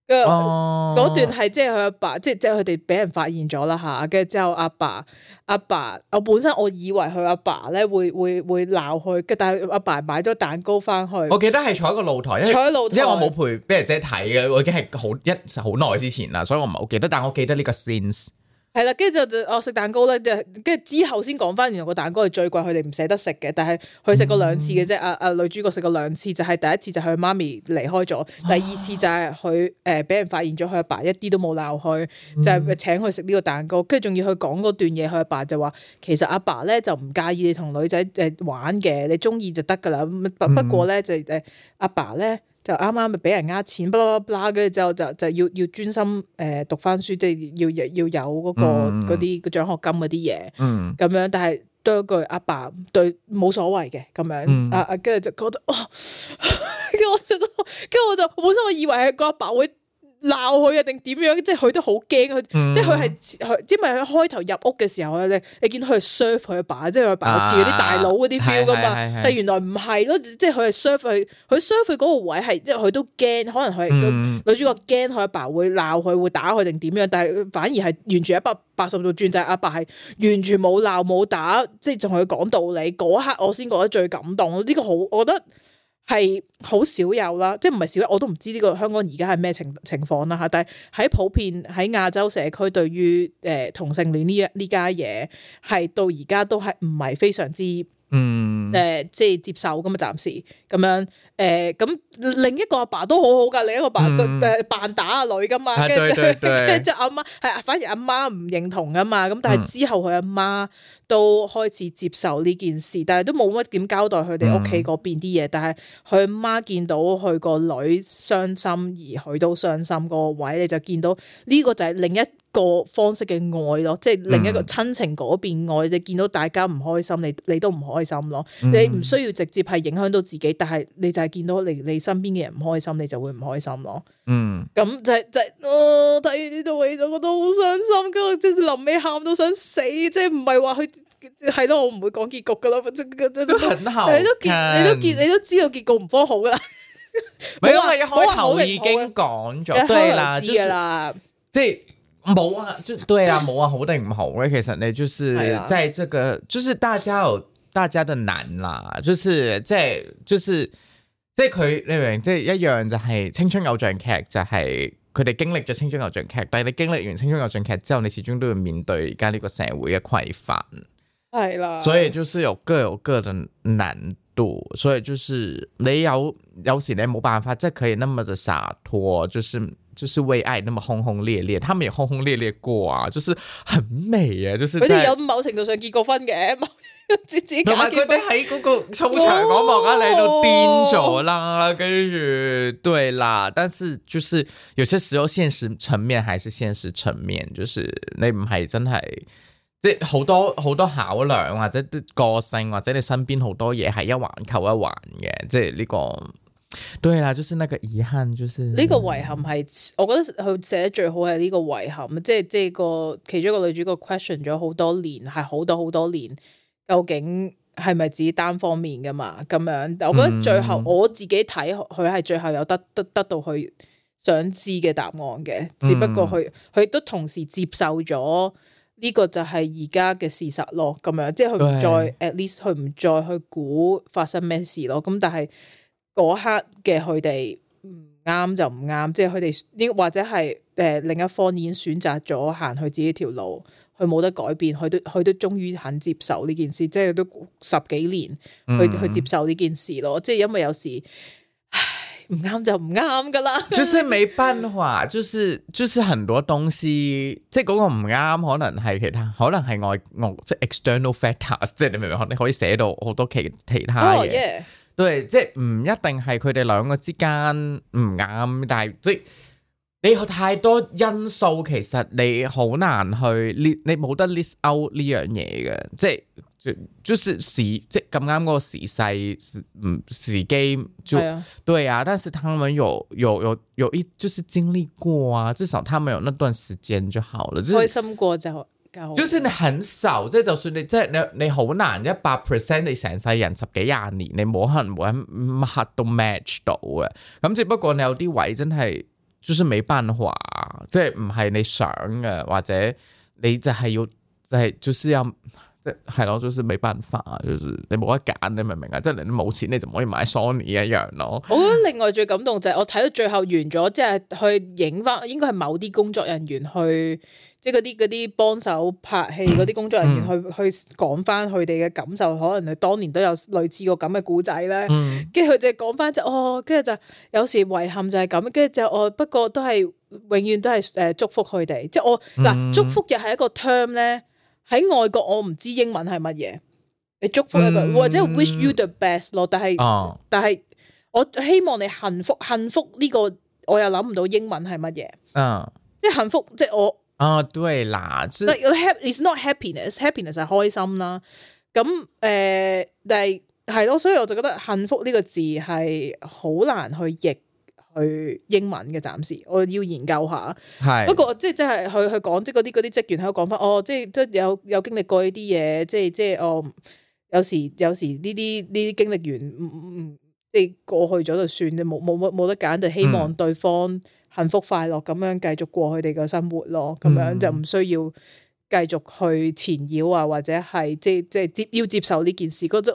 嗰、哦、段係即係佢阿爸，即係即係佢哋俾人發現咗啦吓。跟住之後阿爸阿爸，爸，爸，我本身我以為佢阿爸咧會會會鬧佢，但係阿爸，爸買咗蛋糕翻去。我記得係坐喺個露台，坐喺露台，因為，因為我冇陪俾人姐睇嘅，我已經係好一好耐之前啦，所以我唔係好記得。但我記得呢個 sense。係啦，跟住就就哦食蛋糕咧，跟住之後先講翻原來個蛋糕係最貴，佢哋唔捨得食嘅。但係佢食過兩次嘅啫。嗯、啊，阿、呃、女主角食過兩次，就係、是、第一次就係佢媽咪離開咗，啊、第二次就係佢誒俾人發現咗，佢阿爸一啲都冇鬧佢，嗯、就係請佢食呢個蛋糕，跟住仲要佢講嗰段嘢。佢阿爸就話其實阿爸咧就唔介意你同女仔誒玩嘅，你中意就得噶啦。不不，不過咧就誒阿爸咧。就啱啱咪俾人呃錢，不啦不啦，跟住之後就就要要專心誒讀翻書，即係要要有嗰、嗰個嗰啲個獎學金嗰啲嘢咁樣。但係對句阿爸對冇所謂嘅咁樣啊啊，跟住就覺得哦！跟、哦、住 我，就，跟住我就本身我，我，我，我以為係個阿爸，爸會。鬧佢啊？定點樣？即係佢都好驚佢，嗯、即係佢係佢，因為佢開頭入屋嘅時候咧，你見到佢 serve 佢阿爸，啊、即係佢阿爸似嗰啲大佬嗰啲 feel 噶嘛。是是是是但係原來唔係咯，即係佢係 serve 佢，佢 serve 佢嗰個位係，即係佢都驚，可能佢、嗯、女主角驚佢阿爸會鬧佢，會打佢定點樣。但係反而係完，完全一百八十度轉，就係阿爸係完全冇鬧冇打，即係仲係講道理。嗰一刻我先覺得最感動，呢、這個好，我覺得。係好少有啦，即係唔係少，我都唔知呢個香港而家係咩情情況啦吓。但係喺普遍喺亞洲社區，對於誒、呃、同性戀呢一呢家嘢，係到而家都係唔係非常之，誒、嗯呃、即係接受咁啊，暫時咁樣。誒，咁、欸、另一個阿爸都好好噶，另一個爸誒扮、嗯呃、打阿女噶嘛，跟住跟阿媽，係啊，對對對 反而阿媽唔認同噶嘛。咁、嗯、但係之後佢阿媽都開始接受呢件事，嗯、但係都冇乜點交代佢哋屋企邊啲嘢。嗯、但係佢阿媽見到佢個女傷心而佢都傷心個位，你就見到呢、這個就係另一個方式嘅愛咯，即係另一個親情嗰邊愛，即、嗯、你見到大家唔開心，你你都唔開心咯。嗯嗯、你唔需要直接係影響到自己，但係你就係見到你，你身邊嘅人唔開心，你就會唔開心咯。嗯、就是，咁就就是，睇、呃、完呢度，戲就覺得好傷心，跟住臨尾喊到想死，即係唔係話佢係咯，我唔會講結局噶啦。都很好你都結，你都你都知道結局唔方好噶啦。係 話，我係一開頭已經講咗，對啦，即係冇啊，即對啦，冇啊，好定唔好咧？其實你就是在這個，了就是大家有大家嘅難啦，就是在，就是。即係佢，你明唔明，即係一樣就係青春偶像劇，就係佢哋經歷咗青春偶像劇，但係你經歷完青春偶像劇之後，你始終都要面對而家呢個社會嘅規範，係啦，所以就是有各有各嘅難度，所以就是你有有時你冇辦法即係、就是、可以那麼的灑脫，就是。就是為愛那麼轟轟烈烈，他們也轟轟烈烈過啊！就是很美啊。就是有某程度上結過婚嘅，自己自己搞你喺嗰個操場某某阿黎度癲咗啦，跟住、哦、對啦，但是就是有些時候現實層面還是現實層面，就是你唔係真係即係好多好多考量，或者啲個性，或者你身邊好多嘢係一環扣一環嘅，即係呢個。對啦，就是那個遺憾，就是呢個遺憾係，我覺得佢寫得最好係呢個遺憾，即係即係個其中一個女主角 question 咗好多年，係好多好多年，究竟係咪自己單方面噶嘛？咁樣，我覺得最後、嗯、我自己睇佢係最後有得得得到佢想知嘅答案嘅，只不過佢佢、嗯、都同時接受咗呢、這個就係而家嘅事實咯，咁樣即係佢唔再對 at least 佢唔再去估發生咩事咯，咁但係。嗰刻嘅佢哋唔啱就唔啱，即係佢哋已或者係誒另一方已經選擇咗行佢自己條路，佢冇得改變，佢都佢都終於肯接受呢件事，即係都十幾年去去接受呢件事咯。即係因為有時唉唔啱就唔啱噶啦，就是冇辦法，就是就是很多東西，即係嗰個唔啱，可能係其他，可能係外外即 external factors，即係你明唔明？你可以寫到好多其其他嘢。Oh, yeah. 都即係唔一定係佢哋兩個之間唔啱，但係即係你有太多因素，其實你好難去你冇得 list out 呢樣嘢嘅，即係就是時即係咁啱嗰個時勢、時時機就對啊，對啊。但係他們有有有有一就是經歷過啊，至少他們有那段時間就好了，就是，開心過就好。就算你很瘦，即係就算你即係你你好難一百 percent，你成世人十幾廿年，你冇可能每刻都 match 到嘅。咁只不過你有啲位真係，就算沒辦法，即係唔係你想嘅，或者你就係要，就係就是有，即係咯，就是沒辦法，就是你冇得揀，你明唔明啊？即係你冇錢，你就唔可以買 Sony 一樣咯。我覺得另外最感動就係我睇到最後完咗，即係去影翻，應該係某啲工作人員去。即係啲嗰啲幫手拍戲嗰啲工作人員、嗯、去去講翻佢哋嘅感受，可能你當年都有類似過咁嘅故仔咧。跟住佢就講翻就哦，跟住就有時遺憾就係咁，跟住就哦，不過都係永遠都係誒祝福佢哋。即係我嗱、嗯、祝福又係一個 term 咧喺外國，我唔知英文係乜嘢？你祝福一句、嗯、或者 wish you the best 咯，啊、但係但係我希望你幸福幸福呢、個我又諗唔到英文係乜嘢，啊嗯、即係幸福即係我。啊，oh, 對啦，即係，happy is not happiness，happiness 係開心啦。咁誒，但係係咯，所以我就覺得幸福呢個字係好難去譯去英文嘅，暫時我要研究下。係是，不過即係即係去去講即嗰啲嗰啲職員喺度講翻，哦，即係都有有經歷過呢啲嘢，即係即係我有時有時呢啲呢啲經歷完即係、嗯嗯、過去咗就算你冇冇冇冇得揀，就希望對方、嗯。幸福快樂咁樣繼續過佢哋嘅生活咯，咁、嗯、樣就唔需要繼續去纏繞啊，或者係即即接要接受呢件事嗰種。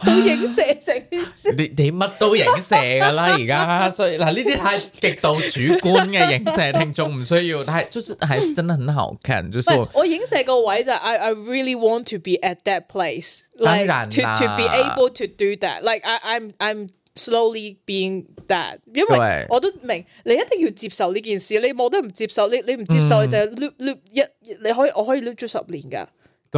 好影射整、啊 你，你你乜都影射噶啦，而家，所以嗱呢啲太極度主觀嘅影射，聽眾唔需要。但係 就是、是真的很好看，就我影射個位就是、I I really want to be at that place，當然啦、like,，to to be able to do that，like I I I'm, I'm, Slowly being dead，因為我都明你一定要接受呢件事，你冇得唔接受，你你唔接受就 loop loop 一，你可以我可以 loop 住十年噶，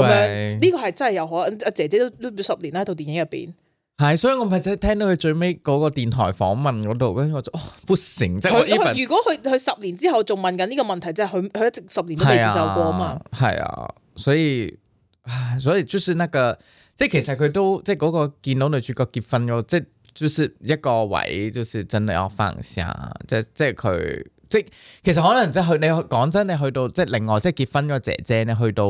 咁樣呢個係真係有可能阿姐姐都 loop 住十年啦，喺套電影入邊。係，所以我咪就係聽到佢最尾嗰個電台訪問嗰度，跟住我就哦，不行，即係佢。如果佢佢十年之後仲問緊呢個問題，即係佢佢一直十年都未接受過啊嘛。係啊，所以啊，所以就算那個即係其實佢都即係嗰個見到女主角結婚咗，即係。就是一個位，就是真係要放下，嗯、即即係佢，即，即其實可能即係去你講真，你真去到即另外即結婚嗰個姐姐咧，去到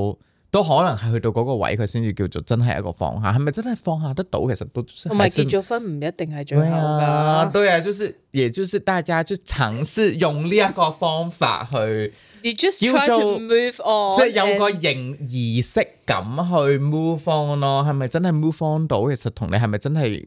都可能係去到嗰個位，佢先至叫做真係一個放下，係咪真係放下得到？其實都唔係結咗婚唔一定係最後㗎、啊。對啊，就是也就是大家就嘗試用呢一個方法去，你 just try try 做 move 有個形 and 儀式感去 move on 咯，係咪真係 move on 到？其實同你係咪真係？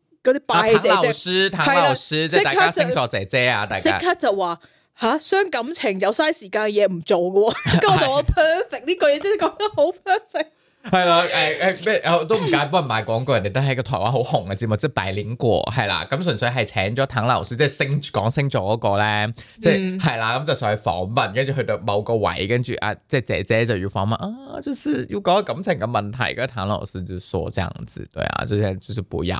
嗰啲拜姐姐，係即、啊、刻就星座姐姐啊！即就刻就話吓傷感情有嘥時間嘅嘢唔做嘅，咁、哎、我 perfect 呢 句嘢真係講得好 perfect。係啦，誒誒咩？都唔介意幫人賣廣告，人哋都喺個台灣好紅嘅節目，即係《百靈果》係啦。咁純粹係請咗譚老師，即係星講星座嗰個咧，即係係啦。咁就上去訪問，跟住去到某個位，跟住阿即係姐姐就要訪問啊，就是要講感情嘅問題。咁、啊、譚、啊就是啊、老師就說：，這樣子，對啊，之、就、前、是、就是不要。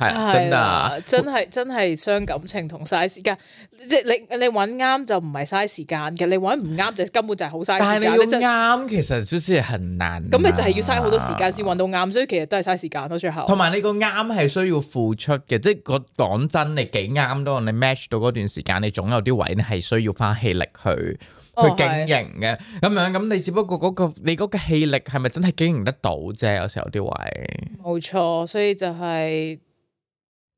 係啊，真啊，真係真係傷感情同嘥時間。即係你你揾啱就唔係嘥時間嘅，你揾唔啱就根本就係好嘥時間。但係你要啱，其實少少係難。咁你就係要嘥好多時間先揾到啱，所以其實都係嘥時間咯，最後。同埋你個啱係需要付出嘅，即係講真，你幾啱都，你 match 到嗰段時間，你總有啲位係需要花氣力去去經營嘅。咁樣咁你只不過嗰個你嗰個氣力係咪真係經營得到啫？有時候有啲位。冇錯，所以就係。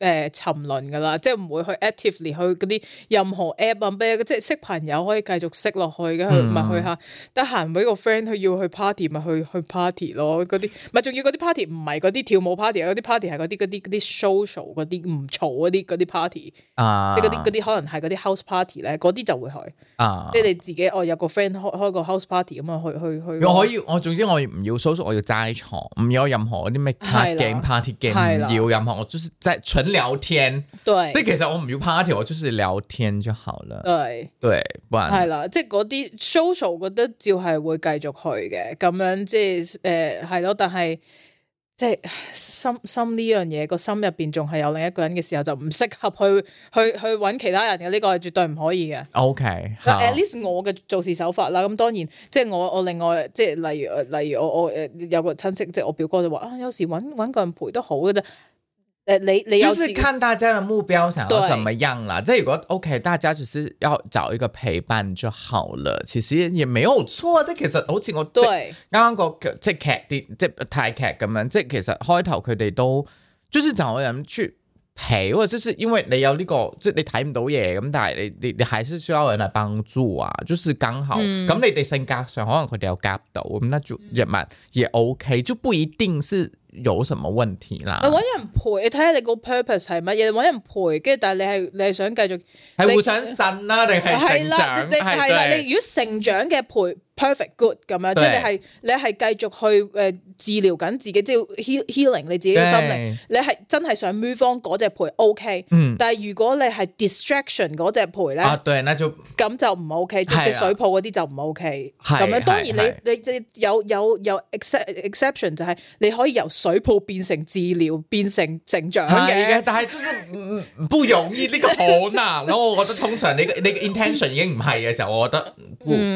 誒沉淪㗎啦，即係唔會去 actively 去嗰啲任何 app 啊咩，即係識朋友可以繼續識落去嘅，咪去下得閒，每個 friend 佢要去 party 咪去去 party 咯，嗰啲咪仲要嗰啲 party 唔係嗰啲跳舞 party，嗰啲 party 係嗰啲嗰啲啲 social 嗰啲唔嘈嗰啲啲 party 即嗰啲嗰啲可能係嗰啲 house party 咧，嗰啲就會去即係你自己我有個 friend 開開個 house party 咁啊去去去。我可以我總之我唔要 social，我要齋坐，唔要任何嗰啲咩黑鏡 party 嘅，唔要任何我即聊天，對，即係其實我唔要 party，我就是聊天就好了。對，對，不係啦，即係嗰啲 social 覺得照係會繼續去嘅。咁樣即係誒，係、呃、咯，但係即係心心呢樣嘢，個心入邊仲係有另一個人嘅時候，就唔適合去去去揾其他人嘅。呢、這個係絕對唔可以嘅。O K，嗱，至少我嘅做事手法啦。咁當然，即係我我另外，即係例如例如我我誒有個親戚，即係我表哥就話啊，有時揾揾個人陪都好嘅。誒，你你就是看大家的目標想要什麼樣啦。對即係如果 OK，大家就是要找一個陪伴就好了。其實也沒有錯啊。即係其實好似我對啱啱個即係劇啲即係泰劇咁樣。即係其實開頭佢哋都就是找個人去陪，或者就是因為你有呢、這個即係、就是、你睇唔到嘢咁，但係你你你還是需要人嚟幫助啊。就是剛好咁，嗯、你哋性格上可能佢哋有夾到，咁那就也蠻也 OK，嗯、就不一定是。有什麼問題啦？你揾人陪，你睇下你個 purpose 係乜嘢？揾人陪，跟住但係你係你係想繼續，係互相呻啦定係成長？係啦，係啦，你如果成長嘅陪。 Perfect good 咁樣對，即係你係你係繼續去誒治療緊自己，即、就、係、是、healing 你自己嘅心靈。對你係真係想 move on 嗰隻陪 OK、嗯、但係如果你係 distraction 嗰隻陪咧，咁、啊、就唔 OK，即係水泡嗰啲就唔 OK。咁對樣對當然你你有有有 exception 就係你可以由水泡變成治療，變成成、成長嘅，但係都唔容易呢、這個可能。咁 我覺得通常你你 intention 已經唔係嘅時候，我覺得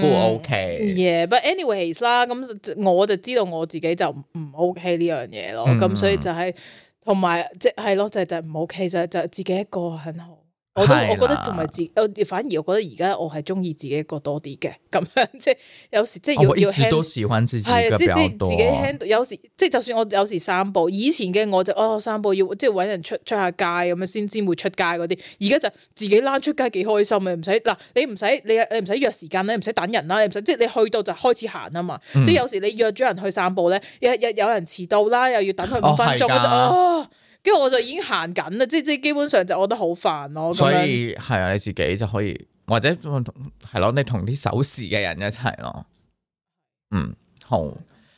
都 OK。嘢，但 anyways 啦，咁我就知道我自己就唔 OK 呢樣嘢咯，咁所以就係同埋即係咯，就就唔 OK，就就自己一個很好。我都，我覺得同埋自，反而我覺得而家我係中意自己一個多啲嘅，咁樣即係有時即係要要聽，哦、都喜歡自己一個比較多。即自己 handle，有時即係就算我有時散步，以前嘅我就哦散步要即係揾人出出下街咁樣先至會出街嗰啲，而家就自己躝出街幾開心嘅，唔使嗱你唔使你你唔使約時間咧，唔使等人啦，你唔使即係你去到就開始行啊嘛，嗯、即係有時你約咗人去散步咧，又又有人遲到啦，又要等佢五分鐘啊。哦因為我就已經行緊啦，即係即係基本上就我覺得好煩咯。所以係樣啊，你自己就可以或者係咯、啊，你同啲守時嘅人一齊咯。嗯，好，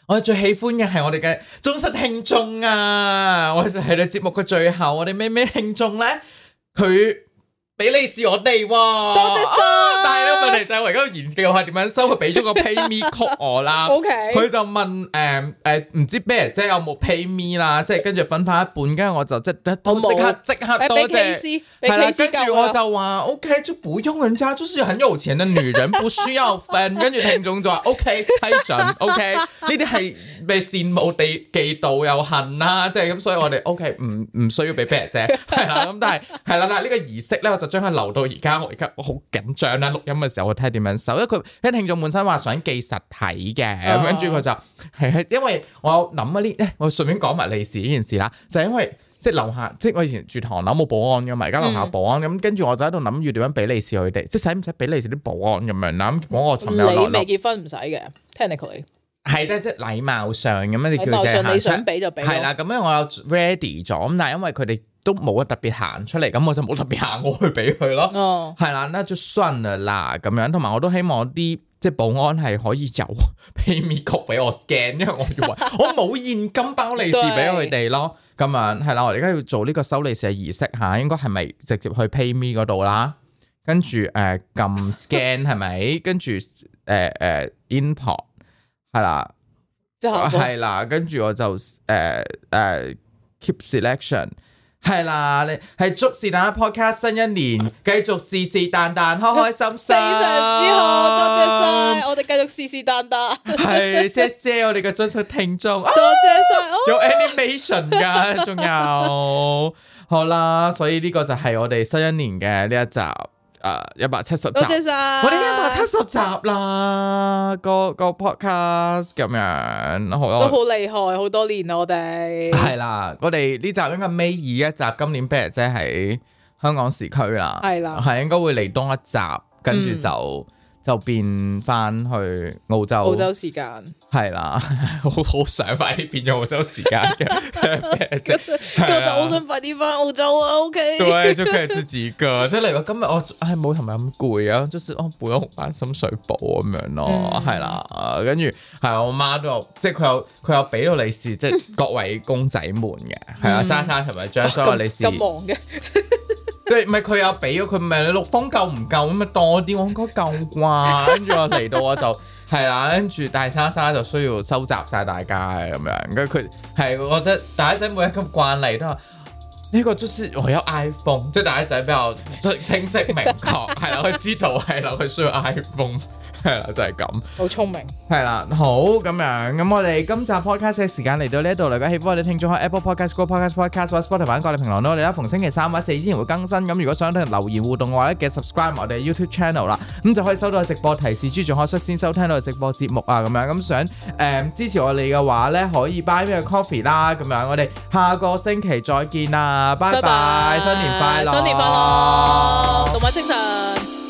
我哋最喜歡嘅係我哋嘅忠實聽眾啊！我哋喺你節目嘅最後，我哋咩咩聽眾咧，佢俾利是我哋喎、啊。多謝我哋就為咁研究下點樣收佢俾咗個 pay me cut 我啦，佢就問誒誒，唔知啤姐，即係有冇 pay me 啦，即係跟住分翻一半，跟住我就即即都冇即刻即刻都即係係啦，跟住我就話 O K 就不用，人家就是很有錢的女人，不需要分。跟住聽眾就話 O K 批准 O K，呢啲係被羨慕地嫉妒又恨啦，即係咁，所以我哋 O K 唔唔需要俾啤姐，係啦咁，但係係啦嗱，呢個儀式咧，我就將佢留到而家，我而家我好緊張啦，錄音啊！時候我睇下點樣收，因為佢啲聽眾本身話想寄實體嘅，咁跟住佢就係係因為我諗嗰啲，我順便講埋利是呢件事啦。就係因為即樓下，即我以前住唐樓冇保安㗎嘛，而家樓下保安咁，跟住我就喺度諗住點樣俾利是佢哋，即使唔使俾利是啲保安咁樣啦。咁我我尋日你未結婚唔使嘅，Technically 係咧，即禮貌上咁樣你叫即係想俾就俾，係啦。咁樣我有 ready 咗，咁但係因為佢哋。都冇特別行出嚟，咁我就冇特別行過去俾佢咯。哦，係啦，那就算啦啦咁樣，同埋我都希望啲即係保安係可以有 pay me code 俾我 scan，因為我以為我冇現金包利是俾佢哋咯。咁樣係啦，我而家要做呢個收利是嘅儀式吓，應該係咪直接去 pay me 嗰度啦？跟住誒，撳、呃、scan 係咪？跟住誒誒，import 係啦，就係 啦，啦。跟住我就誒誒、呃啊、keep selection。係啦，你係祝是但 Podcast 新一年繼續是是但但開開心心，非常之好，多謝晒，我哋繼續是是但但，係謝謝我哋嘅忠實聽眾，啊、多謝晒，啊、仲有 animation 噶，仲 有好啦，所以呢個就係我哋新一年嘅呢一集。誒，一百七十集，Thank you. 我哋一百七十集啦，個個 podcast 咁樣，好多都好厲害，好多年我哋係啦，我哋呢集應該尾二一集，今年啤姐喺香港時區啦，係啦了，係應該會嚟東一集，跟住就，嗯就變翻去澳洲，澳洲時間係啦，好好想快啲變咗澳洲時間嘅，就好想快啲翻澳洲啊，OK？對，就佢係自己噶，即係嚟個今日我唉，冇琴日咁攰啊，就是我補完深水埗咁樣咯，係啦，跟住係我媽都有，即係佢有佢有俾到利是，即係各位公仔們嘅，係啊，莎莎同埋張，相話利是。咁忙嘅。佢唔係佢有俾咗佢，唔係你陸豐夠唔夠咁咪多啲，應該夠啩。跟住我嚟到我就係啦，跟住大莎莎就需要收集晒大家咁樣。跟住佢係，我覺得大仔每一級慣例都話呢、呢個就是我有 iPhone，即係大仔比較清晰明確，係啦， 佢知道係啦，佢需要 iPhone。 係啦，就係咁。好聰明。係啦，好咁樣。咁我哋今集 podcast 嘅時間嚟到呢度嚟，咁希望我哋聽眾喺 Apple Podcast、Google Podcast、Podcast、Spotify 同埋各大平台俾我哋評論到我哋啦。逢星期三或者四之前會更新。咁如果想留言互動嘅話咧，記得 subscribe 我哋 YouTube Channel 啦。咁就可以收到直播提示，仲可以率先收聽到直播節目啊。咁樣咁想誒支持我哋嘅話咧，可以 Buy Me A Coffee 啦。咁樣我哋下個星期再見啊！拜拜，新年快樂，新年快樂，動物精神。